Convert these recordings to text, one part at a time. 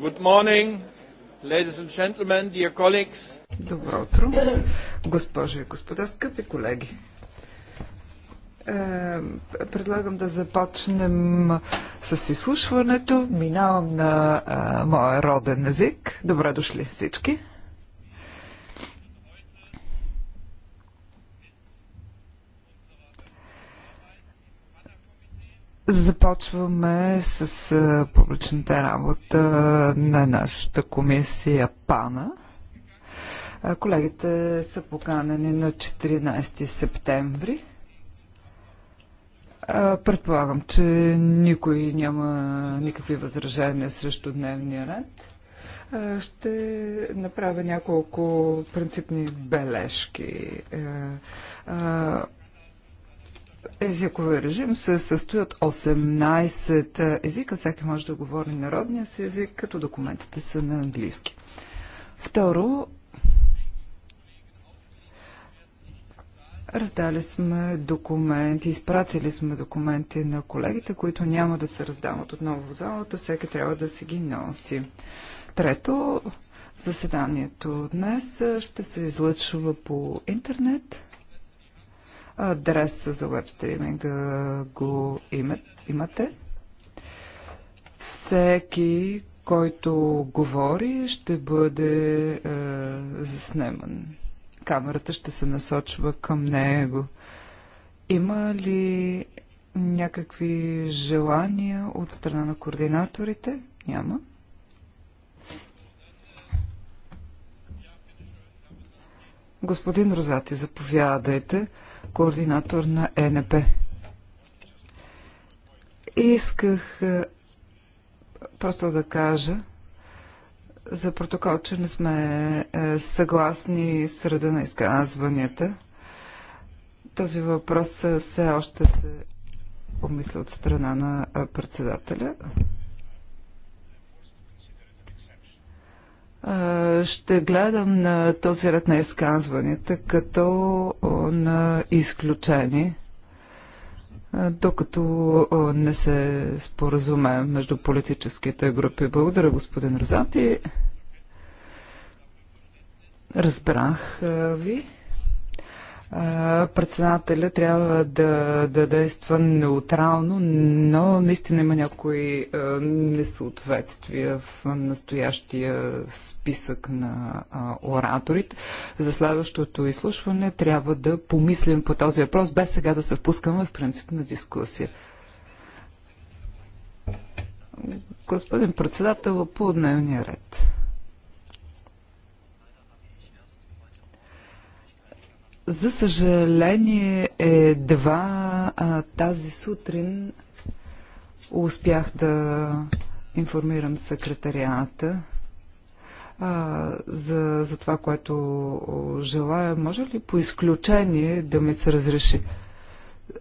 Good morning, ladies and gentlemen, dear colleagues. Добро утро, госпожи и господа, скъпи колеги. Е, предлагам да започнем с изслушването. Минавам на е, моя роден език. Добре дошли всички. Започваме с публичната работа на нашата комисия ПАНА. Колегите са поканени на 14 септември. Предполагам, че никой няма никакви възражения срещу дневния ред. Ще направя няколко принципни бележки езиковия режим се състои от 18 езика. Всеки може да говори народния си език, като документите са на английски. Второ, Раздали сме документи, изпратили сме документи на колегите, които няма да се раздават отново в залата. Всеки трябва да си ги носи. Трето, заседанието днес ще се излъчва по интернет адреса за веб стриминга го имате. Всеки, който говори, ще бъде е, заснеман. Камерата ще се насочва към него. Има ли някакви желания от страна на координаторите? Няма. Господин Розати, заповядайте координатор на ЕНП. Исках е, просто да кажа за протокол, че не сме е, съгласни с реда на изказванията. Този въпрос е, все още се помисля от страна на председателя. ще гледам на този ред на изказванията като на изключение, докато не се споразуме между политическите групи. Благодаря, господин Розати. Разбрах ви председателя трябва да, да действа неутрално, но наистина има някои несъответствия в настоящия списък на ораторите. За следващото изслушване трябва да помислим по този въпрос, без сега да се впускаме в принцип на дискусия. Господин председател, по дневния ред. За съжаление, едва а, тази сутрин успях да информирам секретарията а, за, за това, което желая. Може ли по изключение да ми се разреши?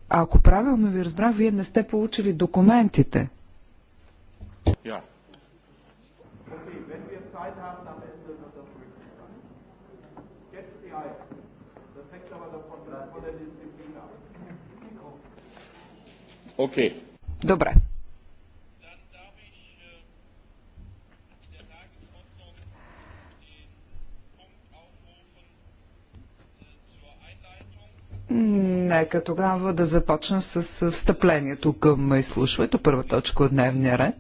Ако правилно ви разбрах, вие не сте получили документите. Yeah. Окей. Okay. Добре. Нека тогава да започна с встъплението към изслушването, първа точка от дневния ред.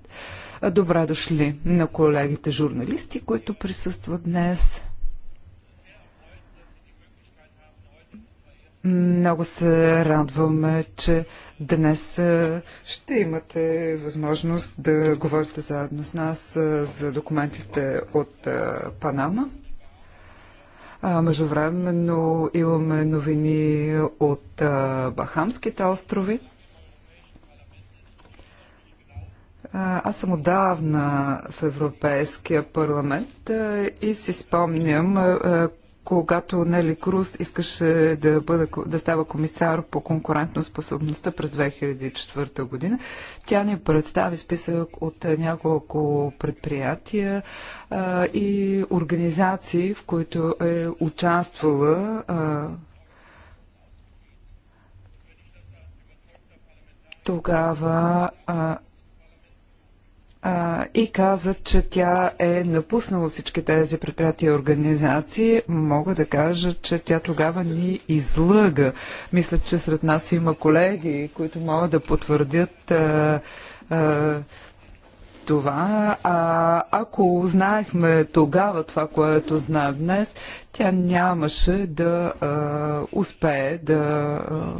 Добре дошли на колегите журналисти, които присъстват днес. Много се радваме, че днес ще имате възможност да говорите заедно с нас за документите от Панама. Междувременно имаме новини от Бахамските острови. Аз съм отдавна в Европейския парламент и си спомням когато Нели Круз искаше да, бъде, да става комисар по конкурентно способността през 2004 година. Тя ни представи списък от няколко предприятия а, и организации, в които е участвала а, тогава а, а, и каза, че тя е напуснала всички тези предприятия и организации, мога да кажа, че тя тогава ни излъга. Мисля, че сред нас има колеги, които могат да потвърдят а, а, това. А, ако знаехме тогава това, което знаем днес, тя нямаше да а, успее да. А,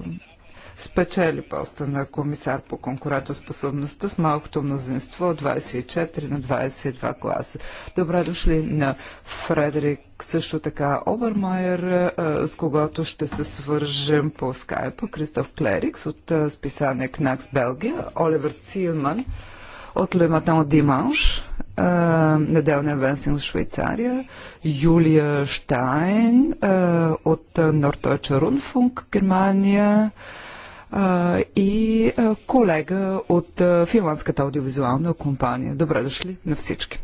спечели поста на комисар по конкурентоспособността с малкото мнозинство от 24 на 22 гласа. Добре дошли на Фредерик също така Обермайер, с когото ще се свържем по скайпа, Кристоф Клерикс от списание Кнакс Белгия, Оливер Цилман от Le Matin Диманш, неделния венсинг в Швейцария, Юлия Штайн от Норточа Rundfunk, Германия, а, и а, колега от а, финландската аудиовизуална компания. Добре дошли на всички.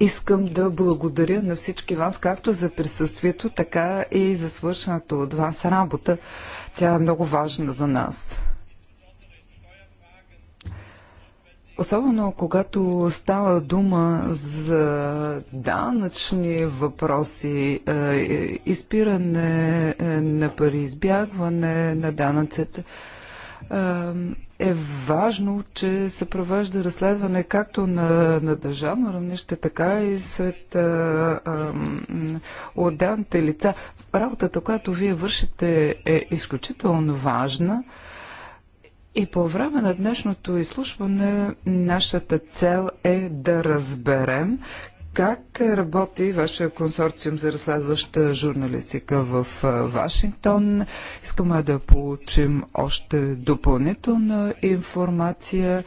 Искам да благодаря на всички вас, както за присъствието, така и за свършената от вас работа. Тя е много важна за нас. Особено когато става дума за данъчни въпроси, е, е, изпиране е, на пари, избягване на данъците, е важно, че се провежда разследване както на, на държавно равнище, така и сред отделните лица. Работата, която вие вършите е изключително важна. И по време на днешното изслушване нашата цел е да разберем как работи вашия консорциум за разследваща журналистика в Вашингтон? Искаме да получим още допълнителна информация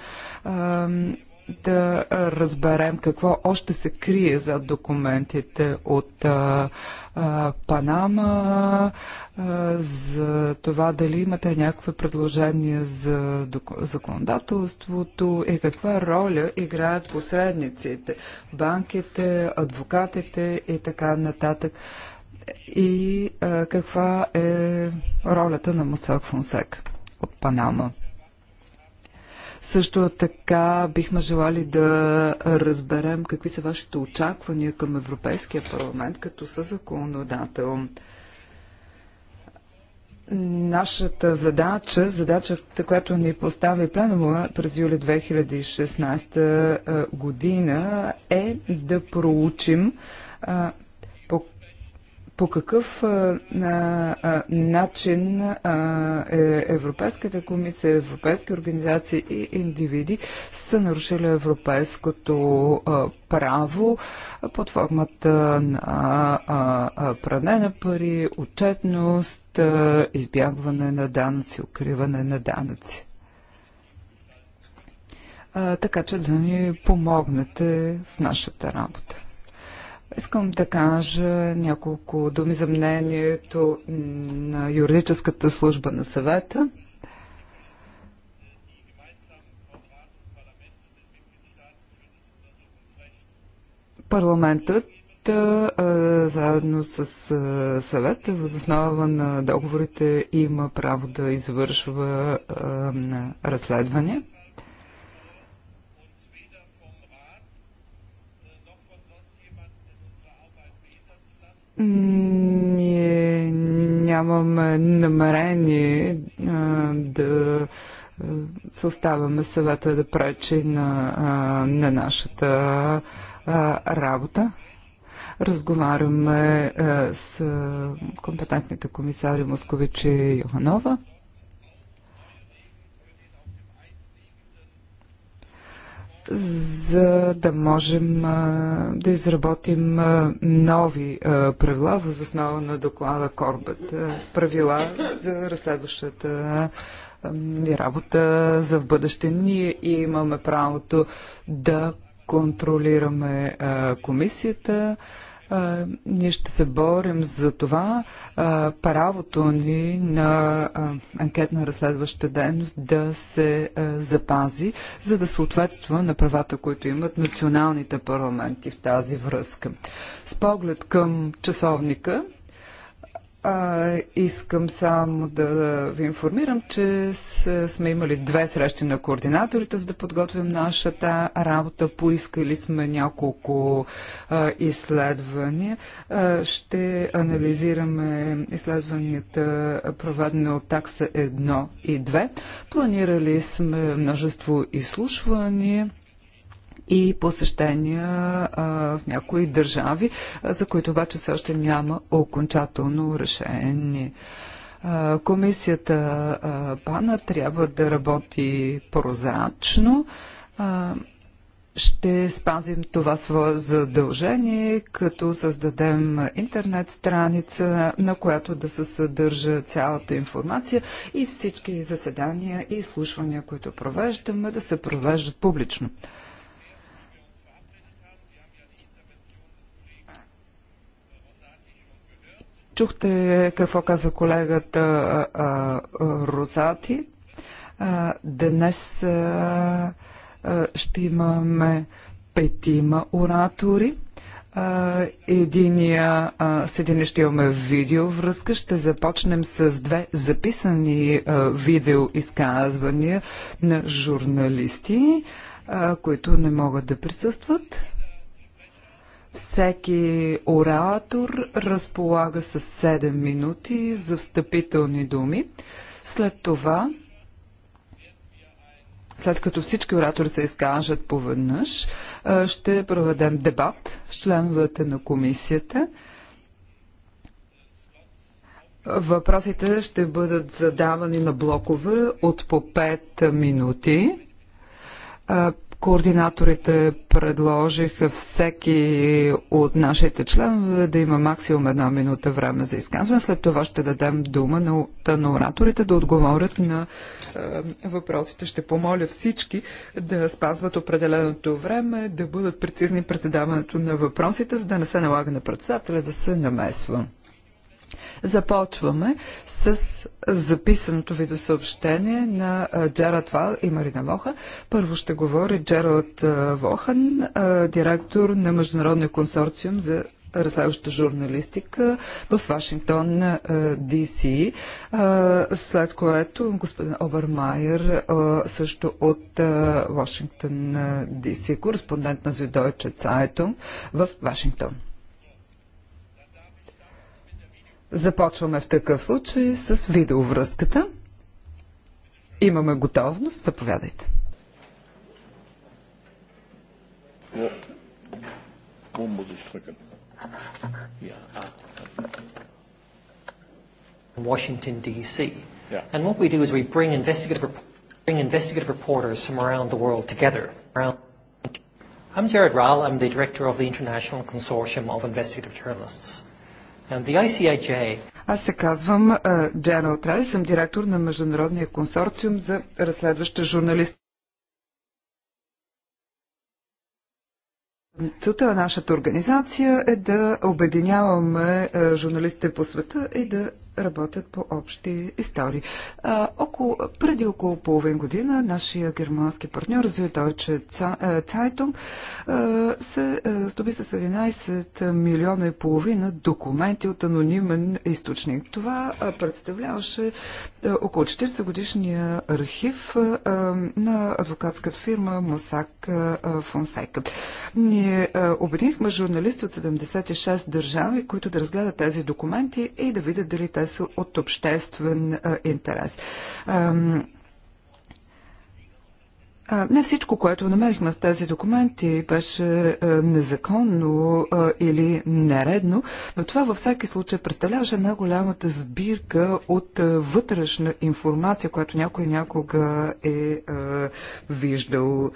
да разберем какво още се крие за документите от а, а, Панама, а, за това дали имате някакви предложения за законодателството и каква роля играят посредниците, банките, адвокатите и така нататък. И а, каква е ролята на Мусак Фонсек от Панама? Също така бихме желали да разберем какви са вашите очаквания към Европейския парламент като съзаконодател. Нашата задача, задачата, която ни постави пленума през юли 2016 е, е, година е да проучим по какъв а, а, начин а, е, Европейската комисия, европейски организации и индивиди са нарушили европейското а, право под формата на пране на пари, отчетност, а, избягване на данъци, укриване на данъци. А, така че да ни помогнете в нашата работа. Искам да кажа няколко думи за мнението на юридическата служба на съвета. Парламентът заедно с съвет, възоснова на договорите, има право да извършва разследване. Ние нямаме намерение а, да се оставяме съвета да пречи на, а, на нашата а, работа. Разговаряме а, с компетентните комисари Московичи и Йоханова. за да можем да изработим нови правила въз основа на доклада Корбет. Правила за разследващата ни работа за в бъдеще. Ние имаме правото да контролираме комисията а, ние ще се борим за това а, правото ни на а, анкетна разследваща дейност да се а, запази, за да съответства на правата, които имат националните парламенти в тази връзка. С поглед към часовника, а, искам само да ви информирам, че сме имали две срещи на координаторите, за да подготвим нашата работа. Поискали сме няколко а, изследвания. А, ще анализираме изследванията, проведени от такса 1 и 2. Планирали сме множество изслушвания и посещения а, в някои държави, а, за които обаче все още няма окончателно решение. А, комисията ПАНА трябва да работи прозрачно ще спазим това свое задължение, като създадем интернет страница, на която да се съдържа цялата информация и всички заседания и изслушвания, които провеждаме, да се провеждат публично. Чухте какво каза колегата а, а, Розати. А, днес а, а, ще имаме петима оратори. А, единия, а, с един ще имаме видеовръзка. Ще започнем с две записани а, видеоизказвания на журналисти, а, които не могат да присъстват. Всеки оратор разполага с 7 минути за встъпителни думи. След това, след като всички оратори се изкажат поведнъж, ще проведем дебат с членовете на комисията. Въпросите ще бъдат задавани на блокове от по 5 минути. Координаторите предложиха всеки от нашите членове да има максимум една минута време за изказване. След това ще дадем дума на, на ораторите да отговорят на е, въпросите. Ще помоля всички да спазват определеното време, да бъдат прецизни при задаването на въпросите, за да не се налага на председателя да се намесва. Започваме с записаното ви до съобщение на Джерард Вал и Марина Моха. Първо ще говори Джерард Вохан, директор на Международния консорциум за разследваща журналистика в Вашингтон, ДС, след което господин Обермайер също от Вашингтон, ДС, кореспондент на Зюдойче Цайтон в Вашингтон. Започваме в такъв случай с видеовръзката. Имаме готовност. Заповядайте. Washington, D.C. Yeah. And what we do is we bring investigative, bring investigative reporters from around the world together. I'm Jared Rahl. I'm the director of the International Consortium of Investigative Journalists. Аз се казвам е, Джана uh, Отрай, съм директор на Международния консорциум за разследваща журналист. Целта на нашата организация е да обединяваме е, журналистите по света и да работят по общи истории. А, около, преди около половин година нашия германски партньор Зюйдойче Цайтунг е, е, се е, здоби с 11 милиона и половина документи от анонимен източник. Това представляваше около 40 годишния архив на адвокатската фирма Мосак Фонсека. Ние обединихме журналисти от 76 държави, които да разгледат тези документи и да видят дали те са от обществен интерес. Не всичко, което намерихме в тези документи, беше незаконно или нередно, но това във всеки случай представляваше една голямата сбирка от вътрешна информация, която някой някога е виждал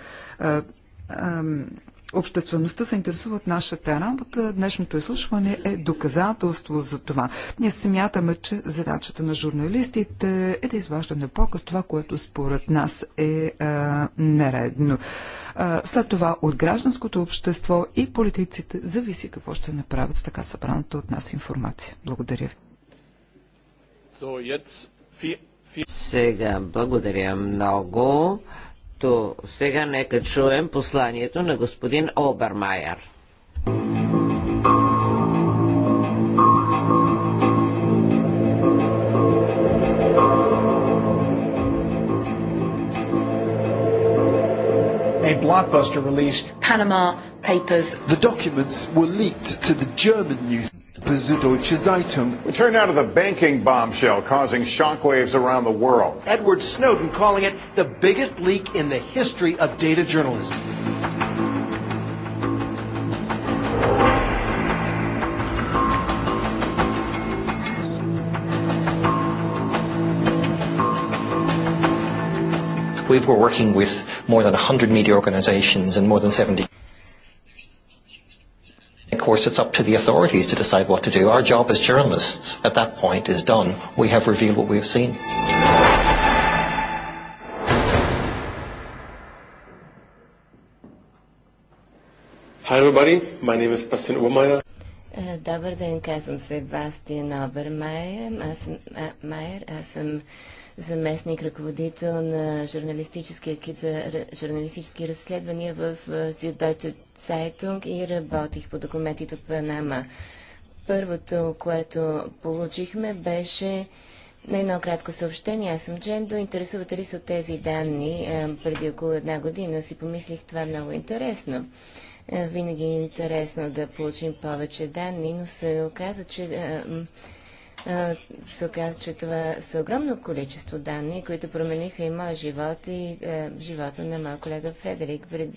обществеността се интересува от нашата работа. Днешното изслушване е доказателство за това. Ние смятаме, че задачата на журналистите е да изваждаме показ това, което според нас е а, нередно. А, след това от гражданското общество и политиците зависи какво ще направят с така събраната от нас информация. Благодаря ви. Сега, благодаря много като сега нека чуем посланието на господин Обермайер. Panama Papers. The documents were leaked to the German news the Süddeutsche Zeitung. We turn out of the banking bombshell causing shockwaves around the world. Edward Snowden calling it the biggest leak in the history of data journalism. We were working with more than 100 media organizations and more than 70 Of course, it's up to the authorities to decide what to do. Our job as journalists at that point is done. We have revealed what we've seen. Hi everybody, my name is Bastian Obermeier. Добър ден, казвам се Бастиан Обермайер. Аз съм, а, Майер. Аз съм заместник ръководител на журналистическия екип за журналистически разследвания в Süddeutsche Сайтунг и работих по документите от Панама. Първото, което получихме, беше на едно кратко съобщение. Аз съм Джендо. Интересувате ли се от тези данни? Преди около една година си помислих това е много интересно. Винаги е интересно да получим повече данни, но се оказа, че се оказа, че това са огромно количество данни, които промениха и моя живот и е, живота на моя колега Фредерик. Пред,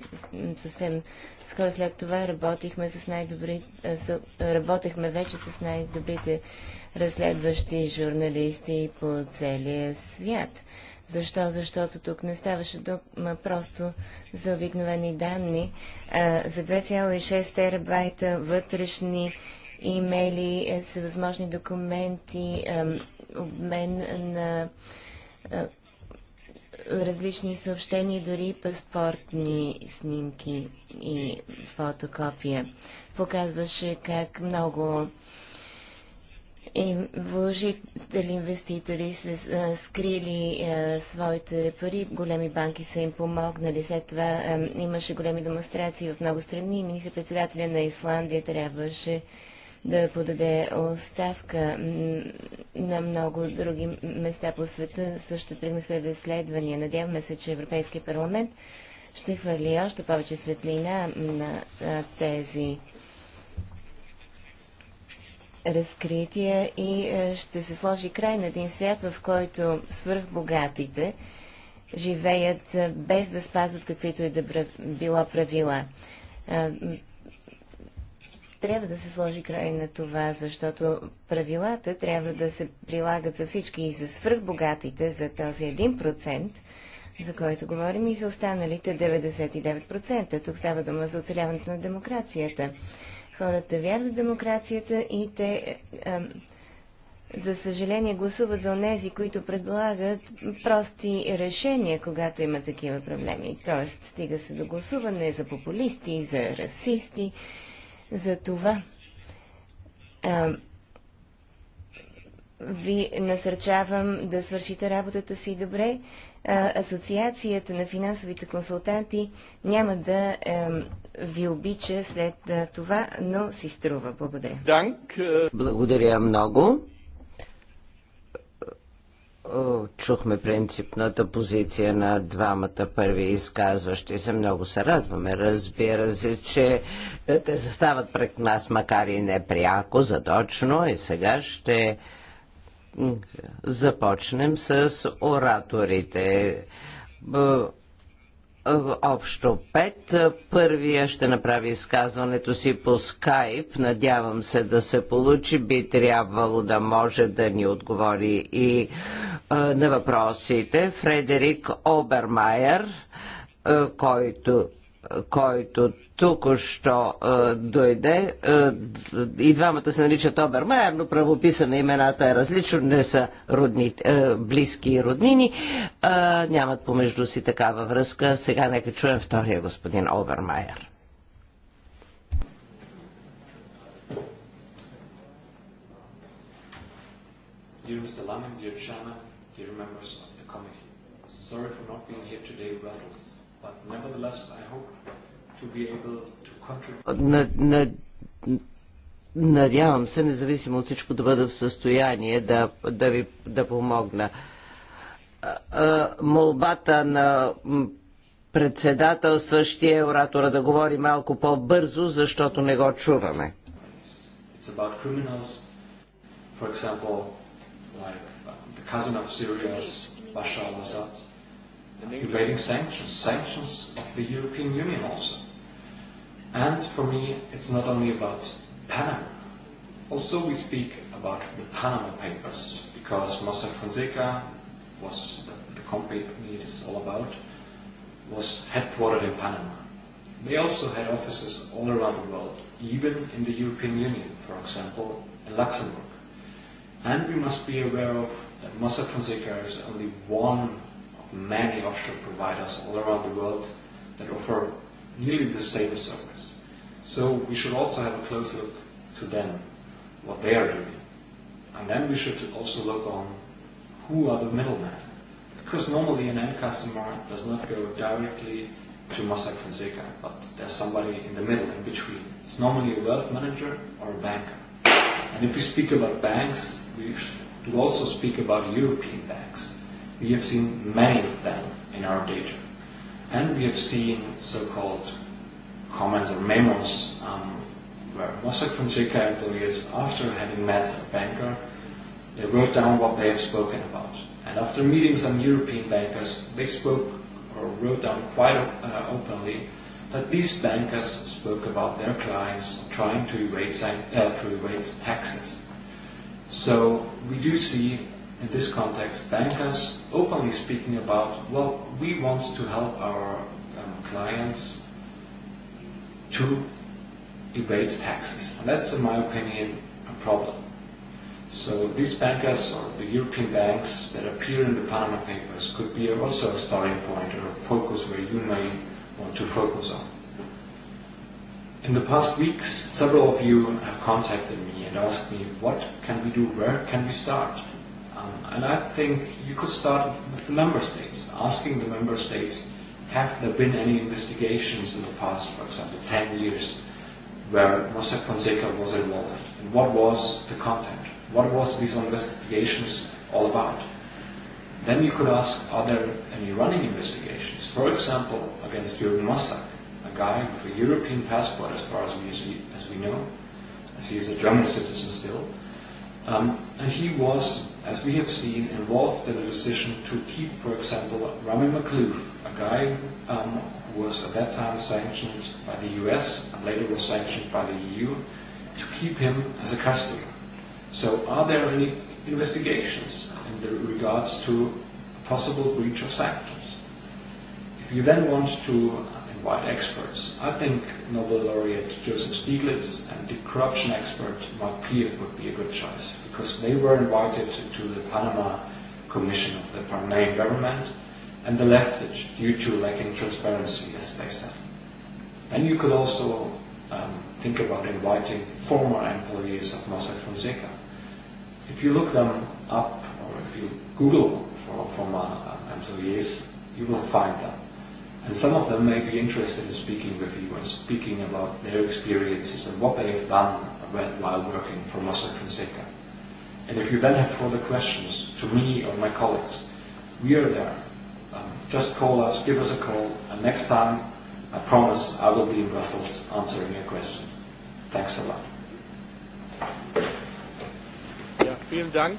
съвсем скоро след това работихме с най-добри, е, работехме вече с най-добрите разследващи журналисти по целия свят. Защо? Защото тук не ставаше дума просто за обикновени данни, а за 2,6 терабайта вътрешни имейли, всевъзможни е, документи, обмен на различни съобщения, дори паспортни снимки и фотокопия. Показваше как много вложители, инвеститори са скрили а, своите пари, големи банки са им помогнали. След това а, имаше големи демонстрации в много страни и министр председателя на Исландия трябваше да подаде оставка. На много други места по света също тръгнаха разследвания. Надяваме се, че Европейския парламент ще хвърли още повече светлина на тези разкрития и ще се сложи край на един свят, в който свърхбогатите живеят без да спазват каквито и да било правила. Трябва да се сложи край на това, защото правилата трябва да се прилагат за всички и за свръхбогатите, за този 1%, за който говорим, и за останалите 99%. Тук става дума за оцеляването на демокрацията. Хората вярват в демокрацията и те, за съжаление, гласуват за онези, които предлагат прости решения, когато има такива проблеми. Тоест, стига се до гласуване за популисти, за расисти за това а, ви насърчавам да свършите работата си добре. А, асоциацията на финансовите консултанти няма да а, ви обича след това, но си струва. Благодаря. Благодаря много. Чухме принципната позиция на двамата първи изказващи се. Много се радваме. Разбира се, че е, те се стават пред нас, макар и непряко, задочно. И сега ще започнем с ораторите. Общо пет. Първия ще направи изказването си по скайп. Надявам се да се получи. Би трябвало да може да ни отговори и на въпросите Фредерик Обермайер, който който току-що дойде. и двамата се наричат Обермайер, но правописа на имената е различно, не са родни, близки и роднини. нямат помежду си такава връзка. Сега нека чуем втория господин Обермайер. Dear Mr. Laman, dear Chairman, members of the committee. Sorry for not being here today in Brussels, but nevertheless I hope to be able to contribute. Надявам се, независимо от всичко, да бъда в състояние да, да ви да помогна. Молбата на председателстващия оратора да говори малко по-бързо, защото не го чуваме. It's about criminals, for example, cousin of Syria is Bashar al-Assad, evading sanctions, sanctions of the European Union also. And for me, it's not only about Panama. Also, we speak about the Panama Papers, because Mossack Fonseca was the, the company it is all about, was headquartered in Panama. They also had offices all around the world, even in the European Union, for example, in Luxembourg. And we must be aware of that Mossack Fonseca is only one of many offshore providers all around the world that offer nearly the same service. So we should also have a close look to them, what they are doing. And then we should also look on who are the middlemen. Because normally an end customer does not go directly to Mossack Fonseca, but there's somebody in the middle, in between. It's normally a wealth manager or a banker. And if we speak about banks, we to also speak about European banks. We have seen many of them in our data. And we have seen so-called comments or memos um, where Mossack Fonseca employees, after having met a banker, they wrote down what they have spoken about. And after meeting some European bankers, they spoke or wrote down quite uh, openly that these bankers spoke about their clients trying to evade, uh, to evade taxes. So we do see, in this context, bankers openly speaking about, well, we want to help our um, clients to evade taxes. And that's, in my opinion, a problem. So these bankers or the European banks that appear in the Panama Papers could be also a starting point or a focus where you may want to focus on. In the past weeks, several of you have contacted me and asked me, what can we do? Where can we start? Um, and I think you could start with the member states, asking the member states, have there been any investigations in the past, for example, 10 years, where Mossack Fonseca was involved? And what was the content? What was these investigations all about? Then you could ask, are there any running investigations? For example, against Jürgen Mossack, a guy with a European passport as far as we, as we know, as he is a German citizen still. Um, and he was, as we have seen, involved in the decision to keep, for example, Rami McLuth, a guy um, who was at that time sanctioned by the US and later was sanctioned by the EU, to keep him as a customer. So are there any investigations in the regards to a possible breach of sanctions? If you then want to by experts. I think Nobel laureate Joseph Stiglitz and the corruption expert Mark Pief would be a good choice because they were invited to the Panama Commission of the Panamanian government and they left it due to lacking transparency, as they said. And you could also um, think about inviting former employees of Mossack Fonseca. If you look them up or if you Google for former employees, you will find them And some of them may be interested in speaking with you and speaking about their experiences and what they have done while working for Mossack Fonseca. And if you then have further questions to me or my colleagues, we are there. Um, just call us, give us a call, and next time, I promise I will be in Brussels answering your question. Thanks a lot. Ja, vielen Dank.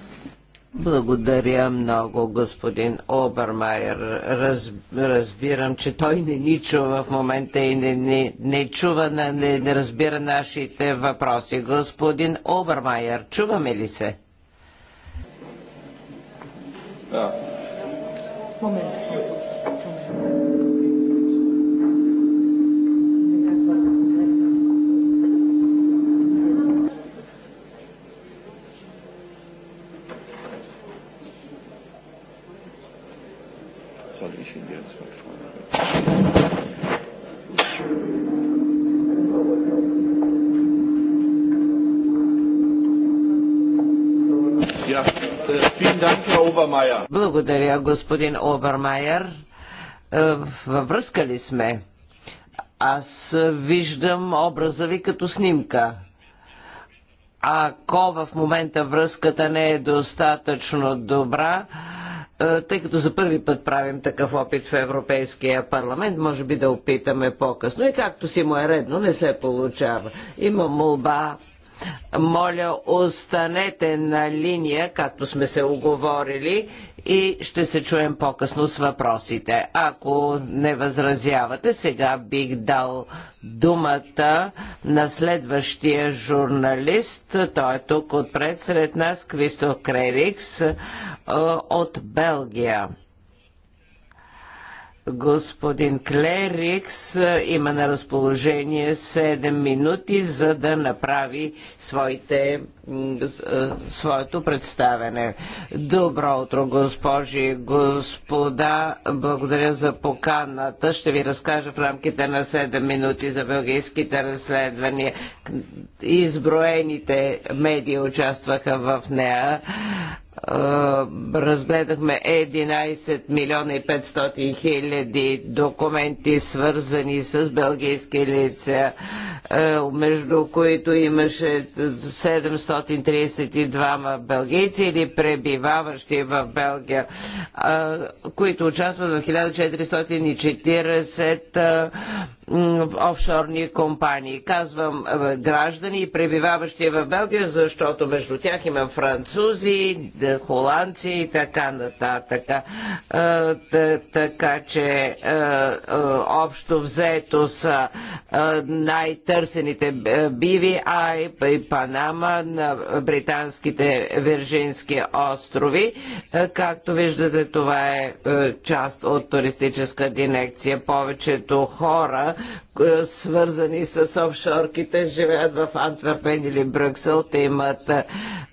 Благодаря много, господин Обермайер. Раз, разбирам, че той не ни чува в момента и не, не, не чува, не, не разбира нашите въпроси. Господин Обермайер, чуваме ли се? Да. Момент. Благодаря, господин Обермайер. Е, във връзка ли сме? Аз виждам образа ви като снимка. Ако в момента връзката не е достатъчно добра, е, тъй като за първи път правим такъв опит в Европейския парламент, може би да опитаме по-късно. И както си му е редно, не се получава. Има молба моля, останете на линия, както сме се оговорили, и ще се чуем по-късно с въпросите. Ако не възразявате, сега бих дал думата на следващия журналист. Той е тук отпред сред нас, Кристо Крерикс от Белгия. Господин Клерикс е, има на разположение 7 минути, за да направи своите, е, своето представене. Добро утро, госпожи и господа. Благодаря за поканата. Ще ви разкажа в рамките на 7 минути за белгийските разследвания. Изброените медии участваха в нея. Е, разгледахме 11 милиона и 500 хиляди документи, свързани с белгийски лица, е, между които имаше 732 белгийци или пребиваващи в Белгия, е, които участват в 1440 офшорни компании. Казвам граждани и пребиваващи в Белгия, защото между тях има французи, холандци и така нататък. Така че общо взето са най-търсените биви, а и Панама на британските Виржински острови. Както виждате, това е част от туристическа дирекция. Повечето хора, свързани с офшорките, живеят в Антверпен или Брюксел. Те имат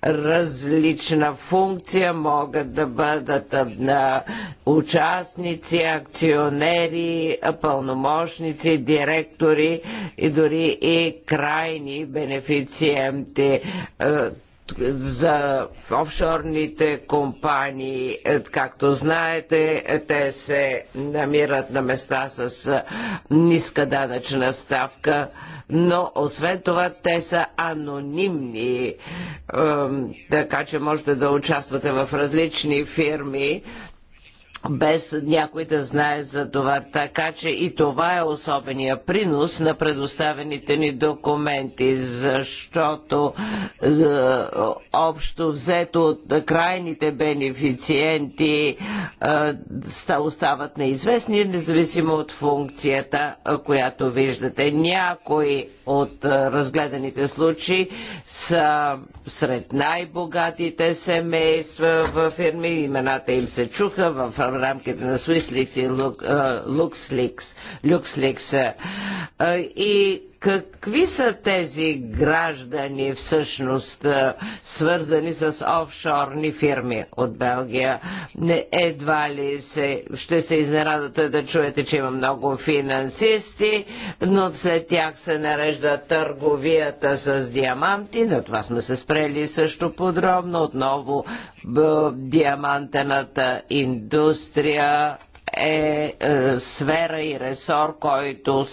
различна функция функция могат да бъдат на участници, акционери, пълномощници, директори и дори и крайни бенефициенти за офшорните компании. Е, както знаете, те се намират на места с е, ниска данъчна ставка, но освен това те са анонимни, така че можете да участвате в различни фирми, без някой да знае за това. Така че и това е особения принос на предоставените ни документи, защото за, общо взето от крайните бенефициенти а, остават неизвестни, независимо от функцията, която виждате. Някои от разгледаните случаи са сред най-богатите семейства в фирми, имената им се чуха в рамки рамките на Суисликс и Луксликс, Люксликс. И Какви са тези граждани всъщност е, свързани с офшорни фирми от Белгия? Не, едва ли се, ще се изнерадате да чуете, че има много финансисти, но след тях се нарежда търговията с диаманти. На това сме се спрели също подробно. Отново диамантената индустрия е, е сфера и ресор, който,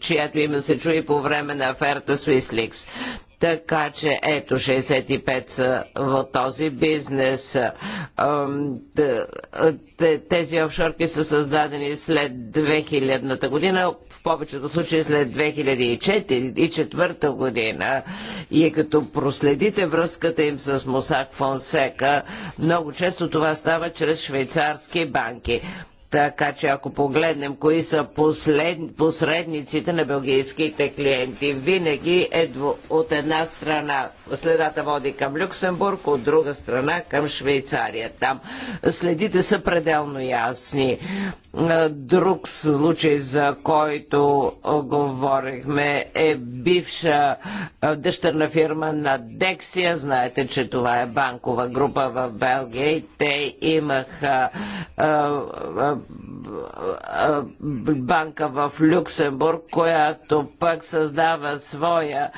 чието име се чуи по време на аферата Swissleaks. Така че ето 65 са в този бизнес. Тези офшорки са създадени след 2000-та година, в повечето случаи след 2004 година. И като проследите връзката им с Мосак Фонсека, много често това става чрез швейцарски банки. Така че ако погледнем кои са послед... посредниците на белгийските клиенти, винаги е от една страна следата води към Люксембург, от друга страна към Швейцария. Там следите са пределно ясни. Друг случай, за който говорихме, е бивша дъщерна фирма на Дексия. Знаете, че това е банкова група в Белгия и те имаха банка в Люксембург, която пък създава своя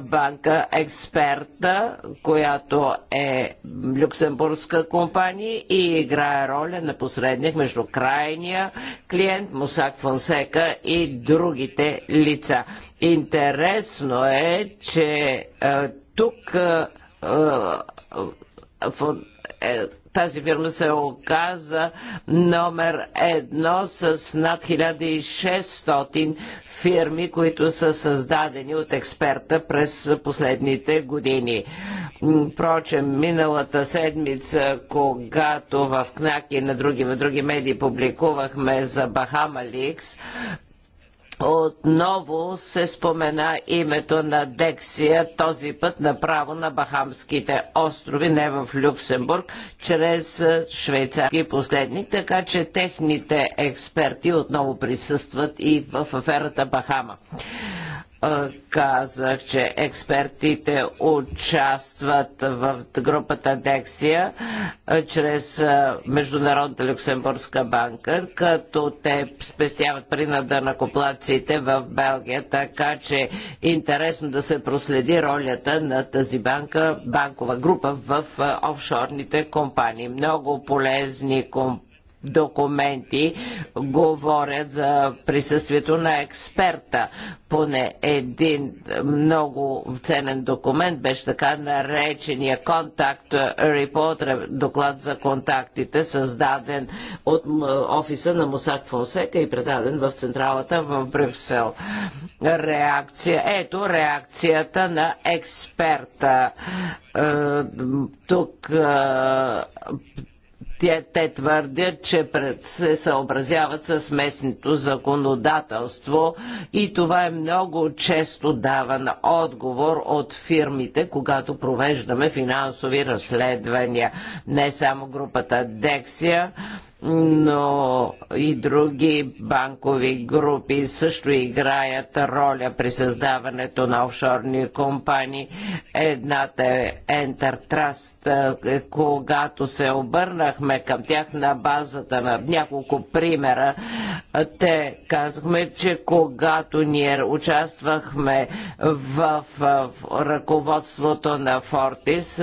банка експерта, която е люксембургска компания и играе роля на посредник между крайния клиент Мусак Фонсека и другите лица. Интересно е, че тук е, тази фирма се оказа номер едно с над 1600 фирми, които са създадени от експерта през последните години. Впрочем, миналата седмица, когато в КНАК и на други, в други медии публикувахме за Бахама Ликс, отново се спомена името на Дексия, този път направо на Бахамските острови, не в Люксембург, чрез швейцарски последник, така че техните експерти отново присъстват и в аферата Бахама казах, че експертите участват в групата Дексия чрез Международната люксембургска банка, като те спестяват при на коплаците в Белгия, така че интересно да се проследи ролята на тази банка, банкова група в офшорните компании. Много полезни компании документи говорят за присъствието на експерта. Поне един много ценен документ беше така наречения контакт репорт, доклад за контактите, създаден от офиса на Мусак Фонсека и предаден в централата в Брюксел. Реакция, ето реакцията на експерта. Е, тук е, те, те твърдят, че пред, се съобразяват с местното законодателство и това е много често даван отговор от фирмите, когато провеждаме финансови разследвания. Не само групата Дексия, но и други банкови групи също играят роля при създаването на офшорни компании. Едната е Trust. Е, когато се обърнахме към тях на базата на няколко примера, те казахме, че когато ние участвахме в, в ръководството на Фортис,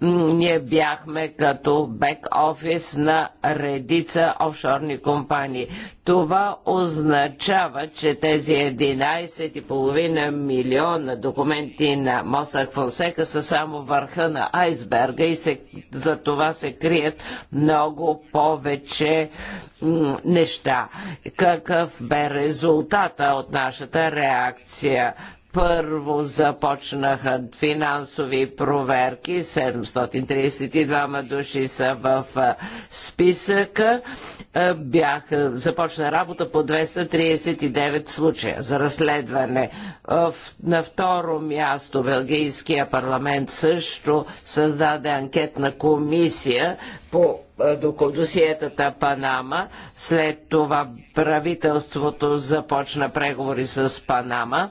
ние бяхме като бек офис на ре редица офшорни компании. Това означава, че тези 11,5 милиона документи на Мосак Фонсека са само върха на айсберга и се, за това се крият много повече неща. Какъв бе резултата от нашата реакция? Първо започнаха финансови проверки, 732 души са в списъка, бяха, започна работа по 239 случая за разследване. На второ място Белгийския парламент също създаде анкетна комисия по досиетата Панама. След това правителството започна преговори с Панама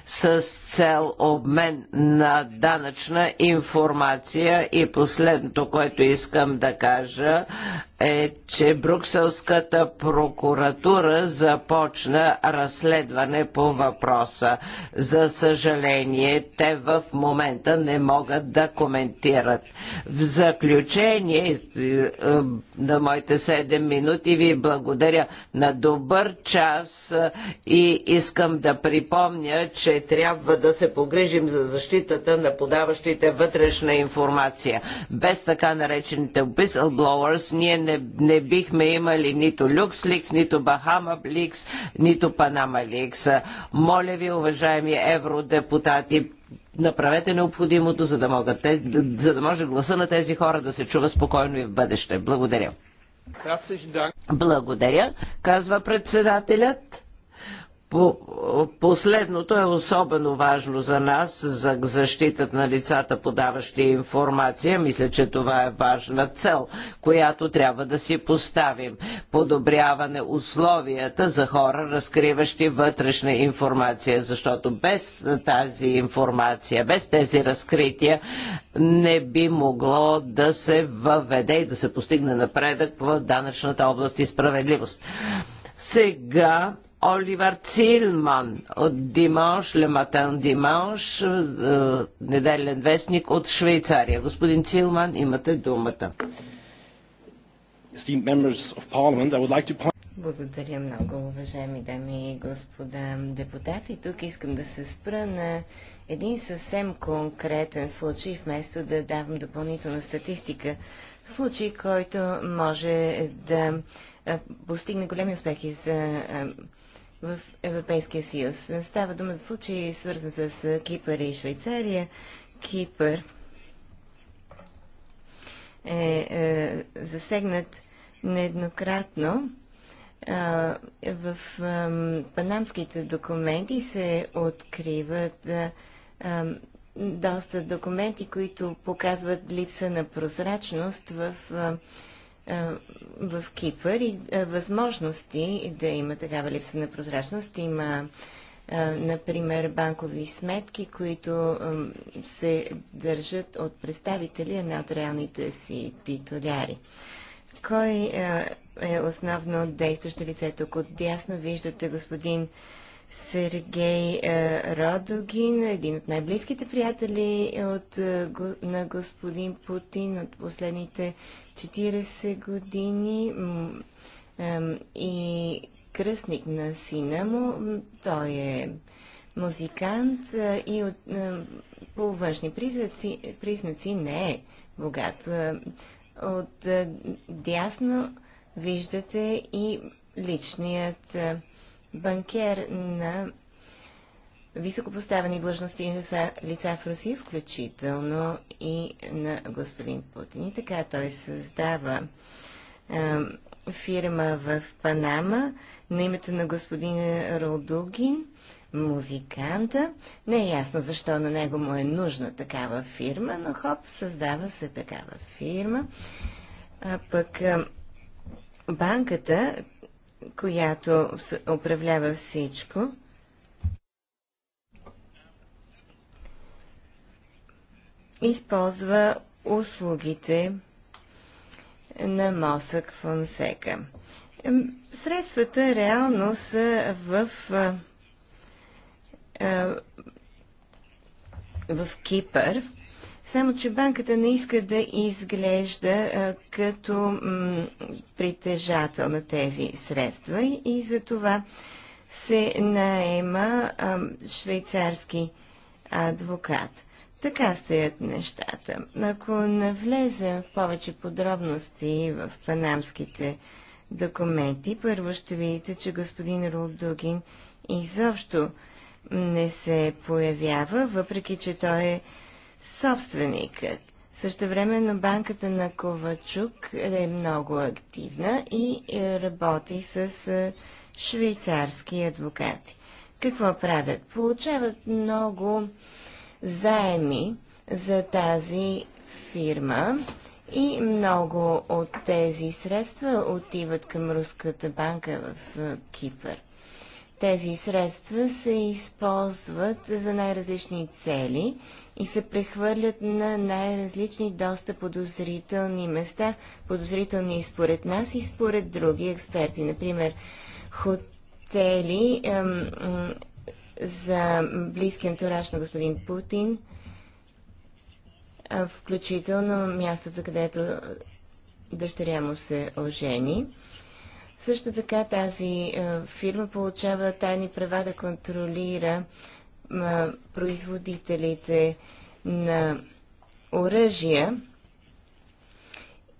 с цел обмен на данъчна информация. И последното, което искам да кажа, е, че Брукселската прокуратура започна разследване по въпроса. За съжаление, те в момента не могат да коментират. В заключение е, на моите 7 минути ви благодаря на добър час е, и искам да припомня, че трябва да се погрижим за защитата на подаващите вътрешна информация. Без така наречените whistleblowers ние не, не бихме имали нито LuxLeaks, нито Bahama Leaks, нито Panama Leaks. Моля ви, уважаеми евродепутати, направете необходимото, за да, могат, за да може гласа на тези хора да се чува спокойно и в бъдеще. Благодаря. Благодаря, казва председателят. По последното е особено важно за нас, за защитата на лицата, подаващи информация. Мисля, че това е важна цел, която трябва да си поставим. Подобряване условията за хора, разкриващи вътрешна информация, защото без тази информация, без тези разкрития, не би могло да се въведе и да се постигне напредък в данъчната област и справедливост. Сега Оливар Цилман от Димаш, Лематан Димаш, неделен вестник от Швейцария. Господин Цилман, имате думата. Благодаря много, уважаеми дами и господа депутати. Тук искам да се спра на един съвсем конкретен случай, вместо да давам допълнителна статистика. Случай, който може да постигне големи успехи за в Европейския съюз. Става дума за случаи, свързан с Кипър и Швейцария. Кипър е, е засегнат нееднократно. в панамските документи се откриват доста документи, които показват липса на прозрачност в е, в Кипър и е, възможности да има такава липса на прозрачност. Има, е, например, банкови сметки, които се държат от представители на от реалните си титуляри. Кой е основно действащо лице тук? От дясно виждате господин Сергей Родогин, един от най-близките приятели от, на господин Путин от последните 40 години и кръстник на сина му. Той е музикант и от, по външни признаци, признаци не е богат. От дясно виждате и личният банкер на високопоставени длъжности лица в Русия, включително и на господин Путин. И така той създава е, фирма в Панама на името на господин Ролдугин, музиканта. Не е ясно защо на него му е нужна такава фирма, но хоп, създава се такава фирма. А пък е, банката, която управлява всичко, използва услугите на Мосък Фонсека. Средствата реално са в, в Кипър, само че банката не иска да изглежда като притежател на тези средства и, и за това се наема швейцарски адвокат. Така стоят нещата. Ако навлезем в повече подробности в панамските документи, първо ще видите, че господин Рулдугин изобщо не се появява, въпреки че той е собственикът. Също времено банката на Ковачук е много активна и е, работи с е, швейцарски адвокати. Какво правят? Получават много заеми за тази фирма и много от тези средства отиват към Руската банка в Кипър. Тези средства се използват за най-различни цели и се прехвърлят на най-различни, доста подозрителни места, подозрителни и според нас, и според други експерти. Например, хотели, за близки антураж на господин Путин, включително мястото, където дъщеря му се ожени. Също така тази фирма получава тайни права да контролира производителите на оръжия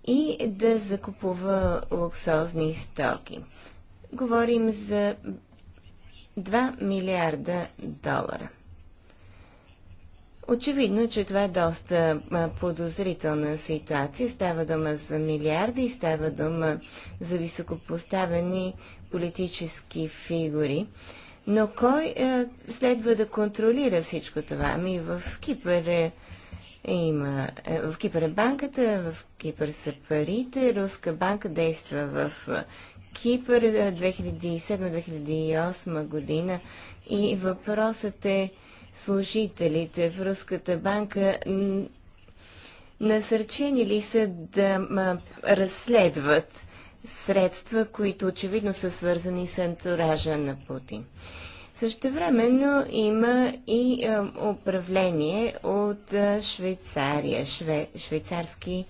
и да закупува луксозни стоки. Говорим за 2 милиарда долара. Очевидно, че това е доста подозрителна ситуация. Става дума за милиарди и става дума за високопоставени политически фигури. Но кой е, следва да контролира всичко това? Ами в Кипър е, има. Е, в Кипър е банката, в Кипър са парите, Руска банка действа в Кипър 2007-2008 година и въпросът е служителите в Руската банка насърчени ли са да разследват средства, които очевидно са свързани с антуража на Путин. Също Същевременно има и е, управление от е, Швейцария, шве, швейцарски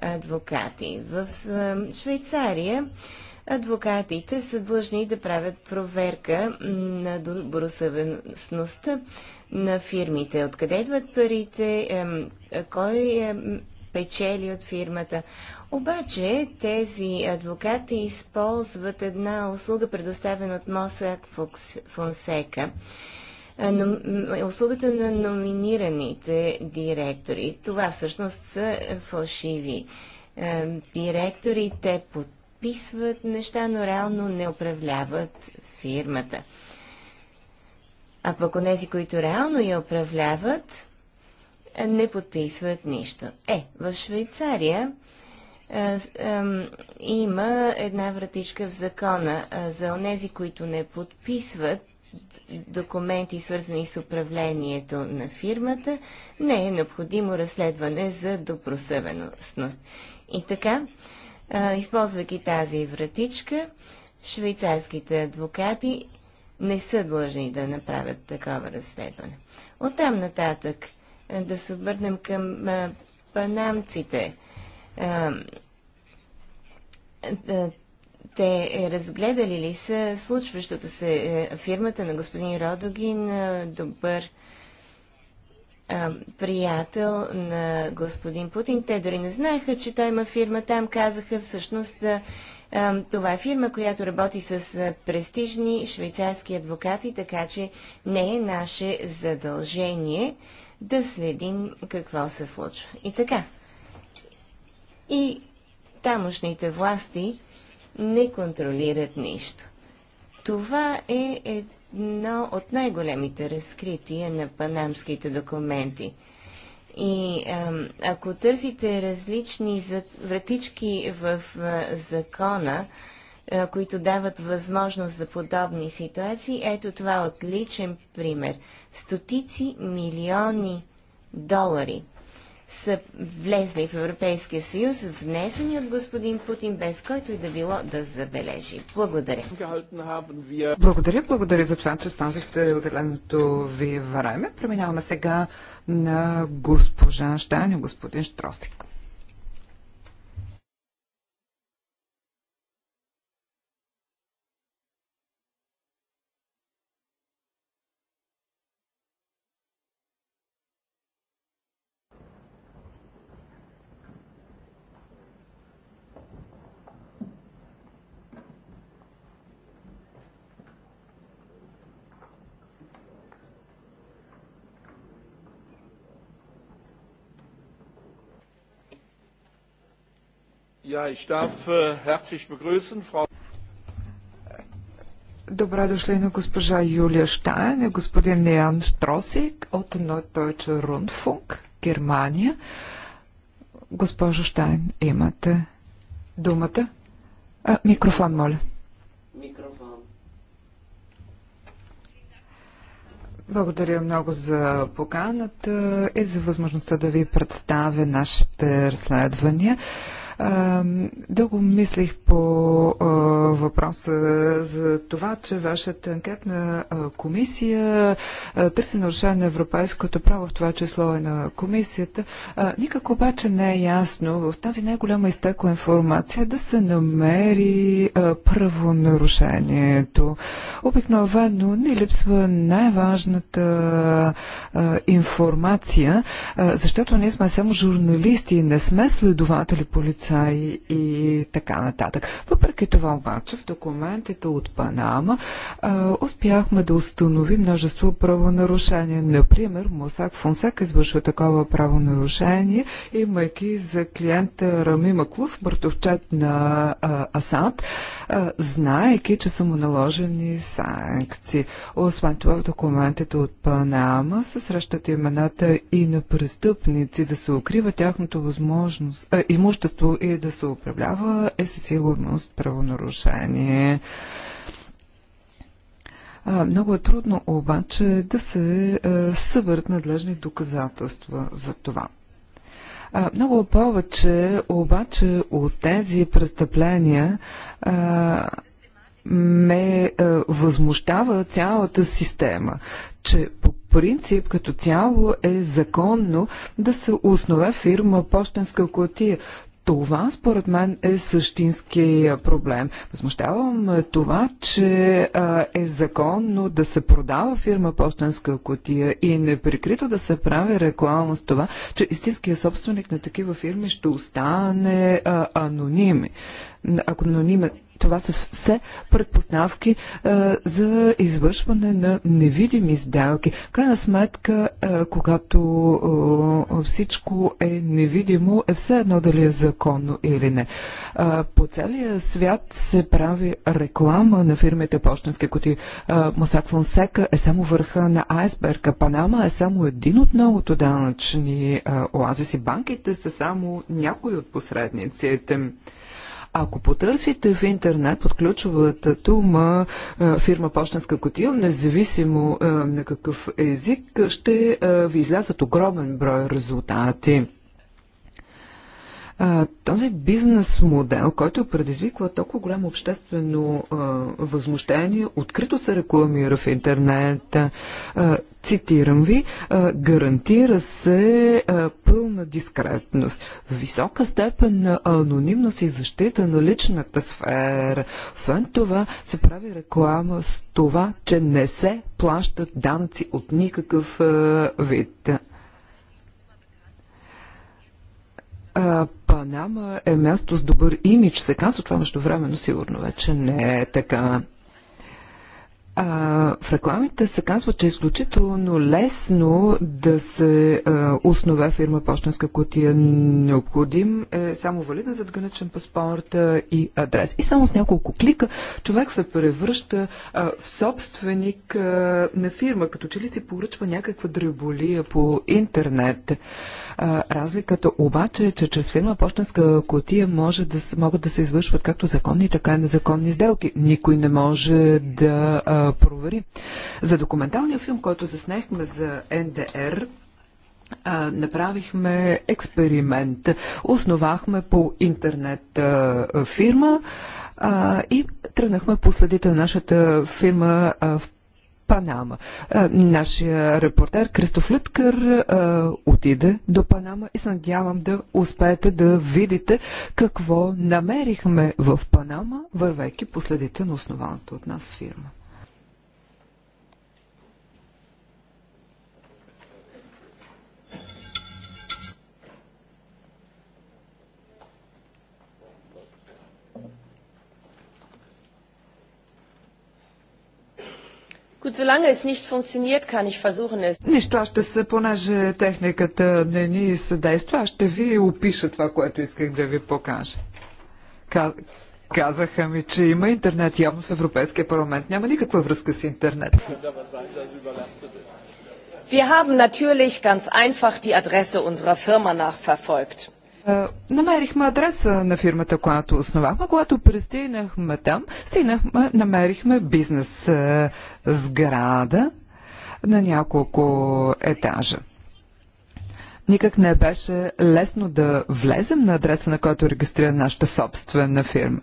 адвокати. В е, Швейцария адвокатите са длъжни да правят проверка на добросъвестността на фирмите. Откъде идват парите, кой е печели от фирмата. Обаче тези адвокати използват една услуга, предоставена от Мосак Фонсека, услугата на номинираните директори. Това всъщност са е, фалшиви директори. Те под подписват неща, но реално не управляват фирмата. А пък онези, които реално я управляват, не подписват нищо. Е, в Швейцария а, а, има една вратичка в закона а, за онези, които не подписват документи, свързани с управлението на фирмата, не е необходимо разследване за добросъвеностност. И така, използвайки тази вратичка, швейцарските адвокати не са длъжни да направят такова разследване. Оттам нататък да се обърнем към панамците. Те разгледали ли са случващото се е, фирмата на господин Родогин, добър приятел на господин Путин. Те дори не знаеха, че той има фирма там. Казаха всъщност това е фирма, която работи с престижни швейцарски адвокати, така че не е наше задължение да следим какво се случва. И така. И тамошните власти не контролират нищо. Това е, е едно от най-големите разкрития на панамските документи. И а, ако търсите различни вратички в а, закона, а, които дават възможност за подобни ситуации, ето това е отличен пример. Стотици милиони долари са влезли в Европейския съюз, внесени от господин Путин, без който и да било да забележи. Благодаря. Благодаря, благодаря за това, че спазихте отделеното ви време. Преминаваме сега на госпожа Штайн и господин Штросик. Ja, ich darf äh, herzlich begrüßen, Frau. Добре дошли на госпожа Юлия Штайн и господин Лиан Штросик от Neudeutsche Rundfunk, Германия. Госпожо Штайн, имате думата. А, микрофон, моля. Микрофон. Благодаря много за поканата и за възможността да ви представя нашите разследвания. Дълго мислих по въпроса за това, че вашата анкетна комисия търси нарушение на европейското право, в това число и на комисията. Никак обаче не е ясно в тази най-голяма изтекла информация да се намери правонарушението. Обикновено ни липсва най-важната информация, защото ние сме само журналисти, не сме следователи полицаи чай и така нататък. Въпреки това обаче в документите от Панама а, успяхме да установим множество правонарушения. Например, Мусак Фонсек извършва такова правонарушение, имайки за клиента Рами Маклов, братовчет на а, Асад, а, знаеки, че са му наложени санкции. Освен това в документите от Панама се срещат имената и на престъпници да се укрива тяхното възможност, а, имущество и да се управлява е със сигурност правонарушение. много е трудно обаче да се а, надлежни доказателства за това. много повече обаче от тези престъпления ме възмущава цялата система, че по принцип като цяло е законно да се основе фирма Пощенска котия. Това, според мен, е същински проблем. Възмущавам е, това, че а, е законно да се продава фирма Пощенска котия и неприкрито да се прави реклама с това, че истинският собственик на такива фирми ще остане а, аноним. Ако аноним. Това са все предпоставки а, е, за извършване на невидими сделки. Крайна сметка, а, е, когато а, е, всичко е невидимо, е все едно дали е законно или не. А, по целия свят се прави реклама на фирмите Почтенски коти. Мосак Фонсека е само върха на айсберга. Панама е само един от многото данъчни а, оазиси. Банките са само някои от посредниците. Ако потърсите в интернет под ключовата дума фирма Почтенска котия, независимо на какъв език, ще ви излязат огромен брой резултати този бизнес модел, който предизвиква толкова голямо обществено възмущение, открито се рекламира в интернет, цитирам ви, гарантира се пълна дискретност, висока степен на анонимност и защита на личната сфера. Освен това се прави реклама с това, че не се плащат данъци от никакъв вид. А, Панама е място с добър имидж, се казва това но сигурно вече не е така. А, в рекламите се казва, че е изключително лесно да се а, основе фирма почтенска кутия Необходим е само валиден задграничен паспорт и адрес. И само с няколко клика човек се превръща а, в собственик а, на фирма, като че ли си поръчва някаква дреболия по интернет. Разликата обаче е, че чрез фирма почтенска котия може да, могат да се извършват както законни, така и незаконни сделки. Никой не може да провери. За документалния филм, който заснехме за НДР, а, направихме експеримент. Основахме по интернет а, фирма а, и тръгнахме по следите на нашата фирма а, в Панама. Е, нашия репортер Кристоф Люткър е, отиде до Панама и се надявам да успеете да видите какво намерихме в Панама, вървейки последите на основаната от нас фирма. Gut, solange es nicht funktioniert, kann ich versuchen es. Нищо, аз ще се, понеже техниката не ни съдейства, аз ще ви опиша това, което исках да ви покажа. Казаха ми, че има интернет. Явно в Европейския парламент няма никаква връзка с интернет. Wir haben natürlich ganz einfach die Adresse unserer Firma nachverfolgt. Е, намерихме адреса на фирмата, която основахме. Когато пристигнахме там, стигнахме, намерихме бизнес е, сграда на няколко етажа. Никак не беше лесно да влезем на адреса, на който е регистрира нашата собствена фирма.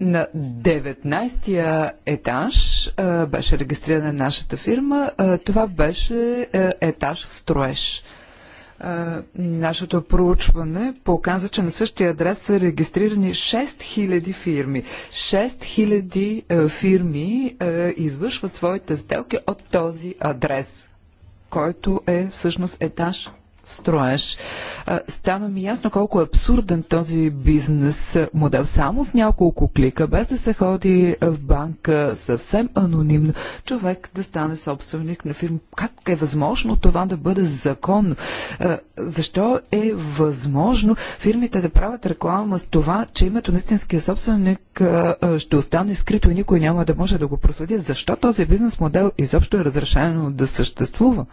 На 19-я етаж беше регистрирана нашата фирма. Това беше етаж в строеж нашето проучване показва, че на същия адрес са регистрирани 6000 фирми. 6000 е, фирми е, извършват своите сделки от този адрес, който е всъщност етаж в строеж. Стана ми ясно колко е абсурден този бизнес модел. Само с няколко клика, без да се ходи в банка съвсем анонимно, човек да стане собственик на фирма. Как е възможно това да бъде законно? Защо е възможно фирмите да правят реклама с това, че името на истинския собственик ще остане скрито и никой няма да може да го проследи? Защо този бизнес модел изобщо е разрешено да съществува?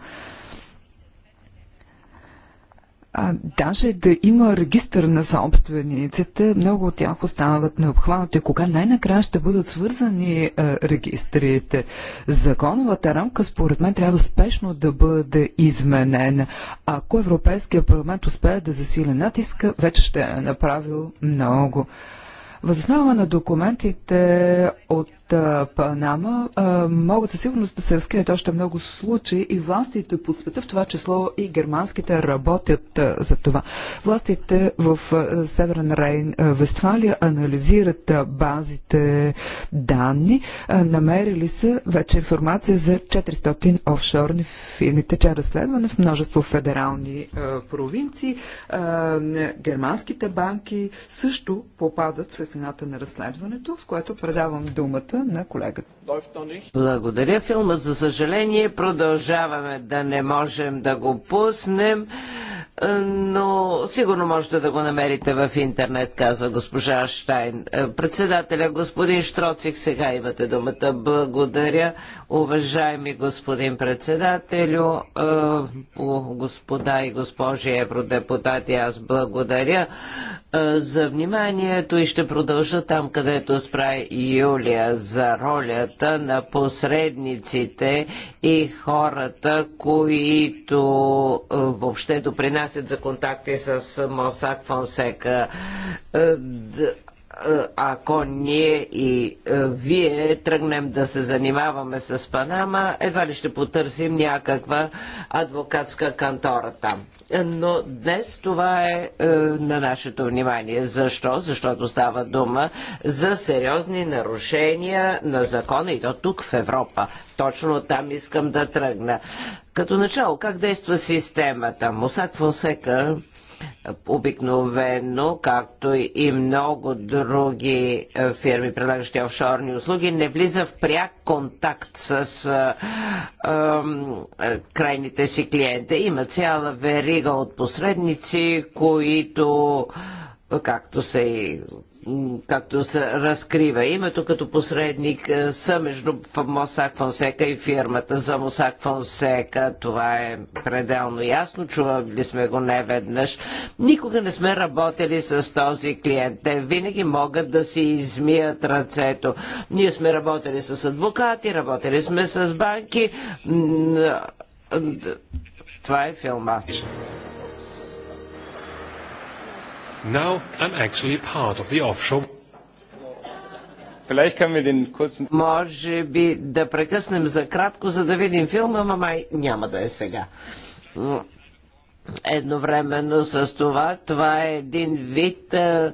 А, даже да има регистър на собствениците, много от тях остават необхванати. Кога най-накрая ще бъдат свързани а, е, регистрите? Законовата рамка, според мен, трябва спешно да бъде изменена. Ако Европейския парламент успее да засили натиска, вече ще е направил много. Възоснова на документите от Панама, могат със сигурност да се разкрият още много случаи и властите по света, в това число и германските, работят за това. Властите в Северен Рейн, Вестфалия анализират базите данни. Намерили са вече информация за 400 офшорни фирми. Тече разследване в множество федерални провинции. Германските банки също попадат в светлината на разследването, с което предавам думата на колегата. Благодаря. Филма, за съжаление, продължаваме да не можем да го пуснем, е, но сигурно можете да го намерите в интернет, казва госпожа Штайн. Е, председателя, господин Штроцик, сега имате думата. Благодаря, уважаеми господин председателю, е, господа и госпожи евродепутати, аз благодаря за вниманието и ще продължа там, където спра Юлия за ролята ролята на посредниците и хората, които е, въобще допринасят за контакти с Мосак Фонсека. Е, е, ако ние и е, вие тръгнем да се занимаваме с Панама, едва ли ще потърсим някаква адвокатска кантора там. Е, но днес това е на нашето внимание. Защо? Защото става дума за сериозни нарушения на закона и то тук в Европа. Точно там искам да тръгна. Като начало, как действа системата? Мусак Фонсека Обикновено, както и много други е, фирми, предлагащи офшорни услуги, не влиза в пряк контакт с а, е, а, е, крайните си клиенти. Има цяла верига от посредници, които както се и както се разкрива името като посредник е, са между Мосак Фонсека и фирмата за Мосак Фонсека. Това е пределно ясно, чували сме го не веднъж. Никога не сме работили с този клиент. Те винаги могат да си измият ръцето. Ние сме работили с адвокати, работили сме с банки. Това е филма. Now I'm actually part of the offshore. Може би да прекъснем за кратко, за да видим филма, ама май няма да е сега. Едновременно с това, това е един вид е, е,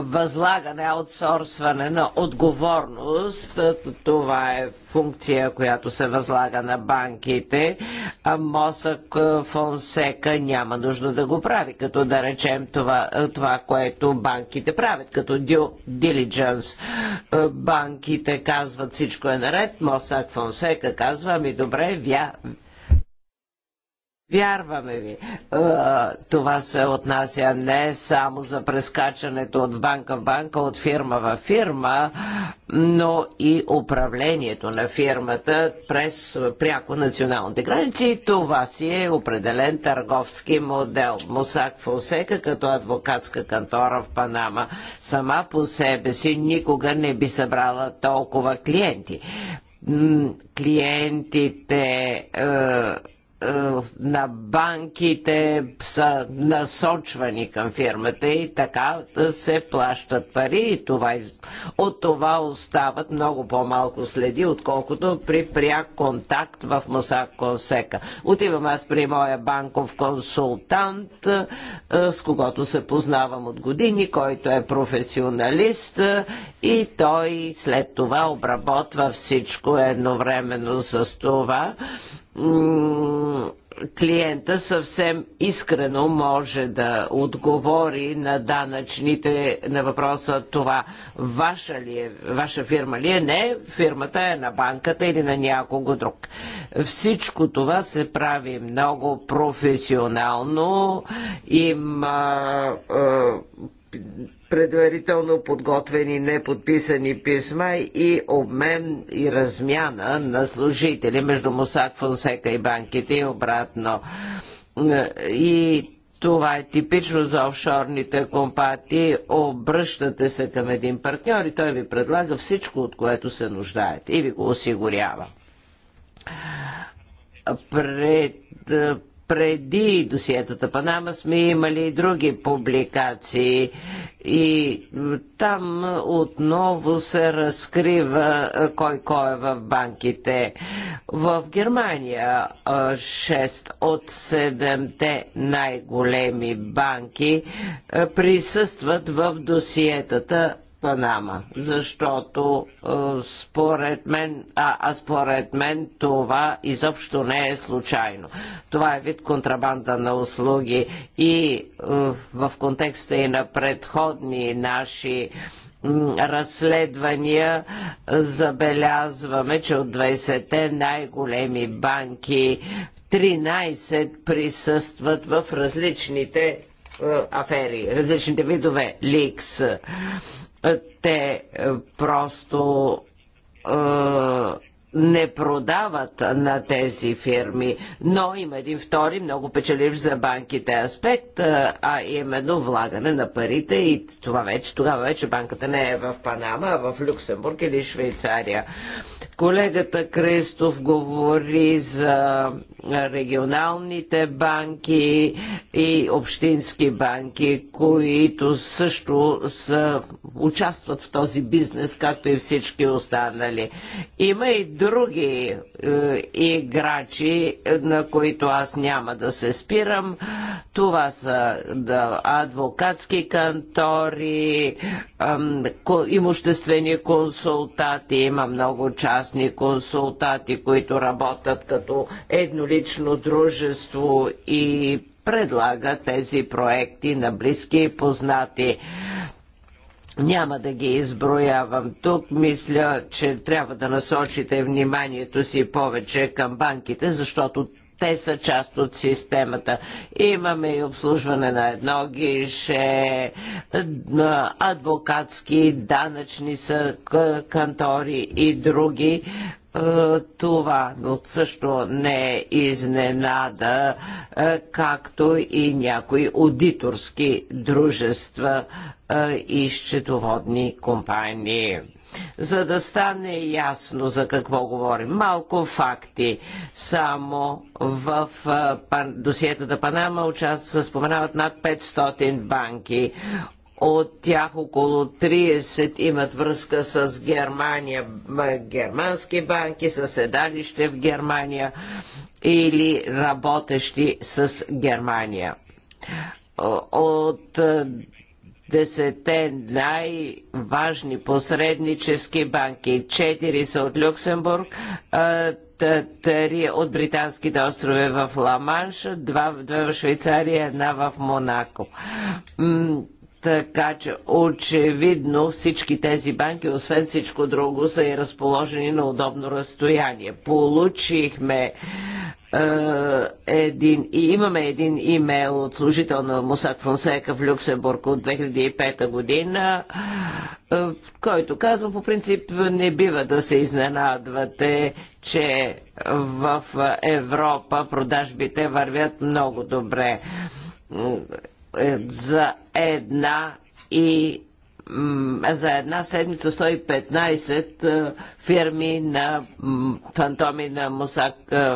възлагане, аутсорсване на отговорност. Е, това е функция, която се възлага на банките, а мозък Фонсека няма нужда да го прави, като да речем това, това което банките правят, като due diligence. Банките казват всичко е наред, мозък Фонсека казва, ами добре, вя, Вярваме ви. Е, това се отнася не само за прескачането от банка в банка, от фирма в фирма, но и управлението на фирмата през пряко националните граници. Това си е определен търговски модел. Мусак Фосека като адвокатска кантора в Панама сама по себе си никога не би събрала толкова клиенти. Клиентите е, е, на банките са насочвани към фирмата и така се плащат пари и това, от това остават много по-малко следи, отколкото при пряк контакт в Масак Консека. Отивам аз при моя банков консултант, е, с когото се познавам от години, който е професионалист е, и той след това обработва всичко едновременно с това клиента съвсем искрено може да отговори на данъчните на въпроса това ваша ли е, ваша фирма ли е? Не, фирмата е на банката или на някого друг. Всичко това се прави много професионално. Има предварително подготвени неподписани писма и обмен и размяна на служители между Мусак Фонсека и банките и обратно. И това е типично за офшорните компати. Обръщате се към един партньор и той ви предлага всичко, от което се нуждаете и ви го осигурява. Пред преди досиетата Панама сме имали и други публикации и там отново се разкрива кой кой е в банките. В Германия 6 от 7-те най-големи банки присъстват в досиетата Панама, защото според мен, а, а според мен това изобщо не е случайно. Това е вид контрабанда на услуги и в контекста и на предходни наши разследвания забелязваме, че от 20-те най-големи банки 13 присъстват в различните афери, различните видове ликс. Е, те е, просто е, не продават на тези фирми, но има един втори много печеливш за банките аспект, а именно влагане на парите и това вече, тогава вече банката не е в Панама, а в Люксембург или Швейцария. Колегата Кристоф говори за регионалните банки и общински банки, които също са, участват в този бизнес, както и всички останали. Има и други е, играчи, е, на които аз няма да се спирам. Това са да, адвокатски кантори, е, имуществени консултати, има много частни консултати, които работят като едно еднолично дружество и предлага тези проекти на близки и познати. Няма да ги изброявам тук. Мисля, че трябва да насочите вниманието си повече към банките, защото те са част от системата. Имаме и обслужване на едно гише, адвокатски, данъчни са кантори и други, е, това също не е изненада, както и някои аудиторски дружества е, и счетоводни компании. За да стане ясно за какво говорим, малко факти. Само в е, досиетата Панама участват, споменават над 500 банки. От тях около 30 имат връзка с Германия, германски банки, със седалище в Германия или работещи с Германия. От е, десете най-важни посреднически банки. Четири са от Люксембург, е, три от британските острови в Ла-Манш, два, в Швейцария, една в Монако. Така че очевидно всички тези банки, освен всичко друго, са и разположени на удобно разстояние. Получихме е, един, и имаме един имейл от служител на Мусак Фонсека в Люксембург от 2005 година, е, който казва, по принцип не бива да се изненадвате, че в Европа продажбите вървят много добре е, за една и за една седмица 115 е, фирми на фантоми на Мусак е,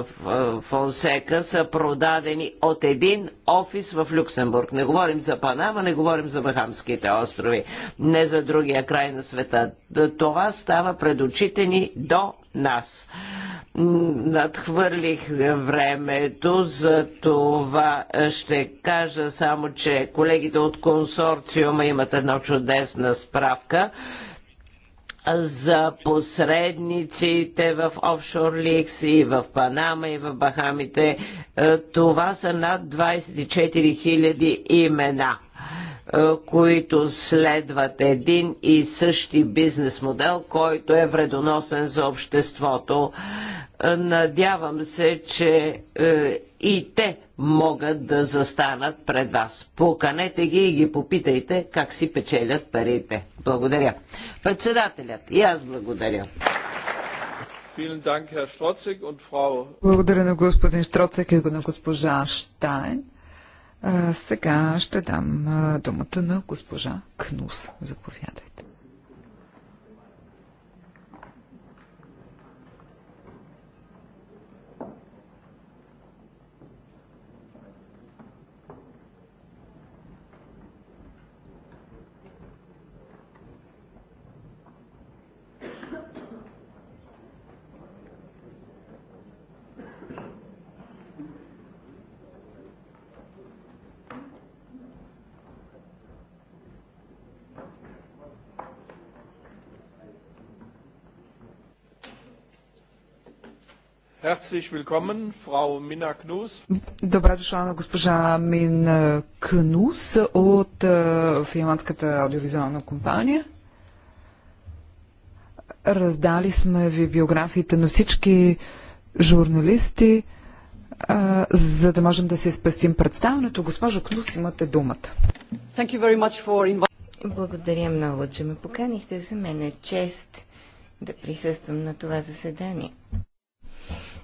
Фонсека са продадени от един офис в Люксембург. Не говорим за Панама, не говорим за Бахамските острови, не за другия край на света. Това става пред очите ни до нас надхвърлих времето, за това ще кажа само, че колегите от консорциума имат една чудесна справка за посредниците в офшор ликс и в Панама и в Бахамите. Е, това са над 24 000 имена е, които следват един и същи бизнес модел, който е вредоносен за обществото. Е, надявам се, че е, и те могат да застанат пред вас. Поканете ги и ги попитайте как си печелят парите. Благодаря. Председателят, и аз благодаря. Благодаря на господин Штроцек и на госпожа Штайн. А, сега ще дам думата на госпожа Кнус. Заповядайте. Добре дошла на госпожа Мин Кнус от е, финландската аудиовизуална компания. Раздали сме ви биографиите на всички журналисти, е, за да можем да си спестим представенето. Госпожо Кнус, имате думата. Благодаря много, че ме поканихте. За мен е чест да присъствам на това заседание.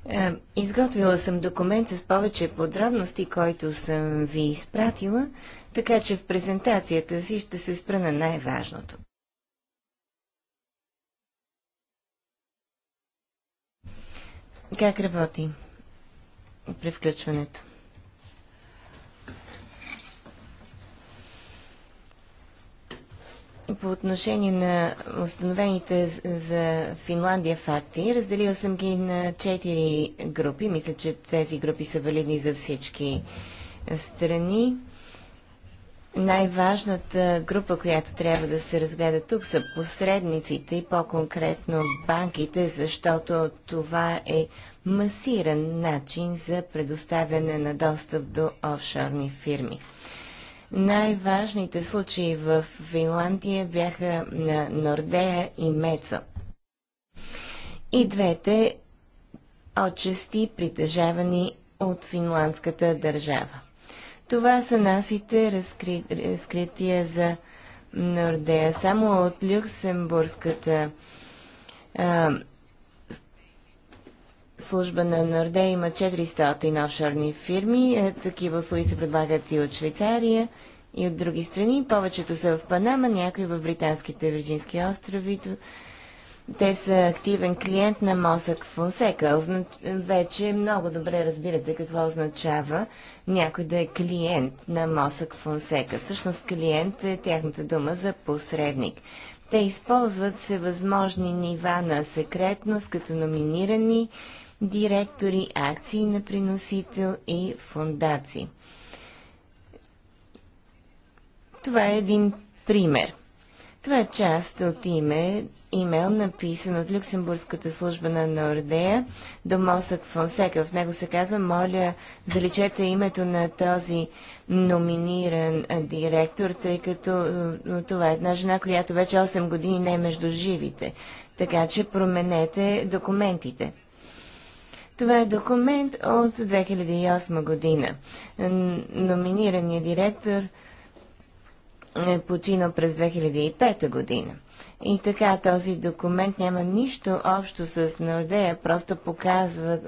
Е, изготвила съм документ с повече подробности, който съм ви изпратила, така че в презентацията си ще се спра на най-важното. Как работи превключването? по отношение на установените за Финландия факти, разделила съм ги на четири групи. Мисля, че тези групи са валидни за всички страни. Най-важната група, която трябва да се разгледа тук, са посредниците и по-конкретно банките, защото това е масиран начин за предоставяне на достъп до офшорни фирми. Най-важните случаи в Финландия бяха на Нордея и Мецо. И двете отчасти притежавани от финландската държава. Това са насите разкри... разкрития за Нордея. Само от Люксембургската а, служба на Норде има 400 офшорни фирми. Е, такива услуги се предлагат и от Швейцария, и от други страни. Повечето са в Панама, някои в Британските Вирджински острови. Те са активен клиент на Мосък Фонсека. Вече много добре разбирате какво означава някой да е клиент на Мосък Фонсека. Всъщност клиент е тяхната дума за посредник. Те използват всевъзможни нива на секретност, като номинирани директори, акции на приносител и фундации. Това е един пример. Това е част от име, имейл, написан от Люксембургската служба на Нордея до Мосък Фонсека. В него се казва, моля, заличете името на този номиниран директор, тъй като това е една жена, която вече 8 години не е между живите. Така че променете документите. Това е документ от 2008 година. Номинираният директор е починал през 2005 година. И така този документ няма нищо общо с Нордея, просто показва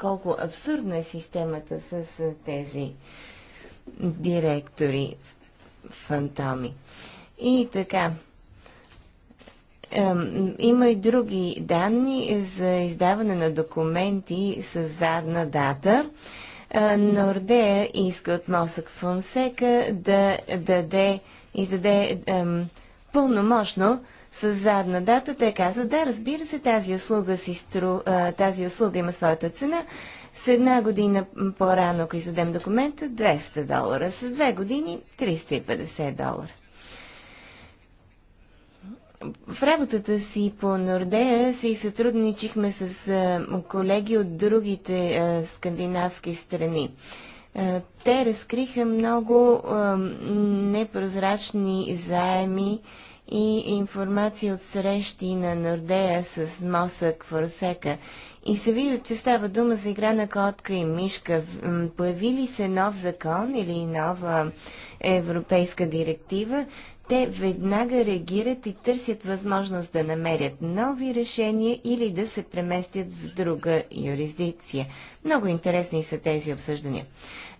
колко абсурдна е системата с тези директори фантоми. И така, има и други данни за издаване на документи с задна дата. Нордея иска от Мосък Фонсека да даде, издаде ем, пълномощно с задна дата. Те казват, да, разбира се, тази услуга, си стру, тази услуга има своята цена. С една година по-рано, ако издадем документа, 200 долара. С две години 350 долара. В работата си по Нордея и сътрудничихме с колеги от другите скандинавски страни. Те разкриха много непрозрачни заеми, и информация от срещи на Нордея с Мосък в Русека. И се вижда, че става дума за игра на котка и мишка. Появи ли се нов закон или нова европейска директива, те веднага реагират и търсят възможност да намерят нови решения или да се преместят в друга юрисдикция. Много интересни са тези обсъждания.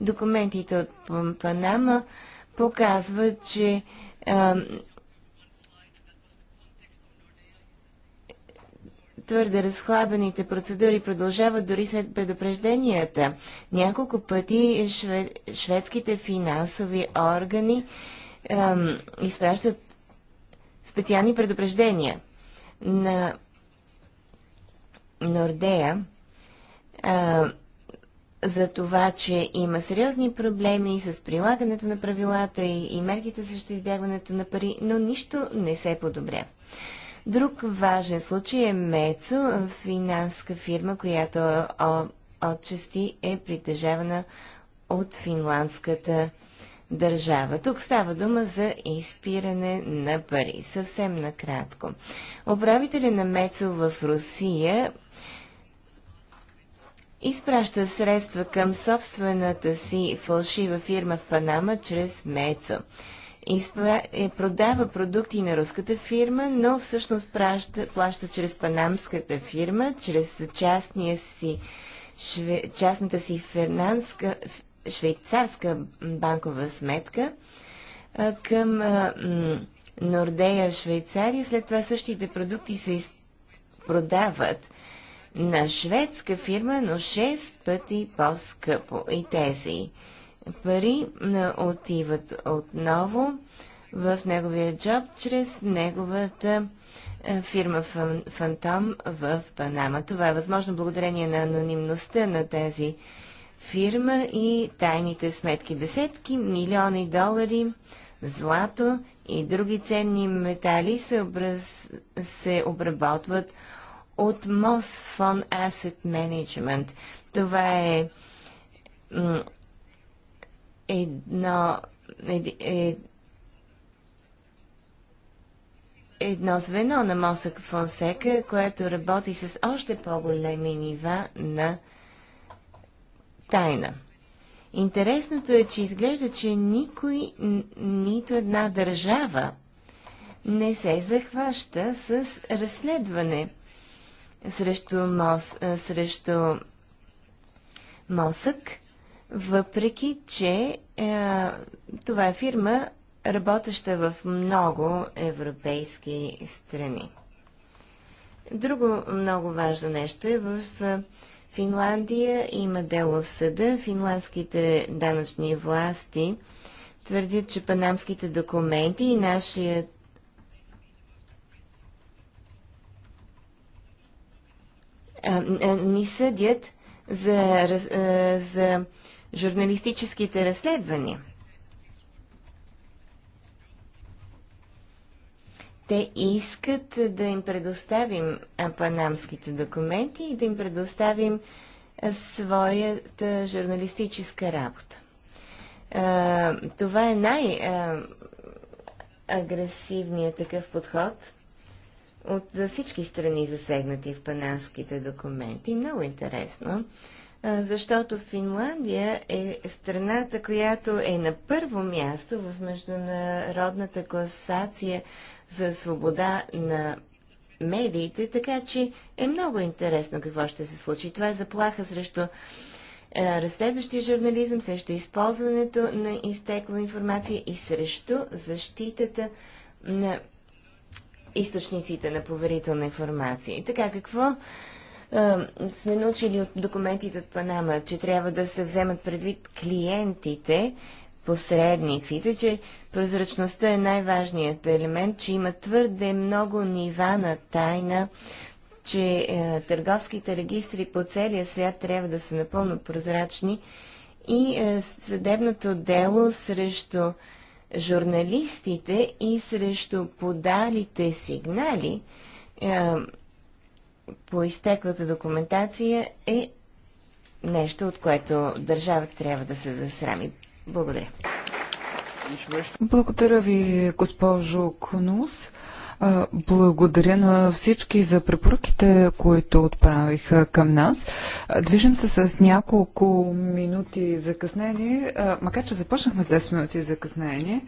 Документите от Панама показват, че твърде разхлабените процедури продължават дори след предупрежденията. Няколко пъти шведските финансови органи ем, изпращат специални предупреждения на Нордея а, за това, че има сериозни проблеми с прилагането на правилата и, и мерките срещу избягването на пари, но нищо не се подобря. Друг важен случай е МЕЦО, финанска фирма, която отчасти е притежавана от финландската държава. Тук става дума за изпиране на пари. Съвсем накратко. Управителя на МЕЦО в Русия изпраща средства към собствената си фалшива фирма в Панама чрез МЕЦО. Е, продава продукти на руската фирма, но всъщност праща, плаща чрез панамската фирма, чрез частния си, шве... частната си фернанска, швейцарска банкова сметка а, към а, м... Нордея, Швейцария. След това същите продукти се из... продават на шведска фирма, но 6 пъти по-скъпо. И тези пари отиват отново в неговия джоб чрез неговата фирма Фантом в Панама. Това е възможно благодарение на анонимността на тази фирма и тайните сметки. Десетки милиони долари, злато и други ценни метали се, образ... се обработват от MOS фон Asset Management. Това е едно, ед, ед, едно звено на мозък Фонсека, което работи с още по-големи нива на тайна. Интересното е, че изглежда, че никой, нито една държава не се захваща с разследване срещу, мос, срещу Мосък въпреки че е, това е фирма, работеща в много европейски страни. Друго много важно нещо е в е, Финландия има дело в съда. Финландските данъчни власти твърдят, че панамските документи и нашия а, е, а, е, ни съдят за, а, за журналистическите разследвания. Те искат да им предоставим панамските документи и да им предоставим своята журналистическа работа. Това е най-агресивният такъв подход от всички страни засегнати в панамските документи. Много интересно защото Финландия е страната, която е на първо място в международната класация за свобода на медиите, така че е много интересно какво ще се случи. Това е заплаха срещу разследващия журнализъм, срещу използването на изтекла информация и срещу защитата на източниците на поверителна информация. И така, какво сме научили от документите от Панама, че трябва да се вземат предвид клиентите, посредниците, че прозрачността е най-важният елемент, че има твърде много нива на тайна, че е, търговските регистри по целия свят трябва да са напълно прозрачни и е, съдебното дело срещу журналистите и срещу подалите сигнали е, по изтеклата документация е нещо, от което държавата трябва да се засрами. Благодаря. Благодаря ви, госпожо Конус. Благодаря на всички за препоръките, които отправиха към нас. Движим се с няколко минути закъснение, макар че започнахме с 10 минути закъснение.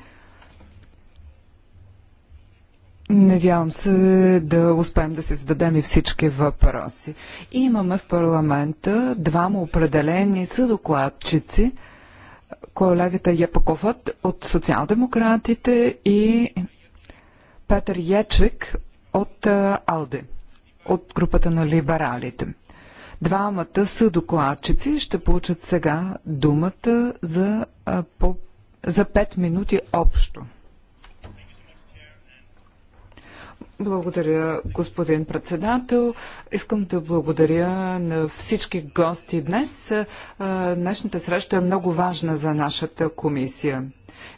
Надявам се да успеем да си зададем и всички въпроси. имаме в парламента двама определени съдокладчици, колегата Япаковът от социал-демократите и Петър Ячек от АЛДЕ, от групата на либералите. Двамата са докладчици ще получат сега думата за, по, за 5 минути общо. Благодаря, господин председател. Искам да благодаря на всички гости днес. Днешната среща е много важна за нашата комисия.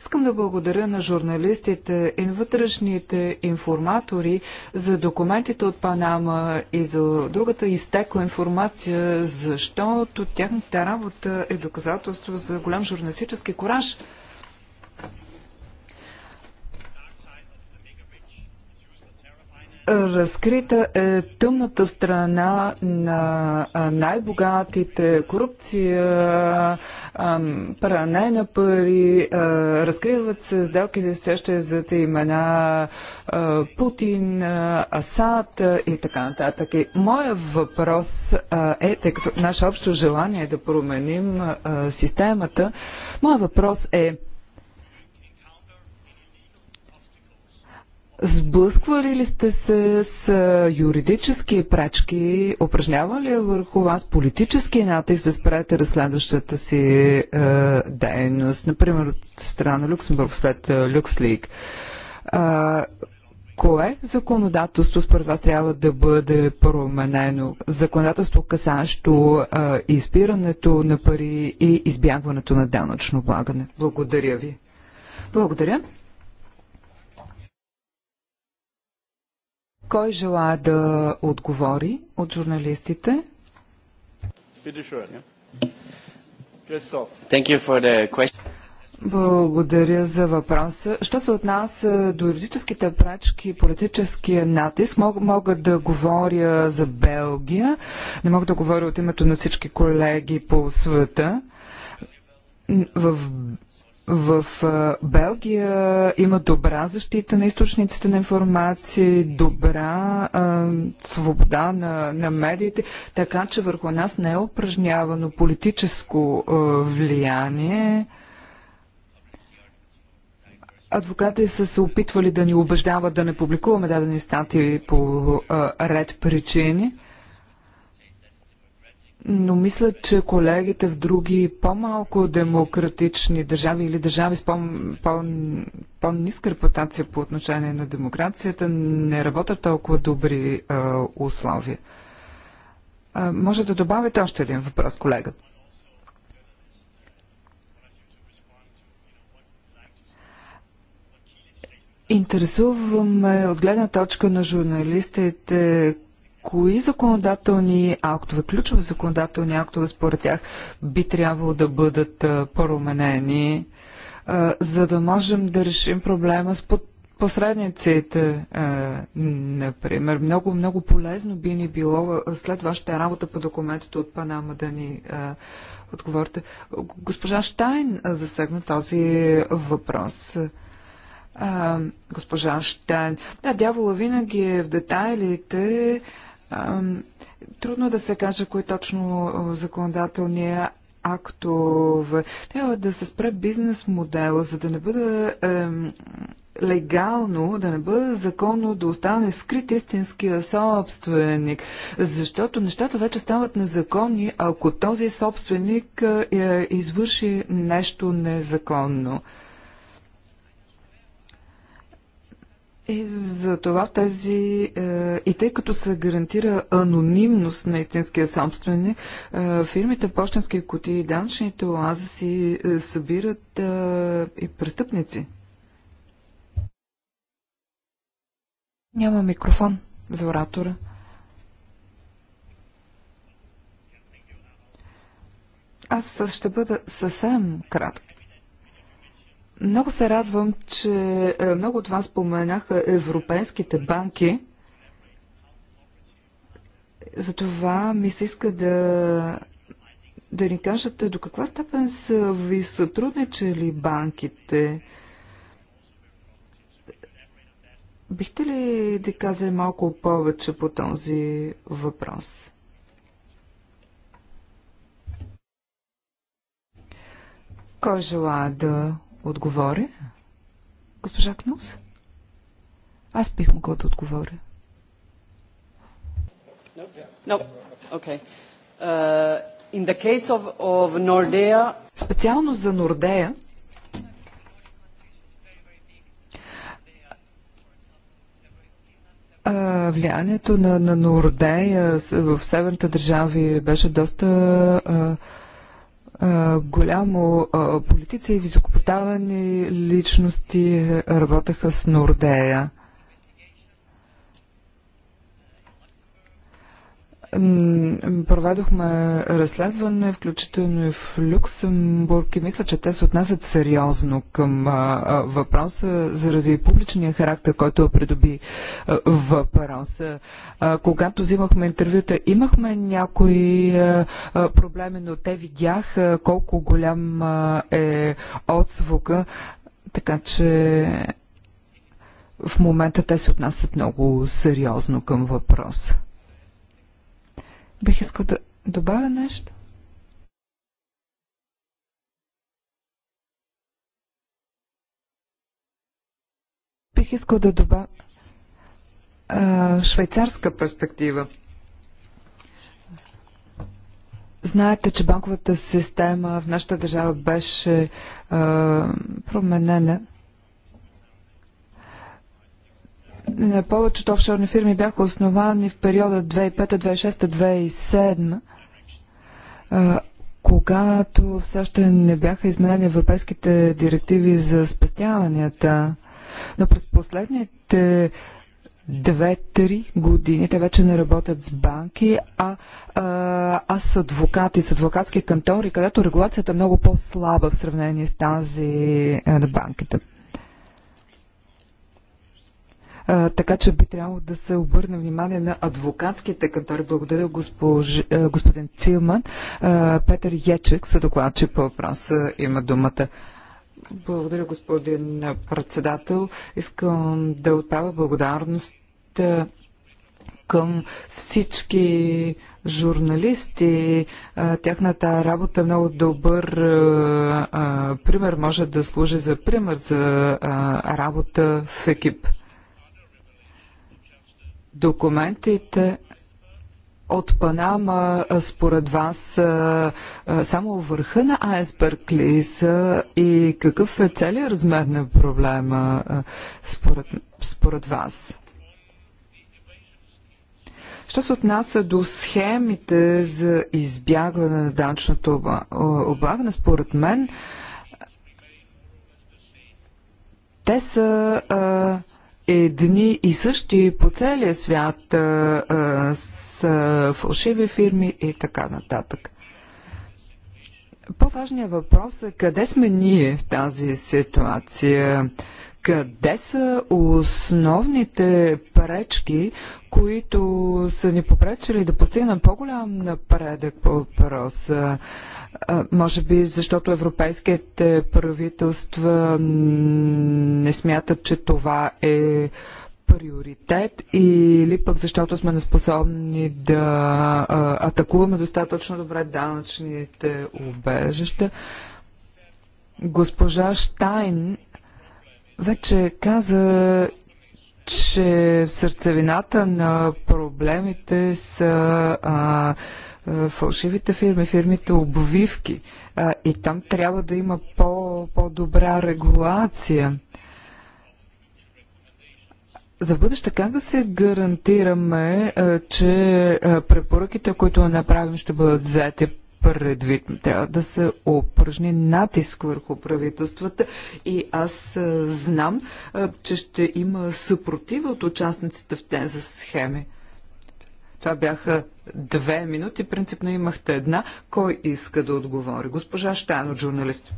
Искам да благодаря на журналистите и вътрешните информатори за документите от Панама и за другата изтекла информация, защото тяхната работа е доказателство за голям журналистически кораж – Разкрита е тъмната страна на най-богатите корупция, пране на пари, разкриват се сделки за изтещане за имена Путин, Асад и така нататък. моя въпрос е, тъй като наше общо желание е да променим системата, моят въпрос е Сблъсквали ли сте се с юридически прачки, Упражнявали ли върху вас политически натиск да спрете разследващата си е, дейност? Например, от страна на Люксембург след Люкслик. Е, кое законодателство според вас трябва да бъде променено? Законодателство касащо е, изпирането на пари и избягването на данъчно облагане. Благодаря ви. Благодаря. Кой желая да отговори от журналистите? Благодаря за въпроса. Що се отнася до юридическите прачки и политическия натиск, мога, мога да говоря за Белгия, не мога да говоря от името на всички колеги по света. В в Белгия има добра защита на източниците на информация, добра а, свобода на, на медиите, така че върху нас не е упражнявано политическо а, влияние. Адвокати са се опитвали да ни убеждават да не публикуваме дадени статии по а, ред причини но мисля, че колегите в други по-малко демократични държави или държави с по-ниска -по репутация по отношение на демокрацията не работят толкова добри е, условия. Е, може да добавите още един въпрос, колега. Интересуваме от гледна точка на журналистите кои законодателни актове, ключови законодателни актове според тях би трябвало да бъдат променени, за да можем да решим проблема с под посредниците, например. Много, много полезно би ни било след вашата работа по документите от Панама да ни отговорите. Госпожа Штайн засегна този въпрос. А, госпожа Штайн. Да, дявола винаги е в детайлите. Трудно да се каже кой точно законодателния актове. Трябва да се спре бизнес модела, за да не бъде легално, да не бъде законно, да остане скрит истинския собственик. Защото нещата вече стават незаконни, ако този собственик е, извърши нещо незаконно. И е, за това тази, е, и тъй като се гарантира анонимност на истинския собственик, е, фирмите почтенски коти и данъчните оаза си събират и престъпници. Няма микрофон за оратора. Аз ще бъда съвсем кратък. Много се радвам, че е, много от вас споменаха европейските банки. Затова ми се иска да, да ни кажете до каква степен са ви сътрудничали банките. Бихте ли да казали малко повече по този въпрос? Кой желая да отговоря? Госпожа Кнус? Аз бих могла да отговоря. No. Okay. Uh, in the case of, of Nordea... Специално за Нордея, влиянието на, на Нордея в северните държави беше доста uh, голямо политици и високопоставени личности работеха с Нордея. Проведохме разследване, включително и в Люксембург и мисля, че те се отнасят сериозно към въпроса заради публичния характер, който придоби въпроса. Когато взимахме интервюта, имахме някои проблеми, но те видяха колко голям е отзвука, така че в момента те се отнасят много сериозно към въпроса. Бих искал да добавя нещо. Бих искал да добавя швейцарска перспектива. Знаете, че банковата система в нашата държава беше а, променена Е, повечето офшорни фирми бяха основани в периода 2005-2006-2007, е, когато все още не бяха изменени европейските директиви за спестяванията. Но през последните 2-3 години те вече не работят с банки, а, а, е, а с адвокати, с адвокатски кантори, където регулацията е много по-слаба в сравнение с тази на банките. А, така че би трябвало да се обърне внимание на адвокатските кантори. Благодаря госпож, господин Цилман. А, Петър Ячек, съдокладчик по въпроса, има думата. Благодаря, господин председател. Искам да отправя благодарност към всички журналисти. Тяхната работа е много добър пример, може да служи за пример за работа в екип документите от Панама, според вас, само върха на айсберг ли са и какъв е целият размер на проблема, според, според вас? Що се отнася до схемите за избягване на данчното облагане, според мен, те са а, едни и същи по целия свят а, а, с фалшиви фирми и така нататък. По-важният въпрос е къде сме ние в тази ситуация. Къде са основните пречки, които са ни попречили да постигнем по-голям напредък по въпроса? Може би защото европейските правителства не смятат, че това е приоритет или пък защото сме неспособни да атакуваме достатъчно добре данъчните убежища. Госпожа Штайн вече каза, че в сърцевината на проблемите са а, фалшивите фирми, фирмите обвивки. А, и там трябва да има по, по-добра регулация. За бъдеще как да се гарантираме, а, че а, препоръките, които направим, ще бъдат взети предвид. Трябва да се упражни натиск върху правителствата и аз знам, че ще има съпротива от участниците в тези схеми. Това бяха две минути, принципно имахте една. Кой иска да отговори? Госпожа Штайно, журналист.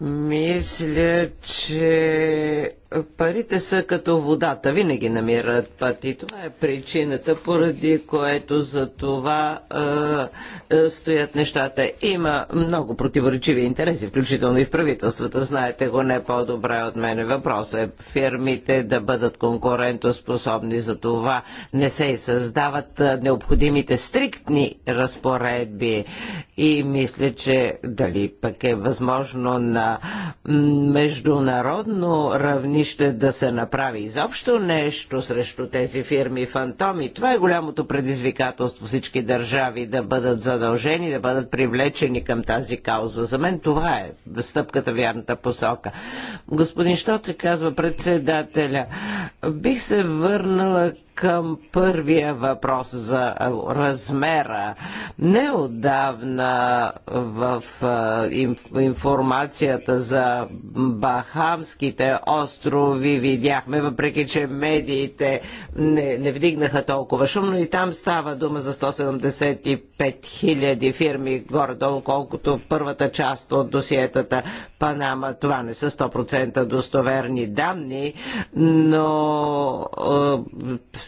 Мисля, че парите са като водата, винаги намират път и това е причината, поради което за това е, е, стоят нещата. Има много противоречиви интереси, включително и в правителствата, знаете го не по-добре от мене. Въпросът е фирмите да бъдат конкурентоспособни, за това не се и създават необходимите стриктни разпоредби и мисля, че дали пък е възможно на международно равни равнище да се направи изобщо нещо срещу тези фирми фантоми. Това е голямото предизвикателство всички държави да бъдат задължени, да бъдат привлечени към тази кауза. За мен това е стъпката вярната посока. Господин Штоце казва председателя, бих се върнала към първия въпрос за размера. Неодавна в информацията за Бахамските острови видяхме, въпреки че медиите не, не вдигнаха толкова шумно и там става дума за 175 000 фирми, горе-долу колкото първата част от досиетата Панама. Това не са 100% достоверни данни, но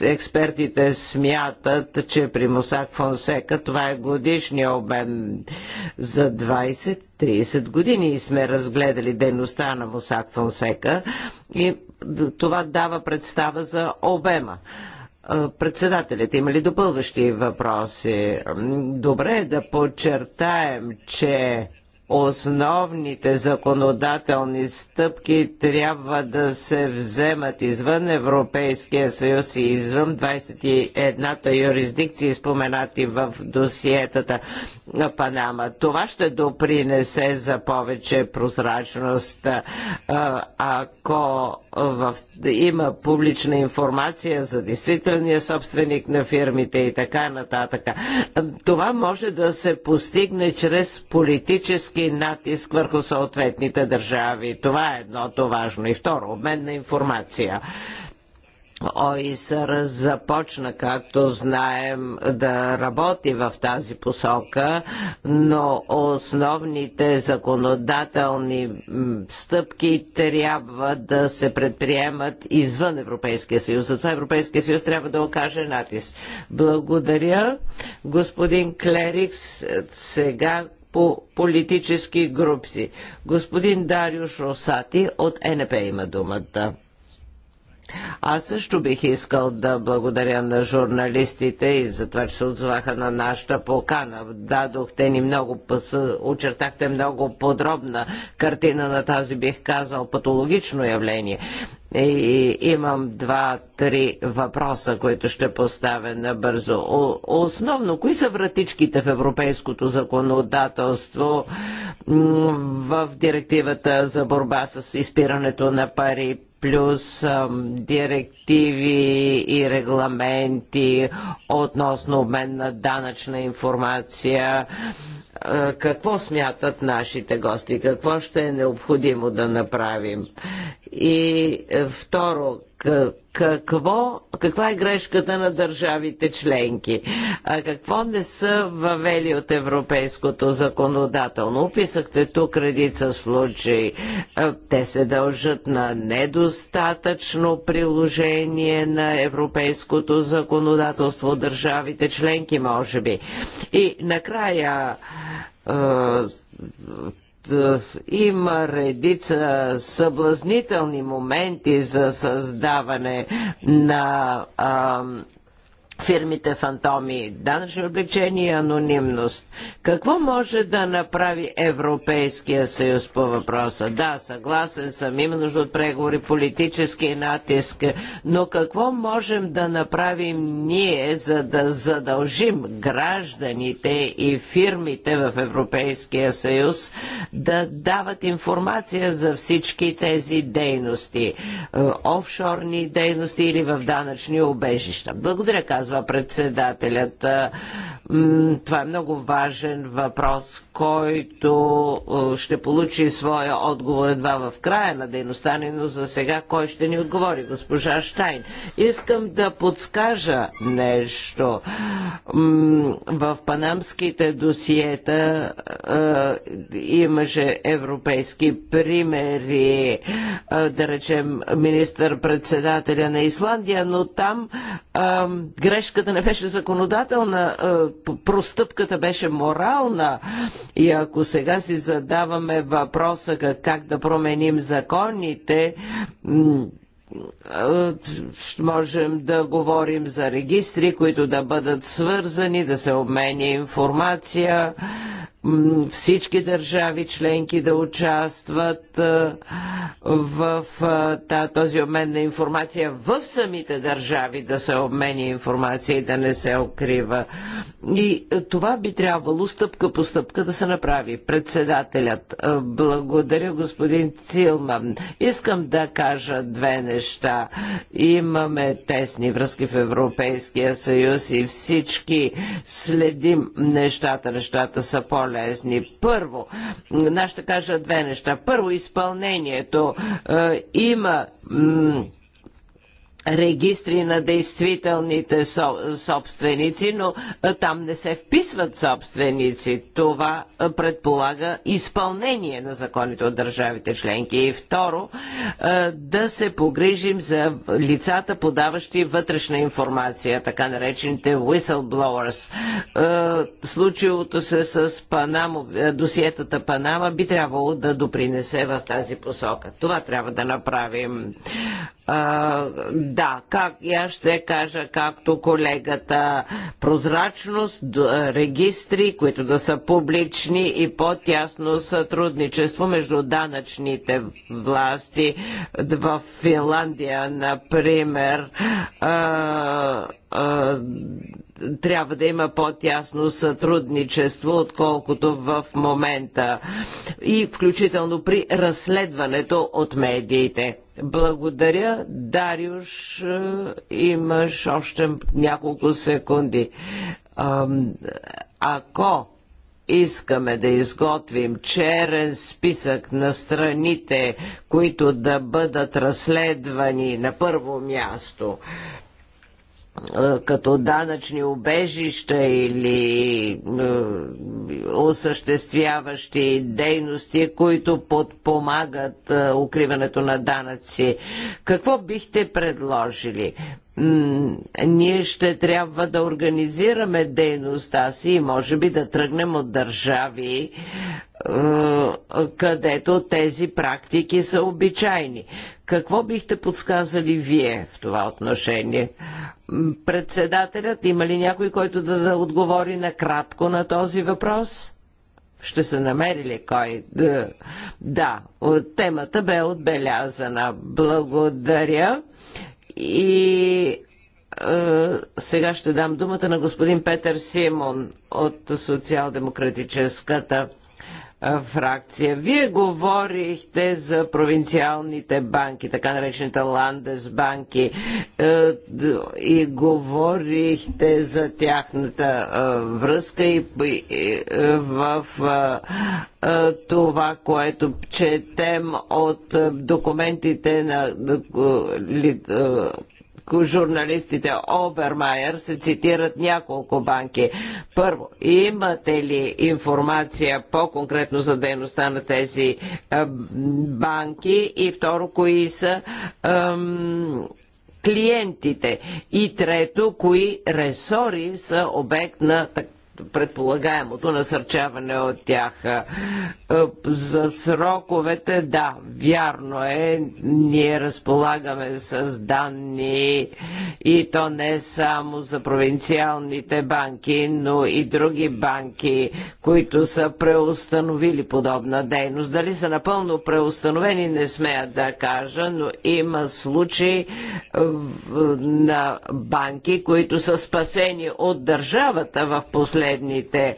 експертите смятат, че при Мусак Фонсека това е годишния обем. за 20-30 години и сме разгледали дейността на Мусак Фонсека и това дава представа за обема. Председателят, има ли допълващи въпроси? Добре е да подчертаем, че основните законодателни стъпки трябва да се вземат извън Европейския съюз и извън 21-та юрисдикции, споменати в досиетата на Панама. Това ще допринесе за повече прозрачност. Ако в... има публична информация за действителния собственик на фирмите и така нататък, това може да се постигне чрез политически политически натиск върху съответните държави. Това е едното важно. И второ, обмен на информация. ОИСР започна, както знаем, да работи в тази посока, но основните законодателни стъпки трябва да се предприемат извън Европейския съюз. Затова Европейския съюз трябва да окаже натиск. Благодаря, господин Клерикс. Сега по политически групси. Господин Дариуш Росати от НП има думата. Аз също бих искал да благодаря на журналистите и за това, че се отзваха на нашата покана. Дадохте ни много, очертахте много подробна картина на тази, бих казал, патологично явление. И имам два-три въпроса, които ще поставя набързо. Основно, кои са вратичките в европейското законодателство в директивата за борба с изпирането на пари? плюс директиви и регламенти относно обмен на данъчна информация. Какво смятат нашите гости? Какво ще е необходимо да направим? И е, второ, какво, каква е грешката на държавите членки? А какво не са въвели от европейското законодателно? Описахте тук редица случаи. Е, те се дължат на недостатъчно приложение на европейското законодателство от държавите членки, може би. И накрая е, е, има редица съблазнителни моменти за създаване на а, фирмите фантоми, данъчни облегчения и анонимност. Какво може да направи Европейския съюз по въпроса? Да, съгласен съм, има нужда от преговори, политически натиск, но какво можем да направим ние, за да задължим гражданите и фирмите в Европейския съюз да дават информация за всички тези дейности, е, офшорни дейности или в данъчни обежища? Благодаря, казвам казва председателят. Това е много важен въпрос, който ще получи своя отговор едва в края на дейността ни, но за сега кой ще ни отговори? Госпожа Штайн. Искам да подскажа нещо. В панамските досиета имаше европейски примери, да речем, министър-председателя на Исландия, но там грешно грешката не беше законодателна, простъпката беше морална. И ако сега си задаваме въпроса как да променим законите, можем да говорим за регистри, които да бъдат свързани, да се обменя информация, всички държави членки да участват в този обмен на информация в самите държави да се обмени информация и да не се укрива. И това би трябвало стъпка по стъпка да се направи. Председателят, благодаря господин Цилман. Искам да кажа две неща. Имаме тесни връзки в Европейския съюз и всички следим нещата. Нещата са по болезни. Първо, аз ще кажа две неща. Първо, изпълнението. Е, има регистри на действителните собственици, но там не се вписват собственици. Това предполага изпълнение на законите от държавите членки. И второ, да се погрижим за лицата, подаващи вътрешна информация, така наречените whistleblowers. Случилото се с Панамо, досиетата Панама би трябвало да допринесе в тази посока. Това трябва да направим да, как я ще кажа, както колегата, прозрачност, регистри, които да са публични и по-тясно сътрудничество между данъчните власти в Финландия, например. А, трябва да има по-тясно сътрудничество, отколкото в момента и включително при разследването от медиите. Благодаря. Дариуш, имаш още няколко секунди. Ако искаме да изготвим черен списък на страните, които да бъдат разследвани на първо място, е, като данъчни обежища или е, осъществяващи дейности, които подпомагат е, укриването на данъци. Какво бихте предложили? ние ще трябва да организираме дейността си и може би да тръгнем от държави, е, където тези практики са обичайни. Какво бихте подсказали вие в това отношение? Председателят, има ли някой, който да, да отговори накратко на този въпрос? Ще се намери ли кой? Да, е, Да, темата бе отбелязана. Благодаря. И е, сега ще дам думата на господин Петър Симон от Социал-демократическата фракция. Вие говорихте за провинциалните банки, така наречените ландесбанки е, и говорихте за тяхната връзка и в това, което четем от документите на журналистите Обермайер се цитират няколко банки. Първо, имате ли информация по-конкретно за дейността на тези е, банки? И второ, кои са клиентите? И трето, кои ресори са обект на предполагаемото насърчаване от тях. Е, е, за сроковете, да, вярно е, ние разполагаме с данни и то не само за провинциалните банки, но и други банки, които са преустановили подобна дейност. Дали са напълно преустановени, не смея да кажа, но има случаи на банки, които са спасени от държавата в последните последните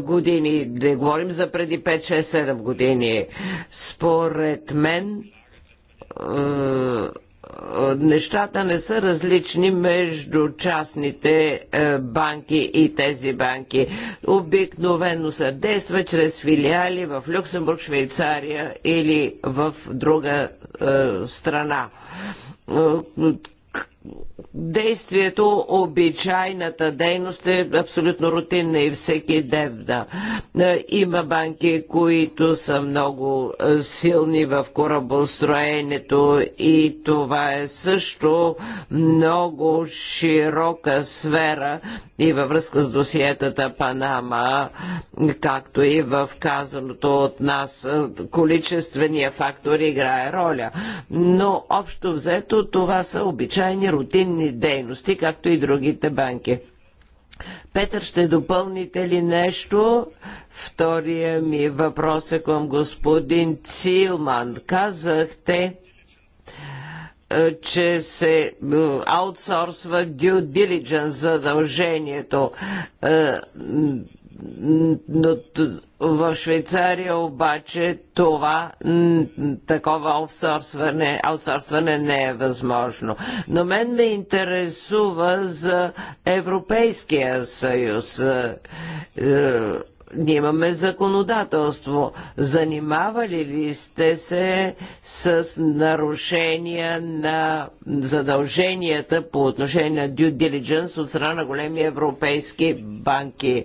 години, да говорим за преди 5, 6, 7 години. Според мен е, е, нещата не са различни между частните е, банки и тези банки. Обикновено се действа чрез филиали в Люксембург, Швейцария или в друга страна действието, обичайната дейност е абсолютно рутинна и всеки дебна. Е, има банки, които са много е, силни в корабостроенето и това е също много широка сфера и във връзка с досиетата Панама, както и в казаното от нас, е, количествения фактор играе роля. Но общо взето това са обичайни рутинни дейности, както и другите банки. Петър, ще допълните ли нещо? Втория ми въпрос е към господин Цилман. Казахте, е, че се е, аутсорсва due diligence задължението. Е, в Швейцария обаче това такова аутсорсване, аутсорсване не е възможно. Но мен ме интересува за Европейския съюз. Е, е, ние имаме законодателство. Занимавали ли сте се с нарушения на задълженията по отношение на due diligence от страна на големи европейски банки?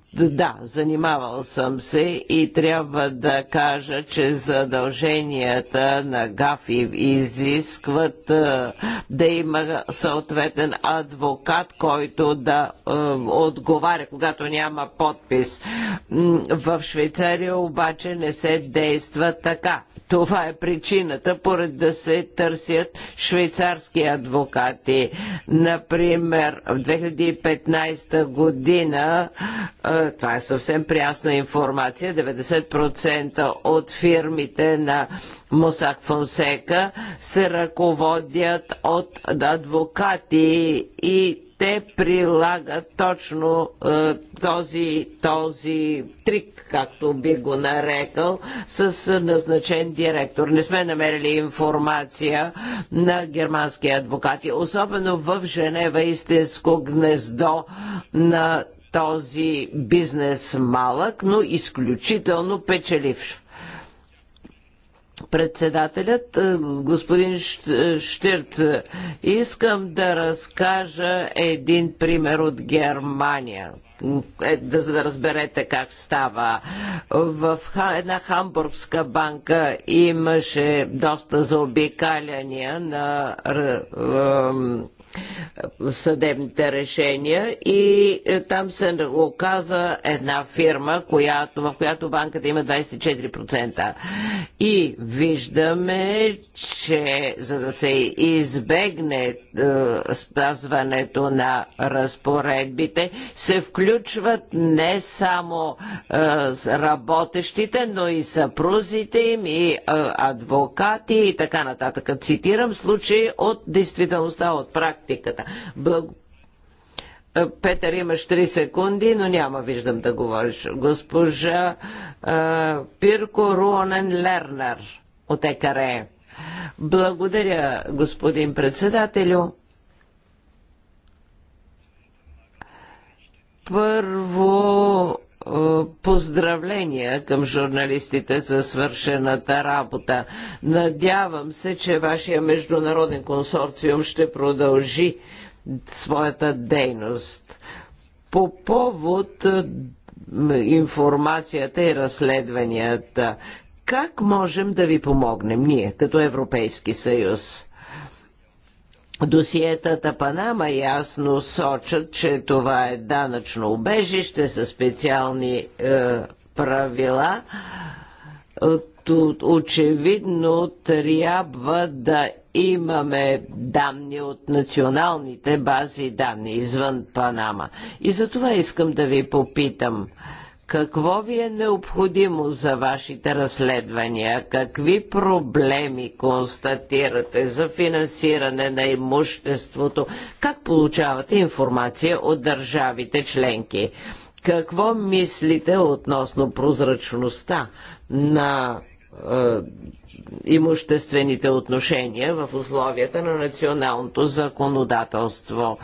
Да, занимавал съм се и трябва да кажа, че задълженията на ГАФИ изискват е, да има съответен адвокат, който да е, отговаря, когато няма подпис. В Швейцария обаче не се действа така. Това е причината, поред да се търсят швейцарски адвокати. Например, в 2015 година е, това е съвсем прясна информация, 90% от фирмите на Мусак Фонсека се ръководят от адвокати и те прилагат точно е, този, този трик, както би го нарекал, с назначен директор. Не сме намерили информация на германски адвокати, особено в Женева, истинско гнездо на този бизнес малък, но изключително печеливш председателят, е, господин е, Штирц. Искам да разкажа един пример от Германия. Е, за да разберете как става. В една хамбургска банка имаше доста заобикаляния на съдебните решения и е, там се оказа една фирма, която, в която банката има 24%. И виждаме, че за да се избегне е, спазването на разпоредбите, се включват не само е, работещите, но и съпрузите им, и адвокати и така нататък. Цитирам случаи от действителността, от практиката практиката. Благ... Е, Петър, имаш 3 секунди, но няма виждам да говориш. Госпожа а, е, Пирко Руонен Лернер от ЕКАРЕ. Благодаря, господин председателю. Първо е, поздравления към журналистите за свършената работа. Надявам се, че вашия международен консорциум ще продължи своята дейност. По повод е, информацията и разследванията, как можем да ви помогнем ние като Европейски съюз? Досиетата Панама ясно сочат, че това е данъчно убежище със специални е, правила. Тут очевидно трябва да имаме данни от националните бази данни извън Панама. И за това искам да ви попитам. Какво ви е необходимо за вашите разследвания? Какви проблеми констатирате за финансиране на имуществото? Как получавате информация от държавите членки? Какво мислите относно прозрачността на е, имуществените отношения в условията на националното законодателство.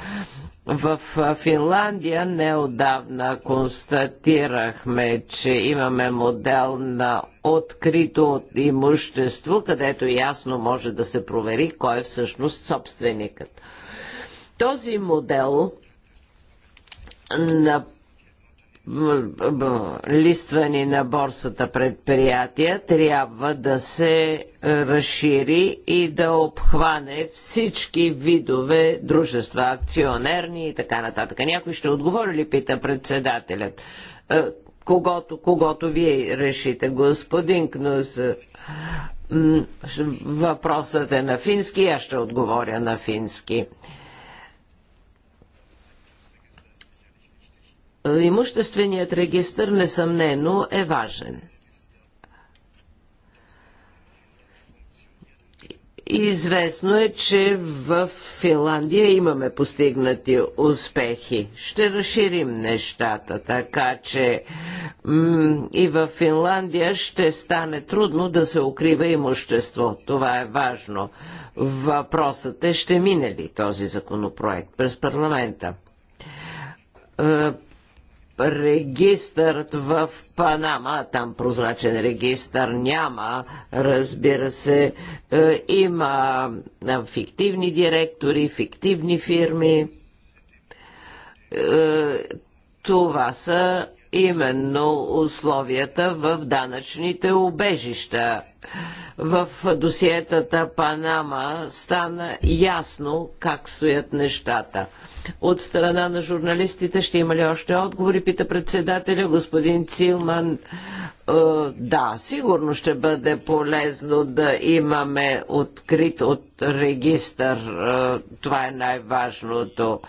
В Финландия неодавна констатирахме, че имаме модел на открито имущество, където ясно може да се провери кой е всъщност собственикът. Този модел на листвани на борсата предприятия трябва да се разшири и да обхване всички видове дружества, акционерни и така нататък. Някой ще отговори ли, пита председателят. Е, когато, когато вие решите, господин Кнус, е, въпросът е на фински, аз ще отговоря на фински. имущественият регистр несъмнено е важен. Известно е, че в Финландия имаме постигнати успехи. Ще разширим нещата, така че и в Финландия ще стане трудно да се укрива имущество. Това е важно. Въпросът е ще мине ли този законопроект през парламента. Е, регистърът в Панама, там прозрачен регистър няма, разбира се, е, има е, фиктивни директори, фиктивни фирми. Е, това са именно условията в данъчните убежища. В досиетата Панама стана ясно как стоят нещата. От страна на журналистите ще има ли още отговори, пита председателя господин Цилман. Е, да, сигурно ще бъде полезно да имаме открит от регистър. Е, това е най-важното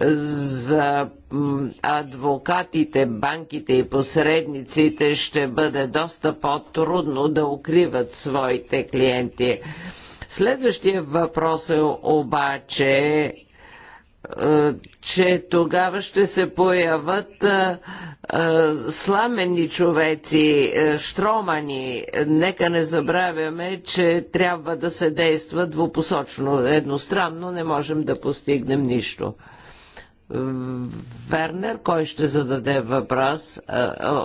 за адвокатите, банките и посредниците ще бъде доста по-трудно да укриват своите клиенти. Следващия въпрос е обаче е, че тогава ще се появат е, е, сламени човеци, штромани. Нека не забравяме, че трябва да се действа двупосочно. Едностранно не можем да постигнем нищо. Вернер, кой ще зададе въпрос?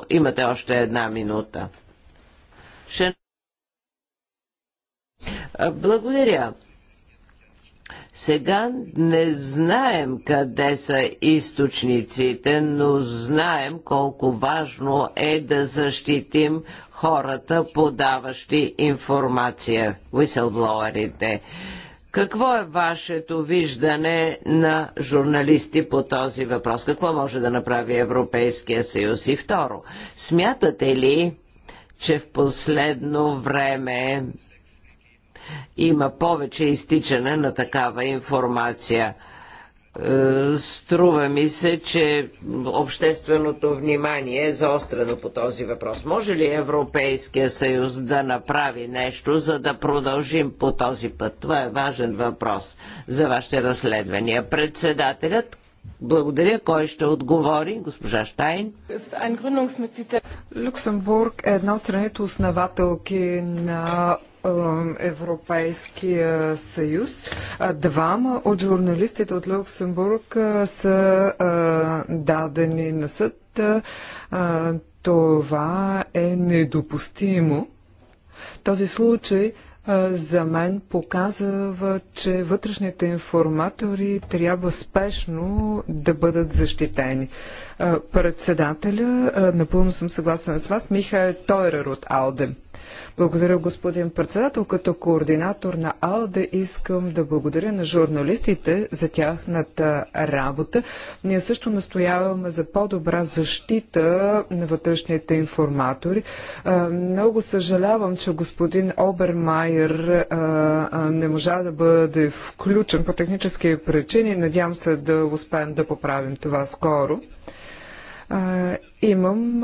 Имате още една минута. Ще... Благодаря. Сега не знаем къде са източниците, но знаем колко важно е да защитим хората, подаващи информация, whistleblowerите. Какво е вашето виждане на журналисти по този въпрос? Какво може да направи Европейския съюз? И второ, смятате ли, че в последно време има повече изтичане на такава информация? Е, струва ми се, че общественото внимание е заострено по този въпрос. Може ли Европейския съюз да направи нещо, за да продължим по този път? Това е важен въпрос за вашите разследвания. Председателят, благодаря. Кой ще отговори? Госпожа Штайн. Люксембург е една от страните основателки на Европейския съюз. Двама от журналистите от Люксембург са дадени на съд. Това е недопустимо. Този случай за мен показва, че вътрешните информатори трябва спешно да бъдат защитени. Председателя, напълно съм съгласен с вас, Михаил Тойрер от Алдем. Благодаря, господин председател. Като координатор на АЛДЕ искам да благодаря на журналистите за тяхната работа. Ние също настояваме за по-добра защита на вътрешните информатори. Много съжалявам, че господин Обермайер не можа да бъде включен по технически причини. Надявам се да успеем да поправим това скоро. Имам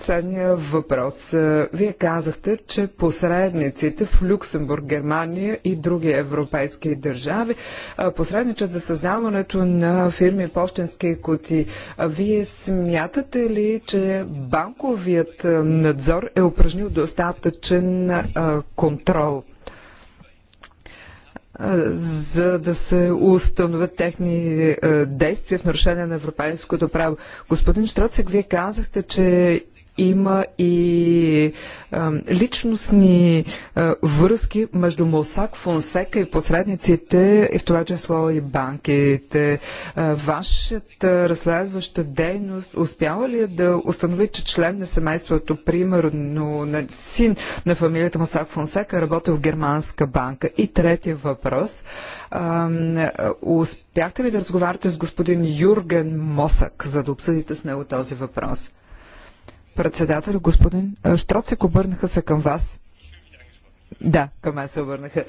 следния въпрос. Е, вие казахте, че посредниците в Люксембург, Германия и други европейски държави е, посредничат за създаването на фирми Пощенски кути. Е, вие смятате ли, че банковият надзор е упражнил достатъчен контрол? за да се установят техни действия в нарушение на европейското право. Господин Штроцик, вие казахте, че има и а, личностни а, връзки между Мосак, Фонсека и посредниците, и в това число и банките. А, вашата разследваща дейност Успява ли е да установи, че член на семейството, примерно на син на фамилията Мосак Фонсека, е работи в германска банка? И третия въпрос. А, успяхте ли да разговаряте с господин Юрген Мосак, за да обсъдите с него този въпрос? председател, господин Штроцик, обърнаха се към вас. Да, към мен се обърнаха.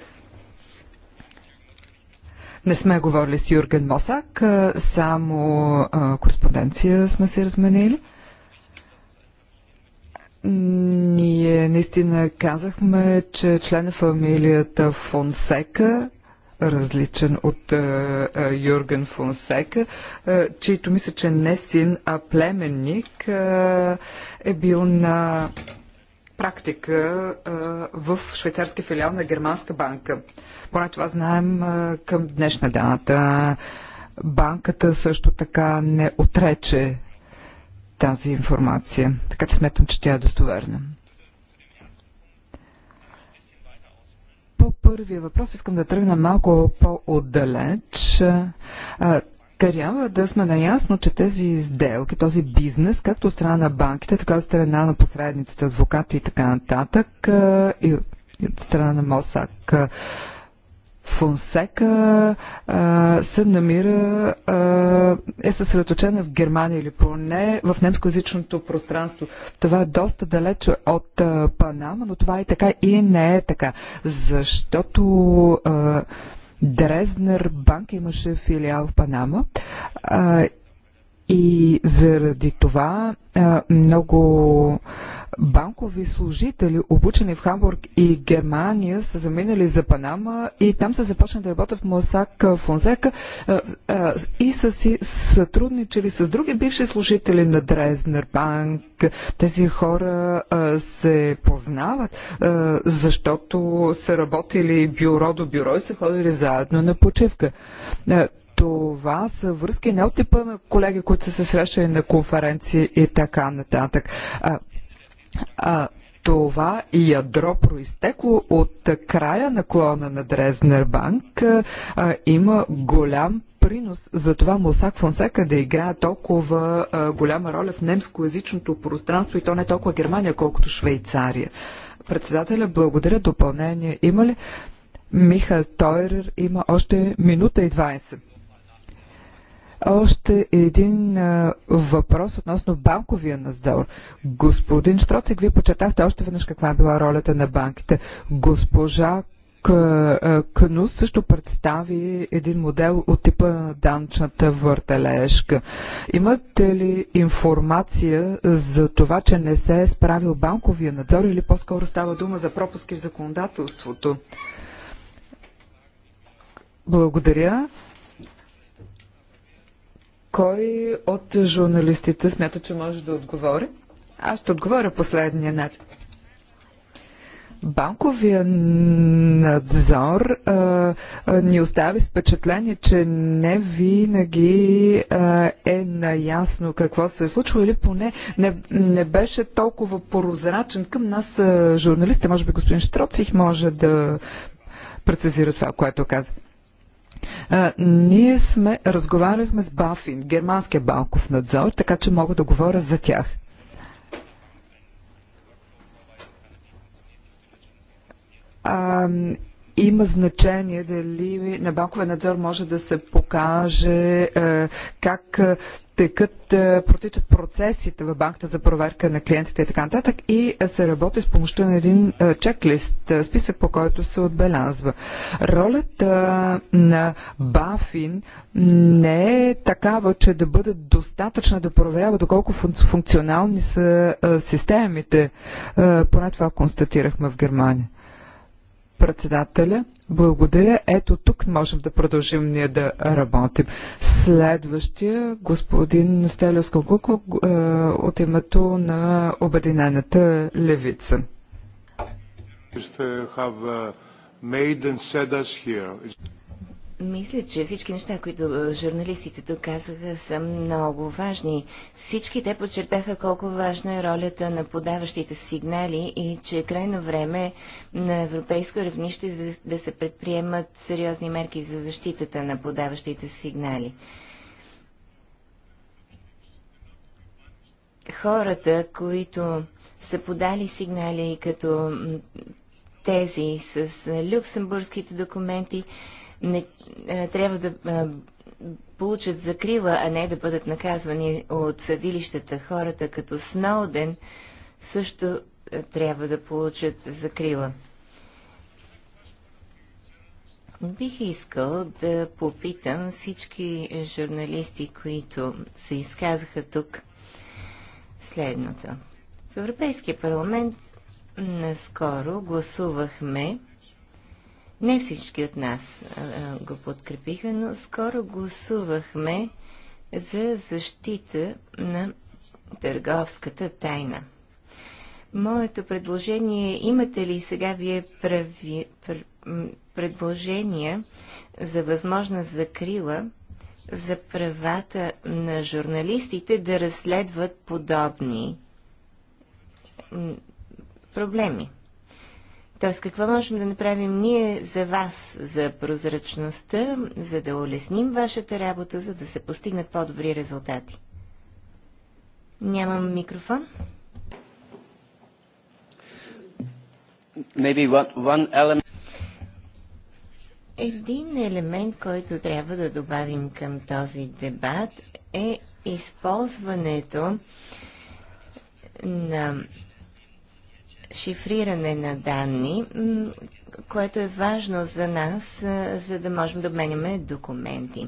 Не сме говорили с Юрген Мосак, само кореспонденция сме се разменили. Ние наистина казахме, че член на фамилията Фонсека различен от е, е, Юрген Фонсека, е, чийто мисля, че не син, а племенник е бил на практика в швейцарски филиал на Германска банка. Поне това знаем към днешна дата. Банката също така не отрече тази информация. Така че сметам, че тя е достоверна. по първия въпрос искам да тръгна малко по-отдалеч. Трябва да сме наясно, че тези сделки, този бизнес, както от страна на банките, така от страна на посредниците, адвокати и така нататък, и от страна на МОСАК, Фонсека а, се намира, а, е съсредоточена в Германия или поне в немскоязичното пространство. Това е доста далече от а, Панама, но това е така и не е така. Защото а, Дрезнер банк имаше филиал в Панама а, и заради това а, много банкови служители, обучени в Хамбург и Германия, са заминали за Панама и там са започнали да работят в Мосак Фонзека. и са си сътрудничали с други бивши служители на Дрезнер банк. Тези хора се познават, защото са работили бюро до бюро и са ходили заедно на почивка това са връзки не от типа на колеги, които са се срещали на конференции и така нататък. А, това ядро, проистекло от края на клона на Дрезнер Банк, а, има голям принос за това Мусак Фонсека да играе толкова а, голяма роля в немскоязичното пространство и то не толкова Германия, колкото Швейцария. Председателя, благодаря. Допълнение има ли? Михаил Тойрер има още минута и 20. Още един а, въпрос относно банковия надзор. Господин Штроцик, вие почетахте още веднъж каква е била ролята на банките. Госпожа Кнус също представи един модел от типа на данчната въртележка. Имате ли информация за това, че не се е справил банковия надзор или по-скоро става дума за пропуски в законодателството? Благодаря. Кой от журналистите смята, че може да отговори? Аз ще отговоря последния начин. Банковия надзор а, а, ни остави впечатление, че не винаги а, е наясно какво се е случило или поне не, не беше толкова прозрачен към нас журналистите. Може би господин Штроцих може да прецизира това, което каза ние сме, разговаряхме с Бафин, германския банков надзор, така че мога да говоря за тях. А, има значение дали на банковия надзор може да се покаже е, как текат, е, протичат процесите в банката за проверка на клиентите и така нататък и е, се работи с помощта на един е, чеклист, списък по който се отбелязва. Ролята на Бафин не е такава, че да бъде достатъчна да проверява доколко функционални са системите. Поне това констатирахме в Германия. Председателя, благодаря. Ето тук можем да продължим ние да работим. Следващия господин Стелиос Кокукло е, от името на Обединената левица. Have uh, made and us here. Мисля, че всички неща, които е, журналистите тук казаха, са много важни. Всички те подчертаха колко важна е ролята на подаващите сигнали и че е крайно време на европейско равнище да се предприемат сериозни мерки за защитата на подаващите сигнали. Хората, които са подали сигнали като тези с е, люксембургските документи, не, е, трябва да е, получат закрила, а не да бъдат наказвани от съдилищата. Хората като Сноуден също е, трябва да получат закрила. Бих искал да попитам всички журналисти, които се изказаха тук следното. В Европейския парламент наскоро гласувахме не всички от нас а, го подкрепиха, но скоро гласувахме за защита на търговската тайна. Моето предложение, е, имате ли сега вие прави, пр, предложения за възможна закрила за правата на журналистите да разследват подобни проблеми? Тоест, какво можем да направим ние за вас, за прозрачността, за да улесним вашата работа, за да се постигнат по-добри резултати? Нямам микрофон. Maybe one, one element... Един елемент, който трябва да добавим към този дебат е използването на шифриране на данни, което е важно за нас, за да можем да обменяме документи.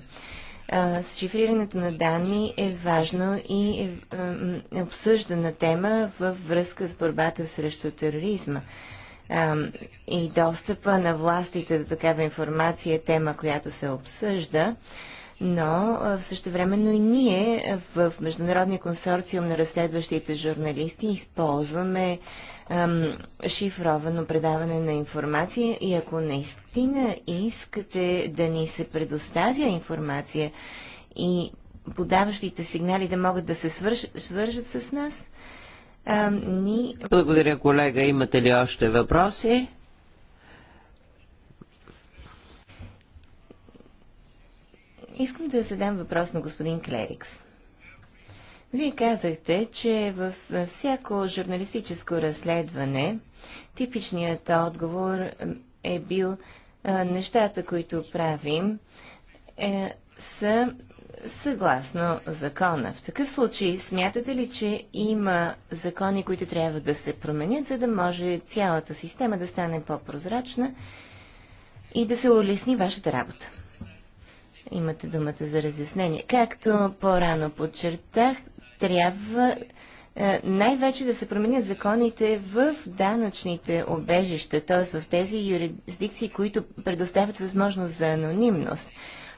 Шифрирането на данни е важно и е, е обсъждана тема във връзка с борбата срещу тероризма. И достъпа на властите до такава информация е тема, която се обсъжда но същевременно и ние в Международния консорциум на разследващите журналисти използваме ам, шифровано предаване на информация и ако наистина искате да ни се предоставя информация и подаващите сигнали да могат да се свържат, свържат с нас, ам, ни... Благодаря, колега. Имате ли още въпроси? Искам да задам въпрос на господин Клерикс. Вие казахте, че във всяко журналистическо разследване типичният отговор е бил нещата, които правим, е, са съгласно закона. В такъв случай смятате ли, че има закони, които трябва да се променят, за да може цялата система да стане по-прозрачна и да се улесни вашата работа? Имате думата за разяснение. Както по-рано подчертах, трябва е, най-вече да се променят законите в данъчните обежища, т.е. в тези юрисдикции, които предоставят възможност за анонимност.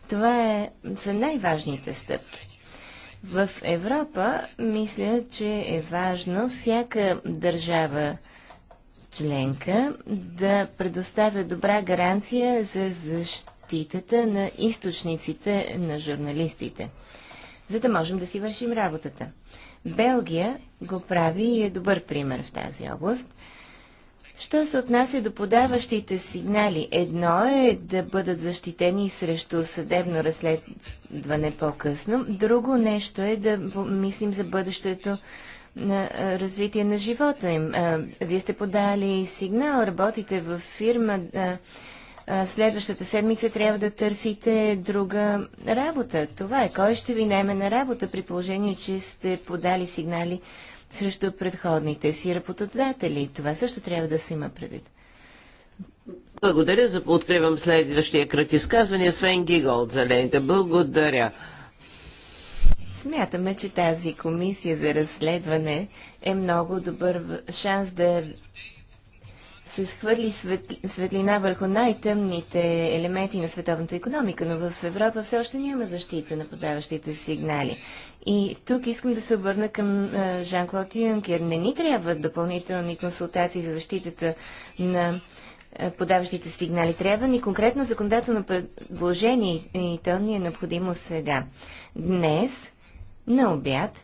Това е, са най-важните стъпки. В Европа мисля, че е важно всяка държава членка да предоставя добра гаранция за защита защитата на източниците на журналистите, за да можем да си вършим работата. Белгия го прави и е добър пример в тази област. Що се отнася до подаващите сигнали, едно е да бъдат защитени срещу съдебно разследване по-късно, друго нещо е да мислим за бъдещето на развитие на живота им. Вие сте подали сигнал, работите в фирма, следващата седмица трябва да търсите друга работа. Това е. Кой ще ви найме на работа при положение, че сте подали сигнали срещу предходните си работодатели? Това също трябва да се има предвид. Благодаря. За... Откривам следващия кръг изказвания. Свен Гигол от Зелените. Благодаря. Смятаме, че тази комисия за разследване е много добър шанс да се схвърли светлина върху най-тъмните елементи на световната економика, но в Европа все още няма защита на подаващите сигнали. И тук искам да се обърна към Жан-Клод Юнкер. Не ни трябват допълнителни консултации за защитата на подаващите сигнали. Трябва ни конкретно законодателно предложение и то ни е необходимо сега. Днес, на обяд,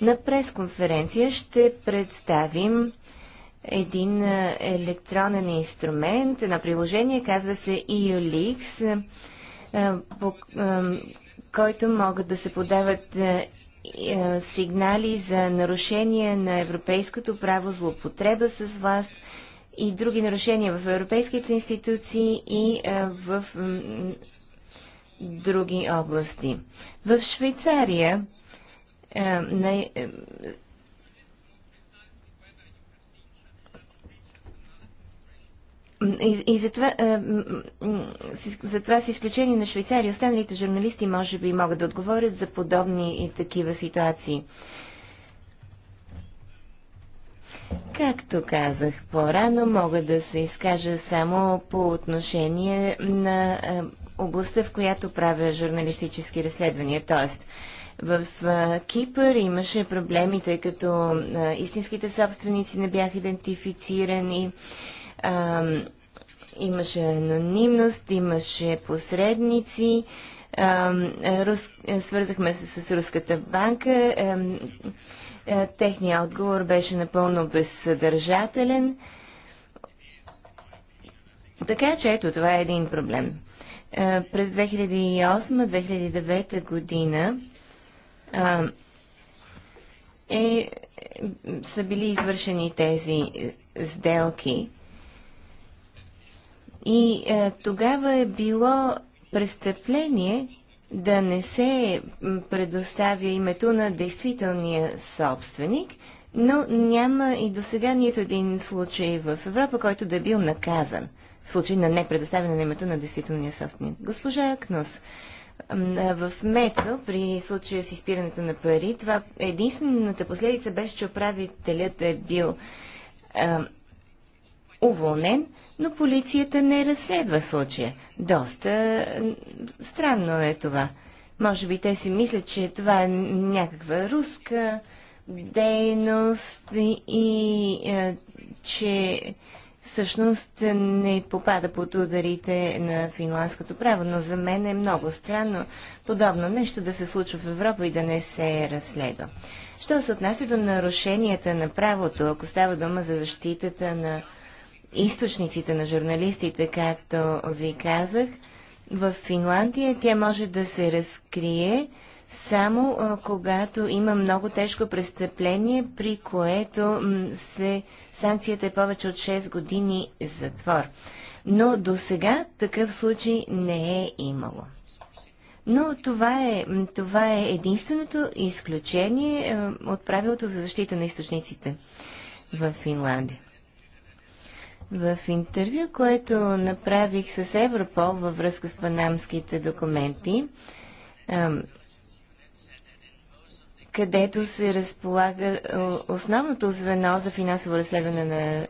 на пресконференция ще представим един електронен инструмент, на приложение, казва се EULIX, по който могат да се подават сигнали за нарушения на европейското право, злоупотреба с власт и други нарушения в европейските институции и в други области. В Швейцария на И, и затова, е, затова с изключение на Швейцария, останалите журналисти може би могат да отговорят за подобни и такива ситуации. Както казах по-рано, мога да се изкажа само по отношение на е, областта, в която правя журналистически разследвания. Тоест, в е, Кипър имаше проблеми, тъй като истинските собственици не бяха идентифицирани а, имаше анонимност, имаше посредници, а, рус... свързахме се с Руската банка. А, а, техният отговор беше напълно безсъдържателен. Така че ето, това е един проблем. А, през 2008-2009 година а, е, са били извършени тези сделки и е, тогава е било престъпление да не се предоставя името на действителния собственик, но няма и до сега нито един случай в Европа, който да е бил наказан. Случай на непредоставяне на името на действителния собственик. Госпожа Кнус, е, в Мецо, при случая с изпирането на пари, това е единствената последица беше, че управителят е бил уволнен, но полицията не разследва случая. Доста странно е това. Може би те си мислят, че това е някаква руска дейност и, и е, че всъщност не попада под ударите на финландското право, но за мен е много странно подобно нещо да се случва в Европа и да не се разследва. Що се отнася до нарушенията на правото, ако става дума за защитата на източниците на журналистите, както ви казах, в Финландия тя може да се разкрие само когато има много тежко престъпление, при което се, санкцията е повече от 6 години затвор. Но до сега такъв случай не е имало. Но това е, това е единственото изключение от правилото за защита на източниците в Финландия. В интервю, което направих с Европол във връзка с панамските документи, където се разполага основното звено за финансово разследване на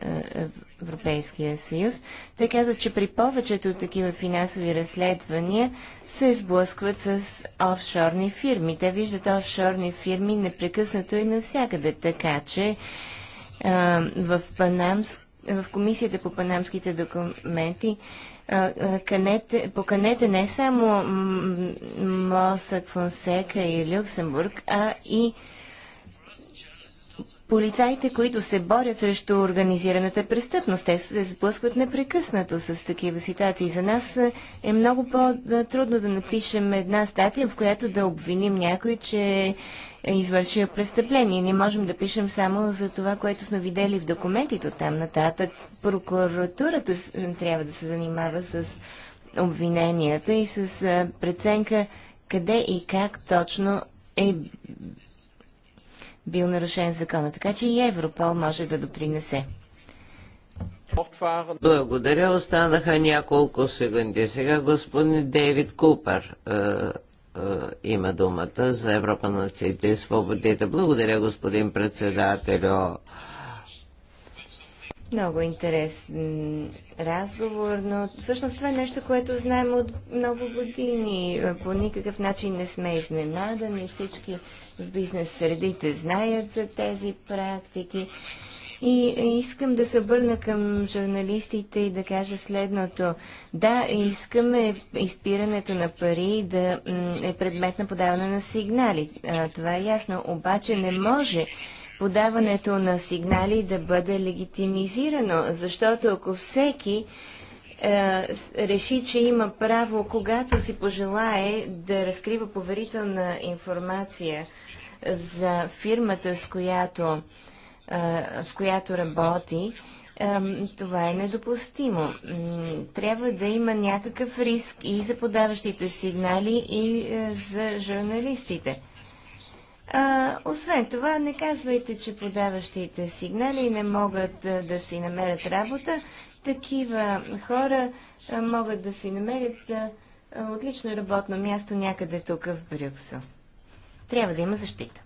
Европейския съюз. Те каза, че при повечето от такива финансови разследвания се сблъскват с офшорни фирми. Те виждат офшорни фирми непрекъснато и навсякъде, така че в Панамс в Комисията по панамските документи, канете, поканете не само Мосък, Фонсека и Люксембург, а и полицаите, които се борят срещу организираната престъпност. Те се сблъскват непрекъснато с такива ситуации. За нас е, е много по-трудно да напишем една статия, в която да обвиним някой, че е извършил престъпление. Не можем да пишем само за това, което сме видели в документите от там нататък. Прокуратурата е, трябва да се занимава с обвиненията и с е, преценка къде и как точно е бил нарушен закона. Така че и Европол може да допринесе. Благодаря. Останаха няколко секунди. Сега господин Дейвид Купер е, е, има думата за Европа на нациите и свободите. Благодаря, господин председателю. Много интересен разговор, но всъщност това е нещо, което знаем от много години. По никакъв начин не сме изненадани. Всички в бизнес средите знаят за тези практики. И искам да се обърна към журналистите и да кажа следното. Да, искаме изпирането на пари да е предмет на подаване на сигнали. Това е ясно. Обаче не може подаването на сигнали да бъде легитимизирано, защото ако всеки е, реши, че има право, когато си пожелае да разкрива поверителна информация за фирмата, с която, е, в която работи, е, това е недопустимо. Трябва да има някакъв риск и за подаващите сигнали, и е, за журналистите. А, освен това, не казвайте, че подаващите сигнали не могат да си намерят работа. Такива хора могат да си намерят отлично работно място някъде тук в Брюксел. Трябва да има защита.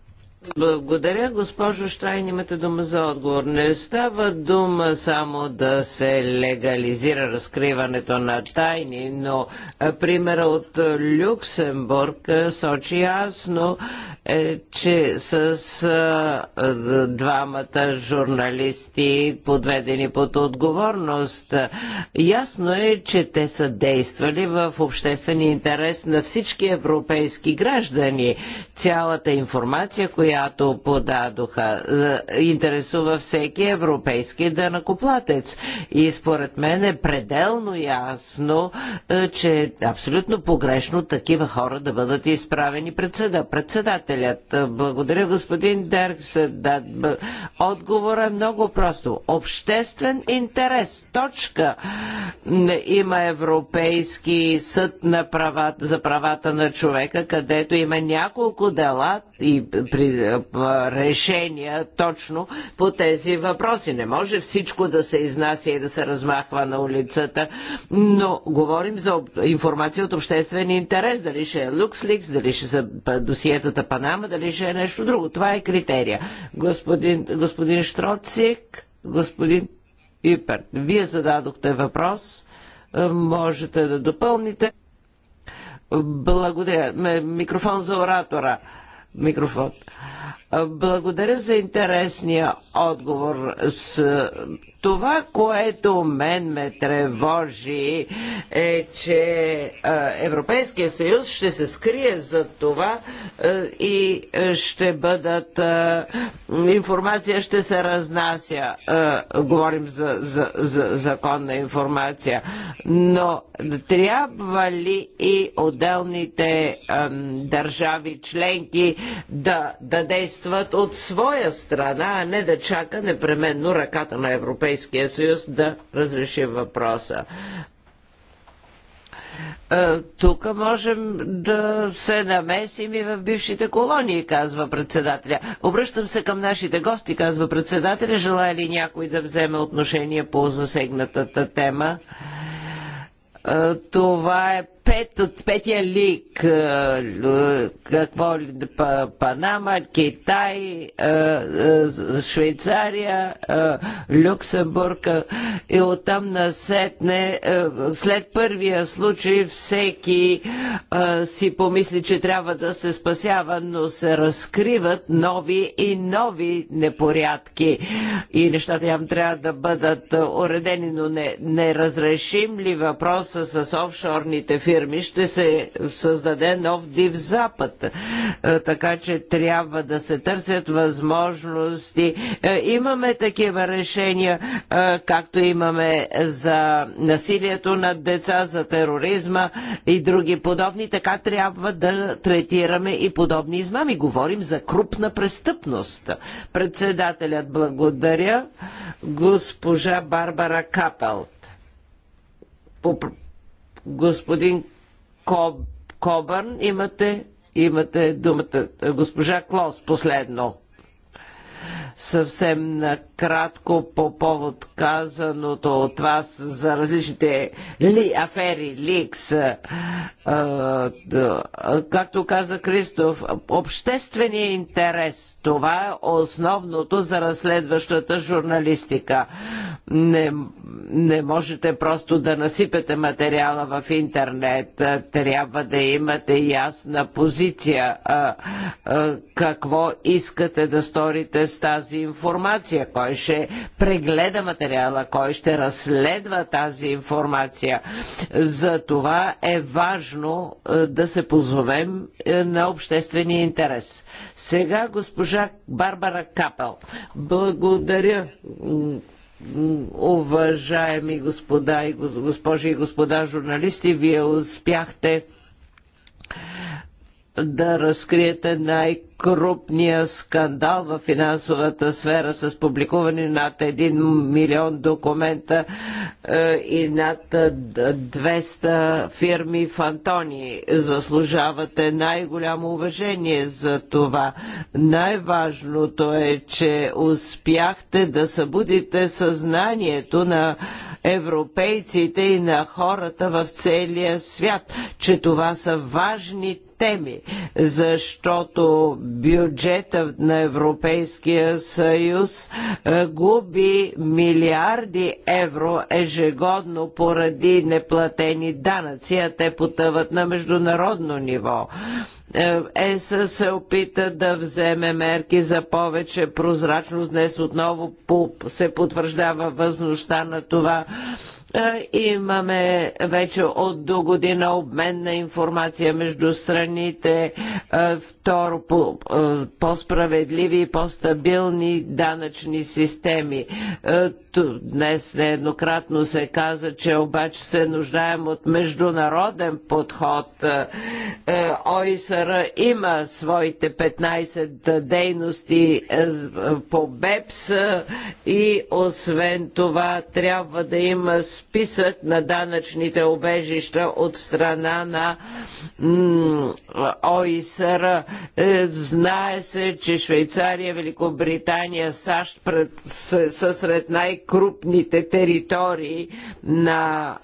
Благодаря, госпожо Штайн, имате дума за отговор. Не става дума само да се легализира разкриването на тайни, но примера от Люксембург сочи ясно, е, че с а, двамата журналисти, подведени под отговорност, ясно е, че те са действали в обществен интерес на всички европейски граждани. Цялата информация, която която подадоха. Интересува всеки европейски данакоплатец. И според мен е пределно ясно, е, че е абсолютно погрешно такива хора да бъдат изправени пред съда. Председателят, е, благодаря господин Деркс. Е, да, отговор е много просто. Обществен интерес. Точка. Има Европейски съд на за правата на човека, където има няколко дела и при е, решения точно по тези въпроси. Не може всичко да се изнася и да се размахва на улицата, но говорим за информация от обществен интерес. Дали ще е LuxLeaks, дали ще са досиетата Панама, дали ще е нещо друго. Това е критерия. Господин, господин Штроцик, господин Ипер, вие зададохте въпрос. Е, можете да допълните. Благодаря. Микрофон за оратора микрофон. Благодаря за интересния отговор. С това, което мен ме тревожи е, че Европейския съюз ще се скрие за това и ще бъдат информация ще се разнася. Говорим за, за, за законна информация. Но трябва ли и отделните държави членки да, да действат от своя страна, а не да чака непременно ръката на Европейския Европейския съюз да разреши въпроса. Тук можем да се намесим и в бившите колонии, казва председателя. Обръщам се към нашите гости, казва председателя. Желая ли някой да вземе отношение по засегнатата тема? Това е пет от петия лик. Какво ли Панама, Китай, Швейцария, Люксембург и оттам насетне. След първия случай всеки си помисли, че трябва да се спасява, но се разкриват нови и нови непорядки. И нещата им трябва да бъдат уредени, но не, не разрешим ли въпроса с офшорните фирми? фирми, ще се създаде нов див запад. Е, така че трябва да се търсят възможности. Е, имаме такива решения, е, както имаме за насилието над деца, за тероризма и други подобни. Така трябва да третираме и подобни измами. Говорим за крупна престъпност. Председателят благодаря госпожа Барбара Капел Господин Коб, Кобърн, имате, имате думата. Госпожа Клос, последно. Съвсем накратко по повод казаното от вас за различните ли, афери, ликс. А, както каза Кристоф, обществения интерес. Това е основното за разследващата журналистика. Не, не можете просто да насипете материала в интернет. Трябва да имате ясна позиция а, а, какво искате да сторите с тази тази информация, кой ще прегледа материала, кой ще разследва тази информация. За това е важно е, да се позовем е, на обществения интерес. Сега госпожа Барбара Капел. Благодаря уважаеми господа и госпожи и господа журналисти, вие успяхте да разкриете най-крупния скандал в финансовата сфера с публикуване над 1 милион документа е, и над 200 е, фирми фантони. Заслужавате най-голямо уважение за това. Най-важното е, че успяхте да събудите съзнанието на европейците и на хората в целия свят, че това са важни теми, защото бюджетът на Европейския съюз е, губи милиарди евро ежегодно поради неплатени данъци, а те потъват на международно ниво. Е, ЕС се опита да вземе мерки за повече прозрачност. Днес отново се потвърждава възможността на това е, имаме вече от до година обмен на информация между страните, е, второ е, по-справедливи и по-стабилни данъчни системи. Днес нееднократно се каза, че обаче се нуждаем от международен подход. ОИСР има своите 15 дейности по БЕПС и освен това трябва да има списък на данъчните обежища от страна на ОИСР. Е, знае се, че Швейцария, Великобритания, САЩ пред, са сред най-крупните територии на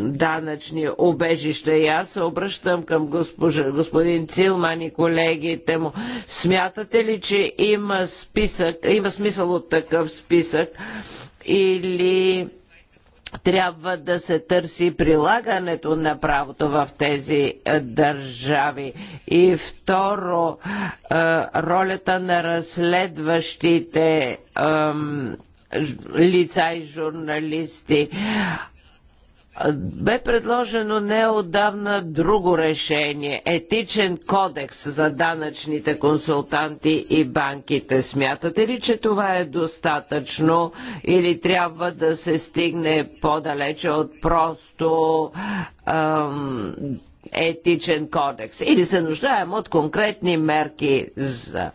данъчни обежища. И аз се обръщам към госпожа, господин Цилман и колегите му. Смятате ли, че има списък, има смисъл от такъв списък или трябва да се търси прилагането на правото в тези е, държави. И второ, е, ролята на разследващите лица и журналисти. Бе предложено неодавна друго решение – етичен кодекс за данъчните консултанти и банките. Смятате ли, че това е достатъчно или трябва да се стигне по-далече от просто ам, етичен кодекс или се нуждаем от конкретни мерки за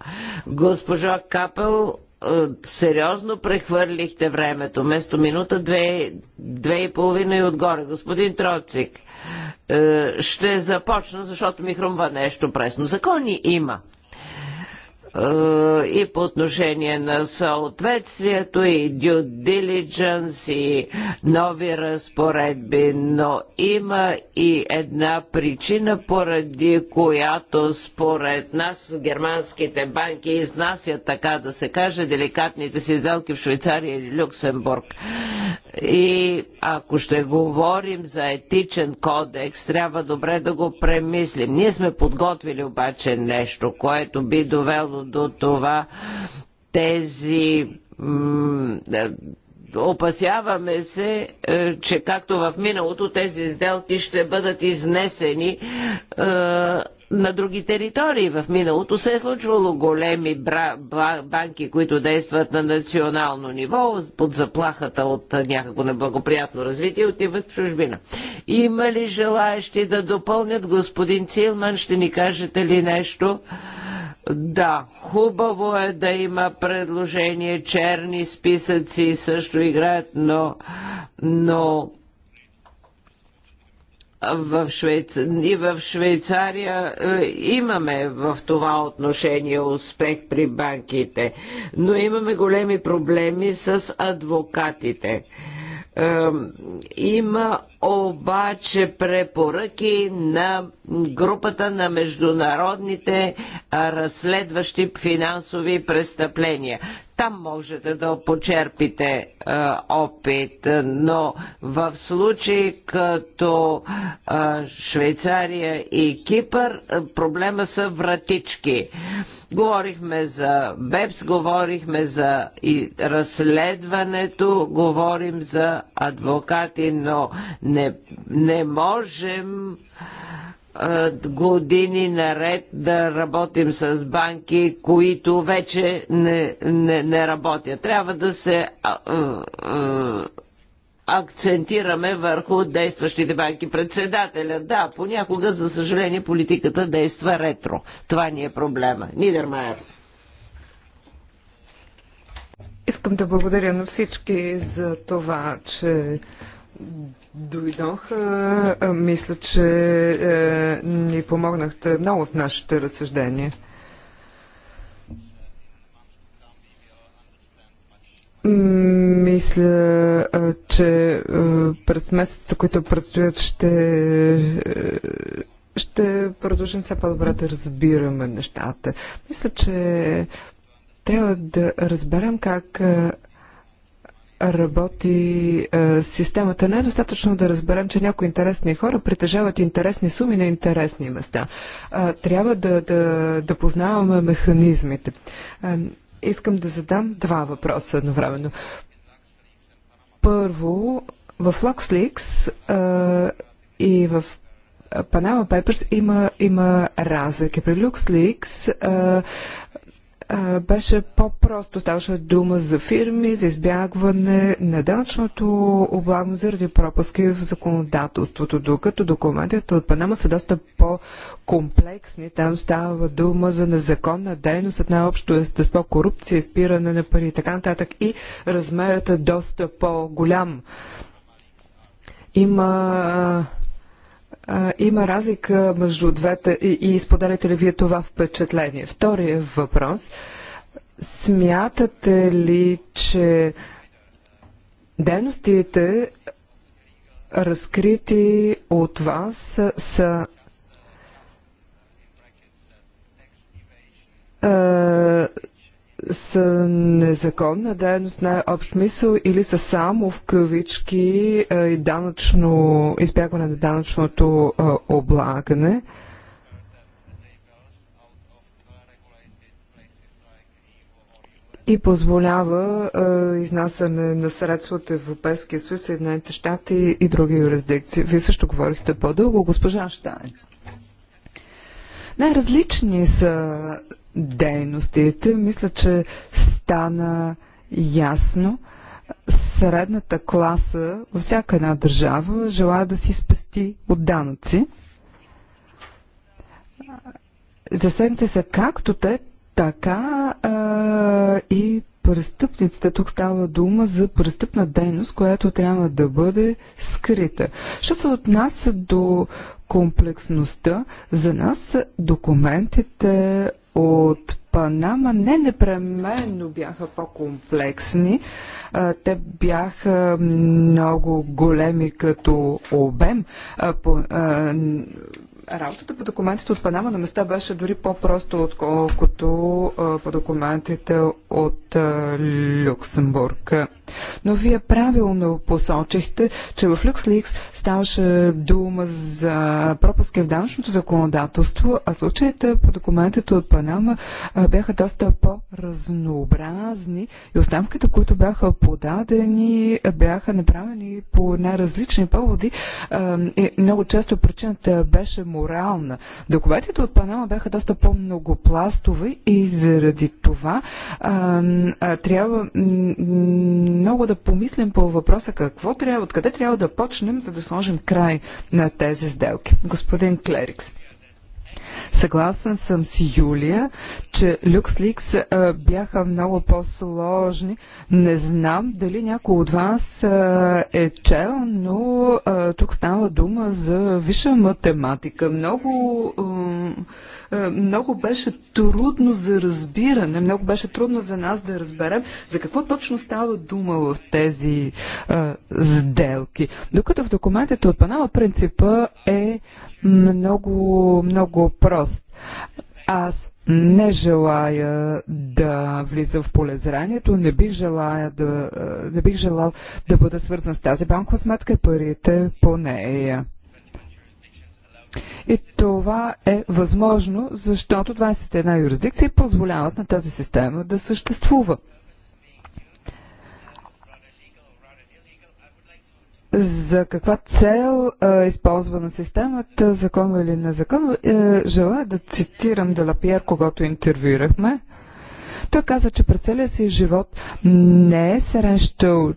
госпожа Капел е, сериозно прехвърлихте времето. Вместо минута две, две и половина и отгоре. Господин Троцик, е, ще започна, защото ми хрумва нещо пресно. Закони има и по отношение на съответствието и due diligence и нови разпоредби, но има и една причина, поради която според нас германските банки изнасят, така да се каже, деликатните си сделки в Швейцария или Люксембург. И ако ще говорим за етичен кодекс, трябва добре да го премислим. Ние сме подготвили обаче нещо, което би довело до това тези Опасяваме се, е, че както в миналото тези сделки ще бъдат изнесени е, на други територии. В миналото се е случвало големи банки, които действат на национално ниво, под заплахата от някакво неблагоприятно развитие, отиват в чужбина. Има ли желаещи да допълнят? Господин Цилман, ще ни кажете ли нещо? Да, хубаво е да има предложение, черни списъци също играят, но, но в Швейц... и в Швейцария е, имаме в това отношение успех при банките, но имаме големи проблеми с адвокатите. Има обаче препоръки на групата на международните разследващи финансови престъпления. Там можете да почерпите а, опит, но в случай като а, Швейцария и Кипър проблема са вратички. Говорихме за БЕПС, говорихме за и разследването, говорим за адвокати, но не, не можем години наред да работим с банки, които вече не, не, не работят. Трябва да се акцентираме върху действащите банки. Председателя, да, понякога, за съжаление, политиката действа ретро. Това ни е проблема. Нидермайер. Искам да благодаря на всички за това, че дойдоха. Мисля, че е, ни помогнахте много в нашите разсъждения. Мисля, че през месеците, които предстоят, ще, е, ще продължим все по-добре да разбираме нещата. Мисля, че трябва да разберем как работи е, системата. Не е достатъчно да разберем, че някои интересни хора притежават интересни суми на интересни места. Е, трябва да, да, да познаваме механизмите. Е, искам да задам два въпроса едновременно. Първо, в LuxLeaks е, и в Panama Papers има, има разлики. При LuxLeaks е, беше по-просто. Ставаше дума за фирми, за избягване на данъчното облагане заради пропуски в законодателството, докато документите от Панама са доста по-комплексни. Там става дума за незаконна дейност от най-общо естество, корупция, изпиране на пари и така нататък. И размерът е доста по-голям. Има а, има разлика между двете и, и споделяте ли вие това впечатление? Втория въпрос. Смятате ли, че дейностите, разкрити от вас, са а, са незаконна дейност на е общ смисъл или са само в кавички и данъчно, избягване на данъчното облагане. и позволява а, изнасяне на средства от Европейския съюз, Съединените щати и други юрисдикции. Вие също говорихте по-дълго, госпожа Штайн. Най-различни са дейностите. Мисля, че стана ясно. Средната класа във всяка една държава желая да си спести от данъци. Засегнете се както те, така а, и престъпниците. Тук става дума за престъпна дейност, която трябва да бъде скрита. Що се отнася до комплексността, за нас документите от Панама не непременно бяха по-комплексни. Те бяха много големи като обем работата по документите от Панама на места беше дори по-просто, отколкото по документите от Люксембург. Но вие правилно посочихте, че в LuxLeaks ставаше дума за пропуски в данъчното законодателство, а случаите по документите от Панама бяха доста по-разнообразни и оставките, които бяха подадени, бяха направени по най-различни поводи и много често причината беше морална. Документите от Панама бяха доста по-многопластови и заради това а, а, трябва много да помислим по въпроса какво трябва, откъде трябва да почнем, за да сложим край на тези сделки. Господин Клерикс. Съгласен съм с Юлия, че LuxLeaks бяха много по-сложни. Не знам дали някой от вас е чел, но тук става дума за висша математика. Много е, много беше трудно за разбиране, много беше трудно за нас да разберем за какво точно става дума в тези а, е, сделки. Докато в документите от Панама принципа е много, много прост. Аз не желая да влиза в полезранието, не бих, желая да, е, не бих желал да бъда свързан с тази банкова сметка и парите по нея. И това е възможно, защото 21 юрисдикции позволяват на тази система да съществува. За каква цел е използвана системата, законно или незаконно, е, желая да цитирам Делапиер, когато интервюирахме. Той каза, че през целия си живот не е срещал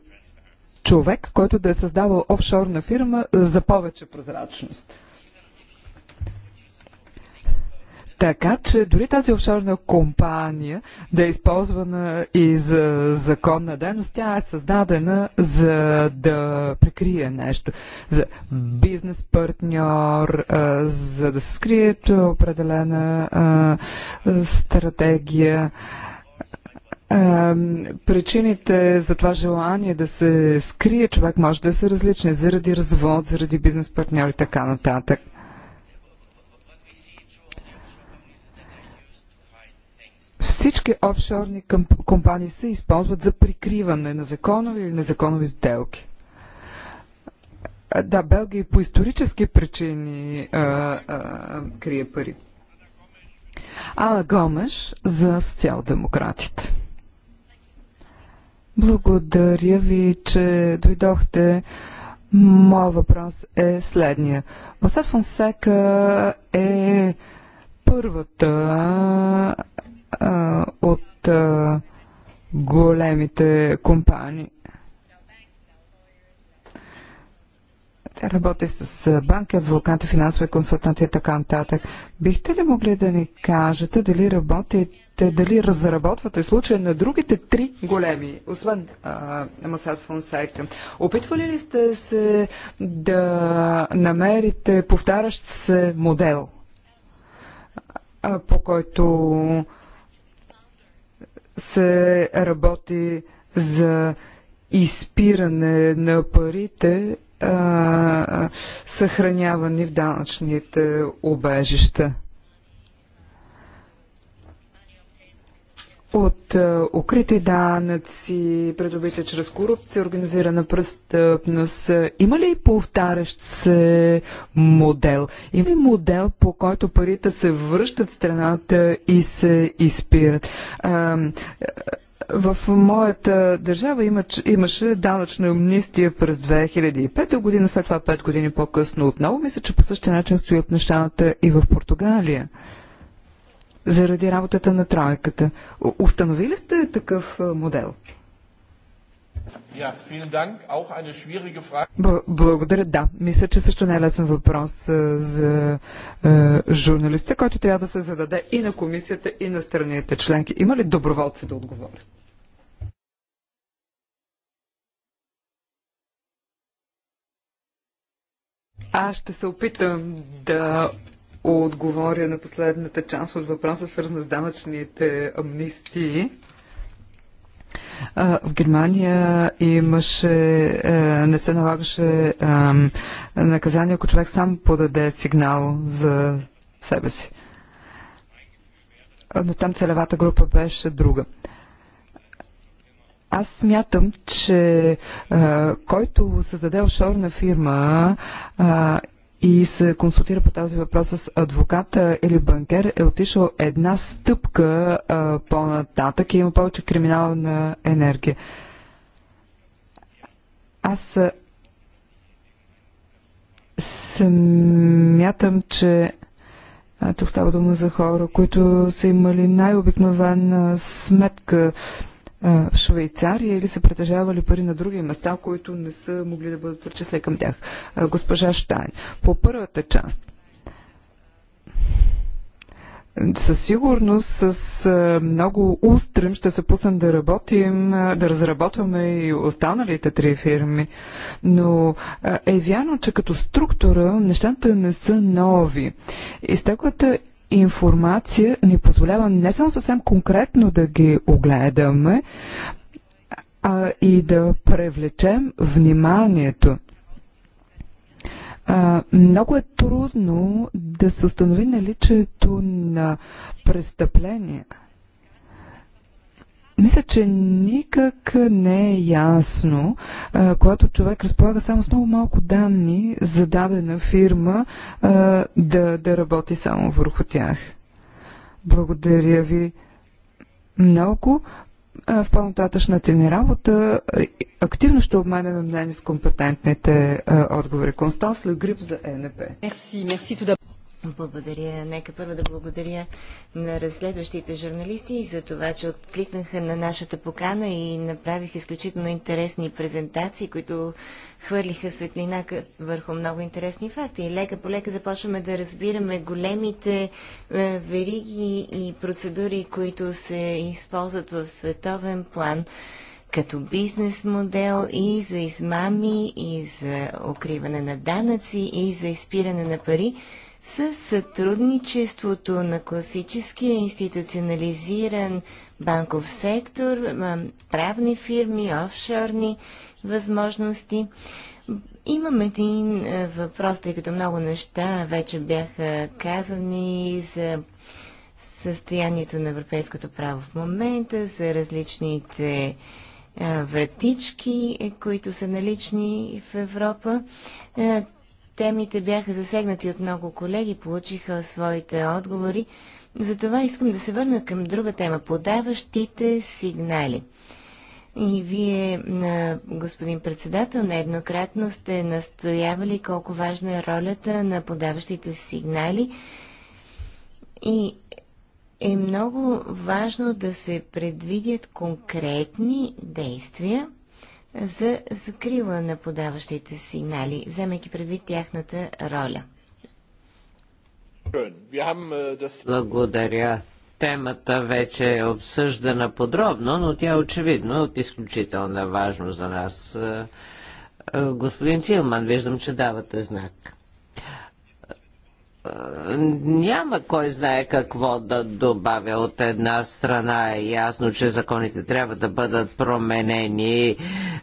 човек, който да е създавал офшорна фирма за повече прозрачност. Така че дори тази офшорна компания да е използвана и за законна дейност, тя е създадена за да прикрие нещо. За бизнес партньор, за да се скрие определена стратегия. Причините за това желание да се скрие човек може да са различни, заради развод, заради бизнес партньор и така нататък. Всички офшорни компании се използват за прикриване на законови или незаконови сделки. Да, Белгия по исторически причини а, а, крие пари. Ала Гомеш за социал-демократите. Благодаря ви, че дойдохте. Моят въпрос е следния. Масар Фонсека е първата а, от а, големите компании. Тя работи с банки, адвокати, финансови консултанти и така нататък. Бихте ли могли да ни кажете дали работите, дали разработвате случая на другите три големи, освен а, Масад Фонсека? Опитвали ли сте се да намерите повтарящ се модел, а, по който се работи за изпиране на парите, съхранявани в данъчните обежища. от е, укрити данъци, предобите чрез корупция, организирана престъпност. Има ли повтарящ се модел? Има ли модел, по който парите се връщат в страната и се изпират? Е, е, в моята държава имаше данъчна амнистия през 2005 година, след това 5 години по-късно отново. Мисля, че по същия начин стоят нещата и в Португалия заради работата на тройката. Установили сте такъв модел? Благодаря, да. Мисля, че също не е лесен въпрос за журналиста, който трябва да се зададе и на комисията, и на страните членки. Има ли доброволци да отговорят? Аз ще се опитам да отговоря на последната част от въпроса, свързана с данъчните амнистии. В Германия имаше, е, не се налагаше е, наказание, ако човек сам подаде сигнал за себе си. Но там целевата група беше друга. Аз смятам, че е, който създаде офшорна фирма и се консултира по този въпрос с адвоката или банкер, е отишъл една стъпка по-нататък и има повече криминална енергия. Аз смятам, че тук става дума за хора, които са имали най-обикновена сметка в Швейцария или са притежавали пари на други места, които не са могли да бъдат причислени към тях. Госпожа Штайн, по първата част – със сигурност с много устрем ще се пуснем да работим, да разработваме и останалите три фирми. Но е вярно, че като структура нещата не са нови. Изтеклата информация ни позволява не само съвсем конкретно да ги огледаме, а и да привлечем вниманието. много е трудно да се установи наличието на престъпления мисля, че никак не е ясно, а, когато човек разполага само с много малко данни за дадена фирма, а, да, да работи само върху тях. Благодаря ви много. В по-нататъчната ни работа активно ще обменяме мнение с компетентните отговори. Констанс Легрип за ЕНП. Благодаря. Нека първо да благодаря на разследващите журналисти за това, че откликнаха на нашата покана и направих изключително интересни презентации, които хвърлиха светлина върху много интересни факти. И лека по лека започваме да разбираме големите е, вериги и процедури, които се използват в световен план като бизнес модел и за измами, и за укриване на данъци, и за изпиране на пари със сътрудничеството на класическия институционализиран банков сектор, правни фирми, офшорни възможности. Имам един въпрос, тъй като много неща вече бяха казани за състоянието на европейското право в момента, за различните вратички, е, които са налични в Европа. Темите бяха засегнати от много колеги, получиха своите отговори. Затова искам да се върна към друга тема – подаващите сигнали. И вие, господин председател, нееднократно сте настоявали колко важна е ролята на подаващите сигнали. И е много важно да се предвидят конкретни действия, за закрила на подаващите сигнали, вземайки предвид тяхната роля. Благодаря. Темата вече е обсъждана подробно, но тя е очевидно е от изключителна важност за нас. Е, е, господин Цилман, виждам, че давате знак няма кой знае какво да добавя от една страна. Е ясно, че законите трябва да бъдат променени,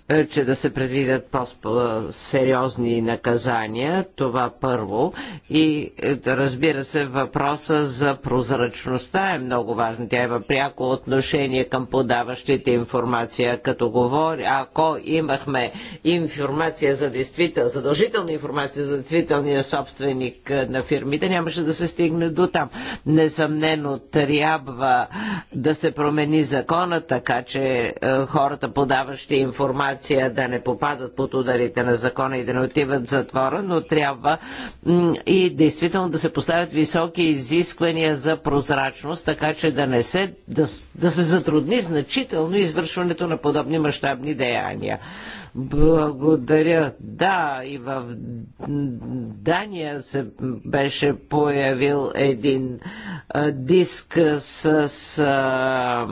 е, че да се предвидят по-сериозни наказания. Това първо. И е, разбира се, въпроса за прозрачността е много важна. Тя има пряко отношение към подаващите информация. Като говори, ако имахме информация за действител, задължителна информация за действителния собственик е, на фирма, фирмите, нямаше да се стигне до там. Несъмнено трябва да се промени закона, така че е, хората, подаващи информация, да не попадат под ударите на закона и да не отиват в затвора, но трябва и действително да се поставят високи изисквания за прозрачност, така че да не се, да, да се затрудни значително извършването на подобни мащабни деяния. Благодаря. Да, и в Дания се беше появил един а, диск с. А,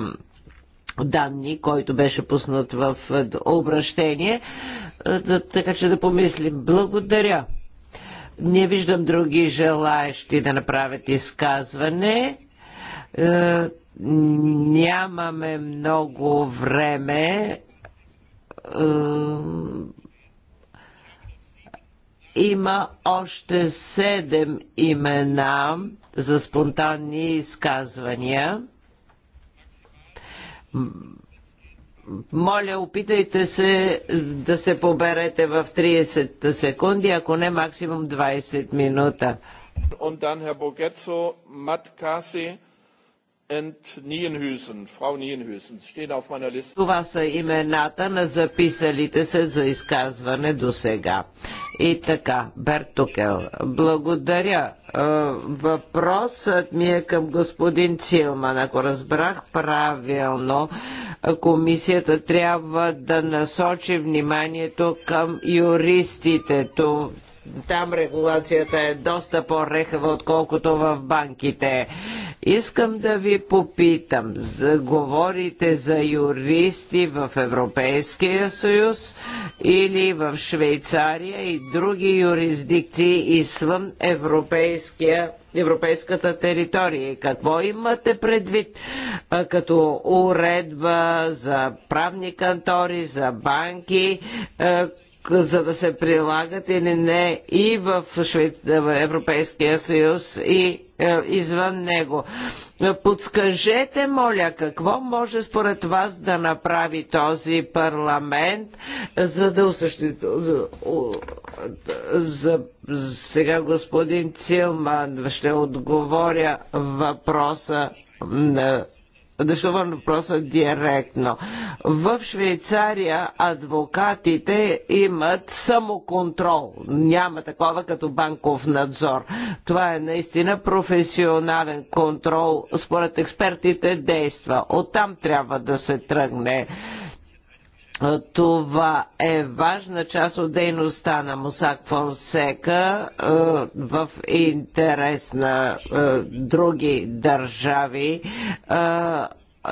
данни, който беше пуснат в обращение, така че да помислим. Благодаря. Не виждам други желаящи да направят изказване. Е, нямаме много време има още седем имена за спонтанни изказвания. Моля, опитайте се да се поберете в 30 секунди, ако не максимум 20 минута. Und dann Herr Borgezzo, Matt това са имената на записалите се за изказване до сега. И така, Бертокел, благодаря. Е, въпросът ми е към господин Цилман. Ако разбрах правилно, комисията трябва да насочи вниманието към юристите. Там регулацията е доста по-рехава, отколкото в банките. Искам да ви попитам, говорите за юристи в Европейския съюз или в Швейцария и други юрисдикции извън Европейския европейската територия. Какво имате предвид а, като уредба за правни кантори, за банки, а, за да се прилагат или не и в Европейския съюз и е, извън него. Подскажете, моля, какво може според вас да направи този парламент, за да осъществи... За... за... Сега господин Цилман ще отговоря въпроса на Дъщувам въпроса директно. В Швейцария адвокатите имат самоконтрол. Няма такова като банков надзор. Това е наистина професионален контрол. Според експертите действа. Оттам трябва да се тръгне. Това е важна част от дейността на Мусак Фонсека в интерес на други държави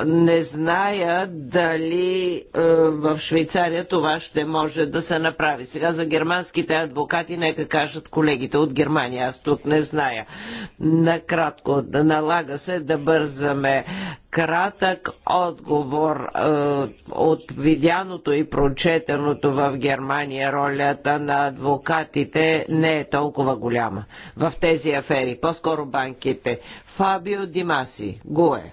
не зная дали е, в Швейцария това ще може да се направи. Сега за германските адвокати нека кажат колегите от Германия, аз тук не зная. Накратко, да налага се да бързаме. Кратък отговор е, от видяното и прочетеното в Германия ролята на адвокатите не е толкова голяма в тези афери, по-скоро банките. Фабио Димаси, Гуе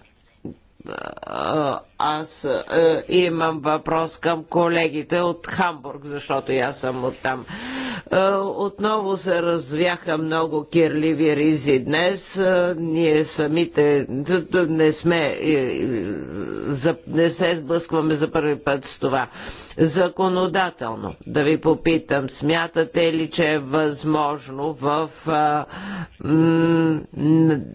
аз е, имам въпрос към колегите от Хамбург, защото я аз съм от там. Е, отново се развяха много кирливи ризи днес. Е, ние самите не сме, не се сблъскваме за първи път с това законодателно. Да ви попитам, смятате ли, че е възможно в а,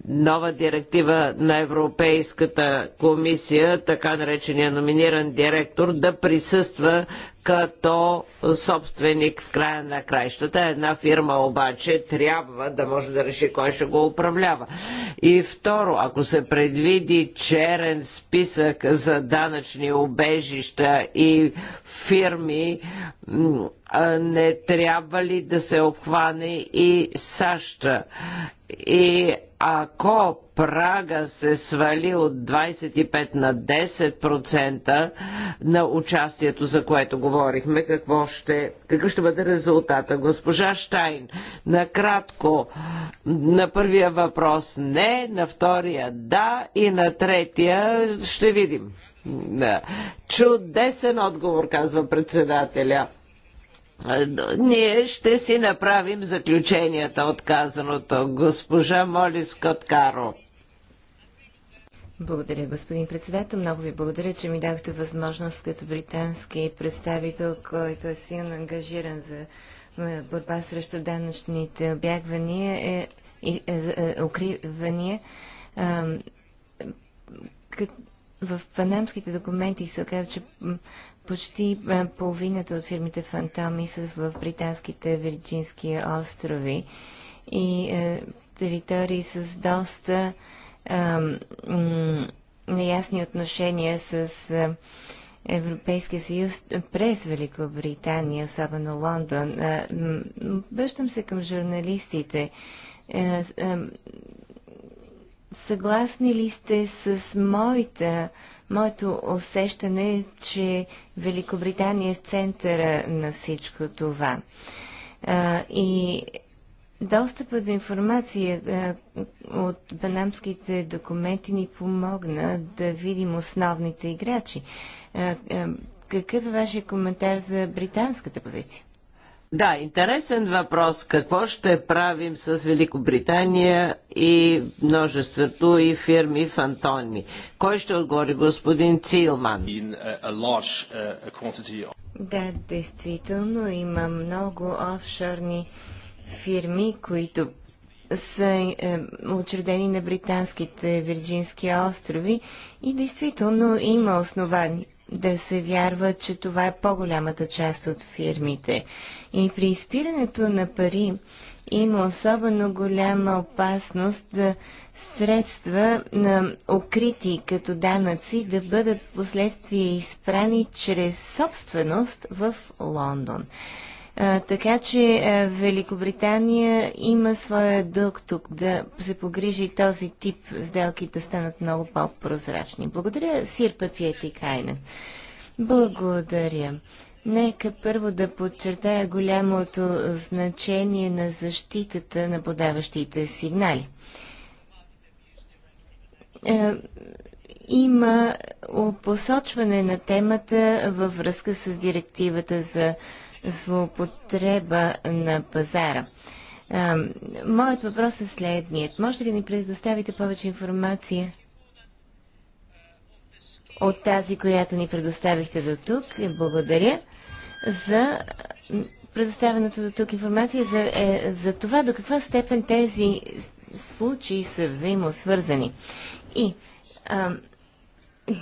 нова директива на Европейската комисия, така наречения номиниран директор, да присъства като собственик в края на краищата. Една фирма обаче трябва да може да реши кой ще го управлява. И второ, ако се предвиди черен списък за данъчни обежища и фирми, не трябва ли да се обхване и САЩ? И ако прага се свали от 25 на 10% на участието, за което говорихме, какво ще, какъв ще бъде резултата? Госпожа Штайн, накратко, на първия въпрос не, на втория да и на третия ще видим. Да, Чудесен отговор, казва председателя. Ние ще си направим заключенията от казаното. Госпожа Молис Коткаро. Благодаря, господин председател. Много ви благодаря, че ми дахте възможност като британски представител, който е силно ангажиран за борба срещу данъчните обягвания е, и е, е, е, укривания. Кът, в панамските документи се оказва, че почти половината от фирмите фантоми са в британските Вирджински острови и е, територии с доста е, неясни отношения с е, Европейския съюз през Великобритания, особено Лондон. Връщам се към журналистите. Е, Съгласни ли сте с моята, моето усещане, че Великобритания е в центъра на всичко това? А, и достъпа до информация а, от панамските документи ни помогна да видим основните играчи. А, а, какъв е вашия коментар за британската позиция? Да, интересен въпрос. Какво ще правим с Великобритания и множеството и фирми Антони? Кой ще отговори господин Цилман? Uh, uh, да, действително има много офшорни фирми, които са е, учредени на британските Вирджински острови и действително има основания да се вярва, че това е по-голямата част от фирмите. И при изпирането на пари има особено голяма опасност да средства на укрити като данъци да бъдат в последствие изпрани чрез собственост в Лондон. Така че Великобритания има своя дълг тук да се погрижи този тип сделки да станат много по-прозрачни. Благодаря, Сирпа Пиети Кайна. Благодаря. Нека първо да подчертая голямото значение на защитата на подаващите сигнали. има посочване на темата във връзка с директивата за злоупотреба на пазара. Моят въпрос е следният. Може ли да ни предоставите повече информация от тази, която ни предоставихте до тук? Благодаря за предоставената до тук информация за, е, за това до каква степен тези случаи са взаимосвързани. И а,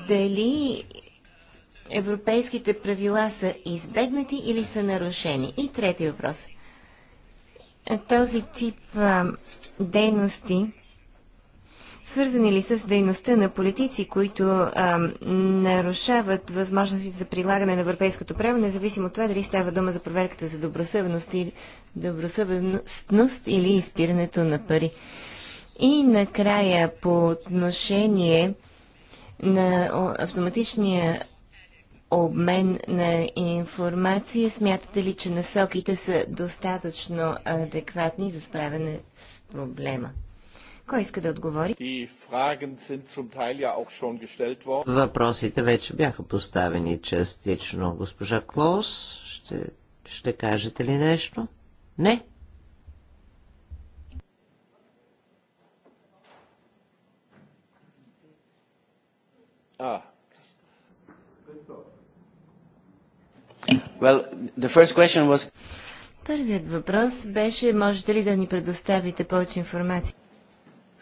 дали европейските правила са избегнати или са нарушени? И трети въпрос. Този тип а, дейности свързани ли с дейността на политици, които а, нарушават възможностите за прилагане на европейското право, независимо от това дали става дума за проверката за добросъвност или, добросъвестност или изпирането на пари. И накрая по отношение на автоматичния обмен на информация. Смятате ли, че насоките са достатъчно адекватни за справяне с проблема? Кой иска да отговори? Въпросите вече бяха поставени частично. Госпожа Клоус, ще, ще кажете ли нещо? Не? А, Well, the first question was... Първият въпрос беше, можете ли да ни предоставите повече информация?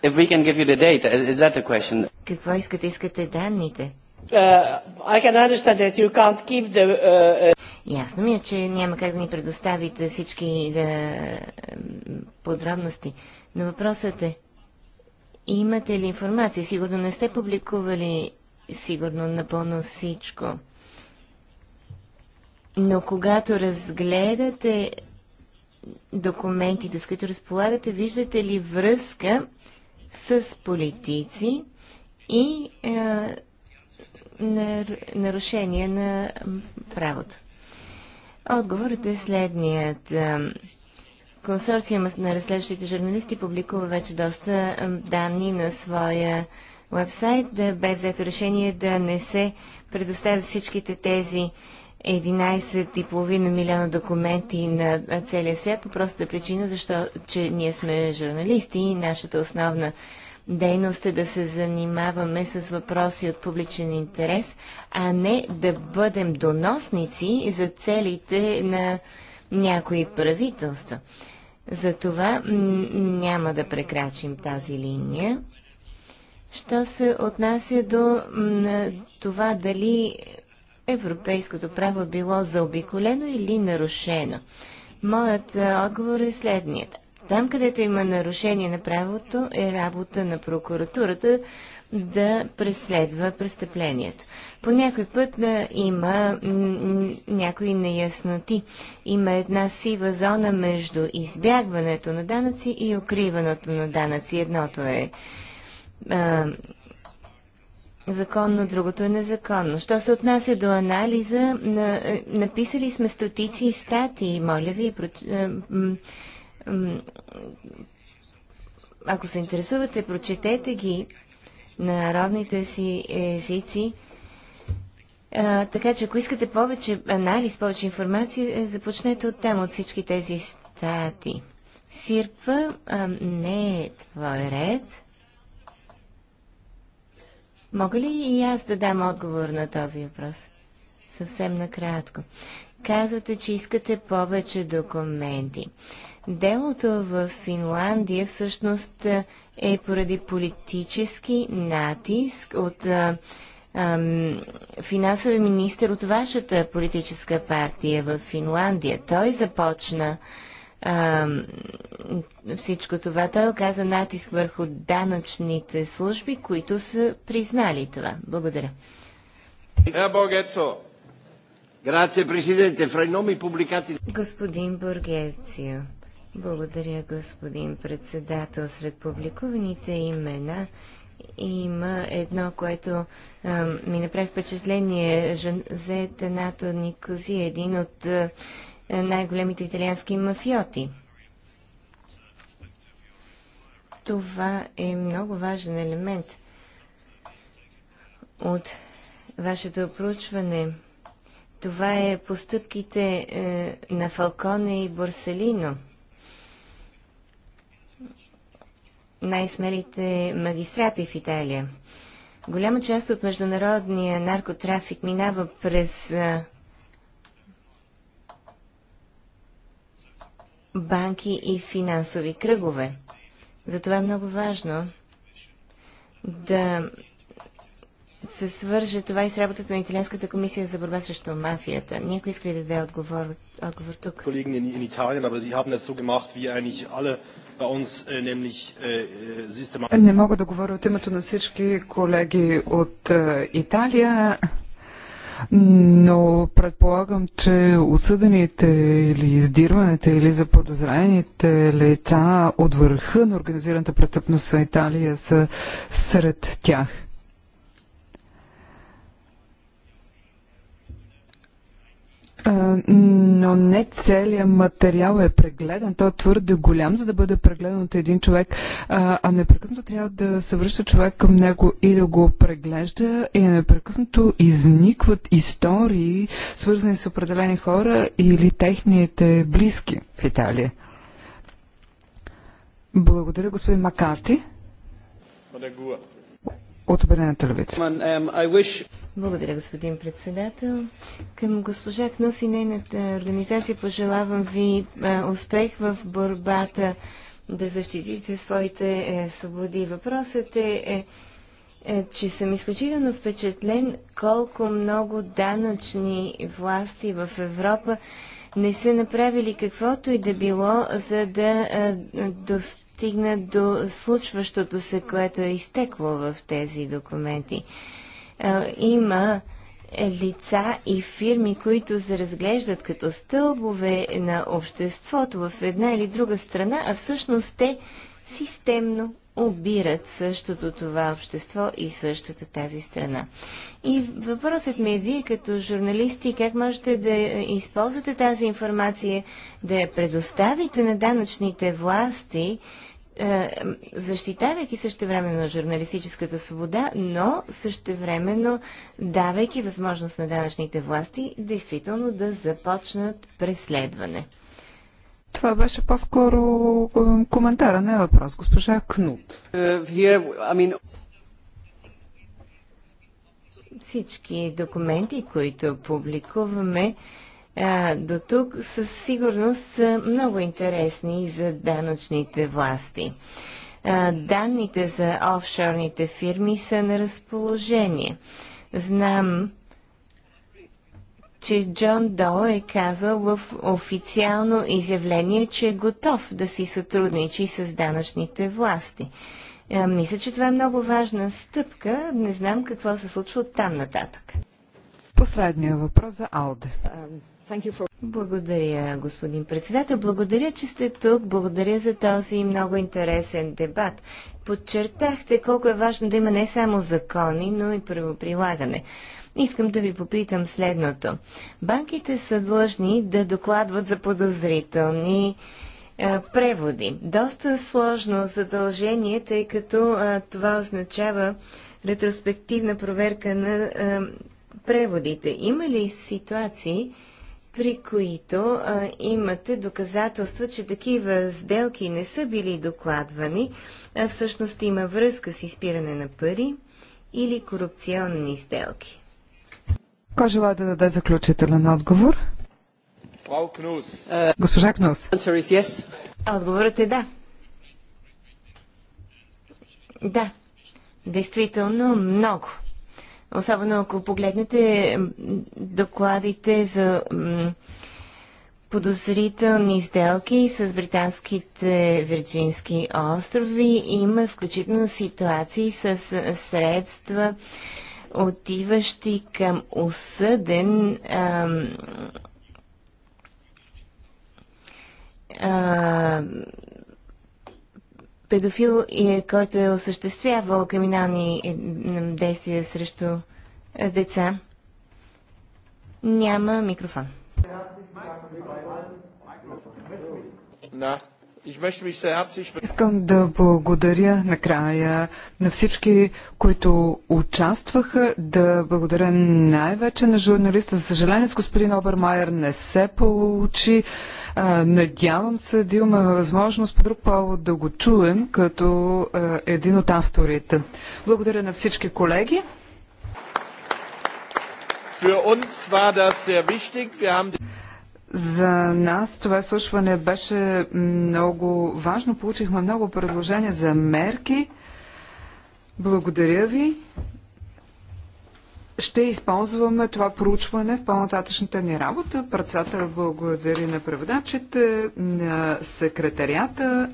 If we can give you the data, is that the question? Какво искате? Искате данните? Uh, I can understand that you can't keep the... Uh, uh Ясно ми е, че няма как да ни предоставите всички да, е, подробности. Но въпросът е, имате ли информация? Сигурно не сте публикували сигурно напълно всичко. Но когато разгледате документите, с които разполагате, виждате ли връзка с политици и е, нарушение на правото? Отговорът е следният. Е, Консорциумът на разследващите журналисти публикува вече доста е, данни на своя вебсайт. бе взето решение да не се предоставят всичките тези 11,5 милиона документи на целия свят по простата причина, защото че ние сме журналисти и нашата основна дейност е да се занимаваме с въпроси от публичен интерес, а не да бъдем доносници за целите на някои правителства. Затова няма да прекрачим тази линия. Що се отнася до това дали европейското право било заобиколено или нарушено. Моят отговор е следният. Там, където има нарушение на правото, е работа на прокуратурата да преследва престъплението. По някой път да има някои неясноти. Има една сива зона между избягването на данъци и укриването на данъци. Едното е а, законно, другото е незаконно. Що се отнася до анализа, на, е, написали сме стотици статии, моля ви, е, ако се интересувате, прочетете ги на родните си езици. А, така че, ако искате повече анализ, повече информация, е, започнете от там, от всички тези статии. Сирпа, а, не е твой ред. Мога ли и аз да дам отговор на този въпрос? Съвсем накратко. Казвате, че искате повече документи. Делото в Финландия всъщност е, е поради политически натиск от финансови министр от вашата политическа партия в Финландия. Той започна а, а, всичко това. Той оказа натиск върху данъчните служби, които са признали това. Благодаря. Господин Бургецио, благодаря, господин председател. Сред публикуваните имена има едно, което а, ми направи впечатление. Жозе Танато Никози, един от а, най-големите италиански мафиоти. Това е много важен елемент от вашето проучване. Това е постъпките е, на Фалконе и Борселино. Най-смелите магистрати в Италия. Голяма част от международния наркотрафик минава през е, банки и финансови кръгове. Затова е много важно да се свърже това и с работата на Италианската комисия за борба срещу мафията. Някой иска ли да даде отговор, отговор тук? Колеги в Италия, но те са das so gemacht äh, äh, äh, Не мога да говоря от името на всички колеги от э, Италия но предполагам, че осъдените или издирваните или заподозрените лица от върха на организираната престъпност в Италия са сред тях. но не целият материал е прегледан. Той е твърде голям, за да бъде прегледан от един човек, а непрекъснато трябва да се връща човек към него и да го преглежда и непрекъснато изникват истории, свързани с определени хора или техните близки в Италия. Благодаря, господин Макарти. Благодаря от Обединената левица. Благодаря, господин председател. Към госпожа Кнос и нейната организация пожелавам ви е, успех в борбата да защитите своите е, свободи. Въпросът е, е, е че съм изключително впечатлен колко много данъчни власти в Европа не са направили каквото и да било, за да е, достигнат стигна до случващото се, което е изтекло в тези документи. Е, има лица и фирми, които се разглеждат като стълбове на обществото в една или друга страна, а всъщност те системно обират същото това общество и същата тази страна. И въпросът ми е вие като журналисти как можете да използвате тази информация, да я предоставите на данъчните власти, е, защитавайки същевременно журналистическата свобода, но същевременно давайки възможност на данъчните власти действително да започнат преследване. Това беше по-скоро е, коментара, не е въпрос. Госпожа Кнут. Е, Всички документи, които публикуваме, до тук със сигурност са много интересни и за данъчните власти. данните за офшорните фирми са на разположение. Знам, че Джон До е казал в официално изявление, че е готов да си сътрудничи с данъчните власти. мисля, че това е много важна стъпка. Не знам какво се случва от там нататък. Последния въпрос за Алде. Благодаря, господин председател. Благодаря, че сте тук. Благодаря за този много интересен дебат. Подчертахте колко е важно да има не само закони, но и правоприлагане. Искам да ви попитам следното. Банките са длъжни да докладват за подозрителни а, е, преводи. Доста сложно задължение, тъй като а, е, това означава ретроспективна проверка на а, е, преводите. Има ли ситуации, при които а, имате доказателства, че такива сделки не са били докладвани, а всъщност има връзка с изпиране на пари или корупционни сделки. Кой желая да даде заключителен отговор? Е, госпожа Кнус. Отговорът е да. Да. Действително много. Особено ако погледнете докладите за подозрителни сделки с британските Вирджински острови. Има включително ситуации с средства, отиващи към осъден а, а, педофил, е, който е осъществявал криминални е, действия срещу е, деца. Няма микрофон. Искам да благодаря накрая на всички, които участваха, да благодаря най-вече на журналиста. За съжаление с господин Обермайер не се получи. Надявам се да имаме възможност по друг повод да го чуем като един от авторите. Благодаря на всички колеги. За нас това слушване беше много важно. Получихме много предложения за мерки. Благодаря ви ще използваме това проучване в по-нататъчната ни работа. Председател благодари на преводачите, на секретарията.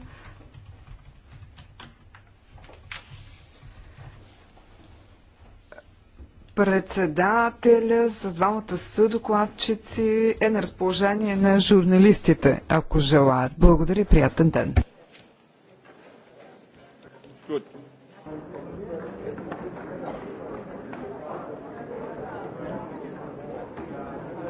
Председателя с двамата съдокладчици е на разположение на журналистите, ако желаят. Благодаря, приятен ден.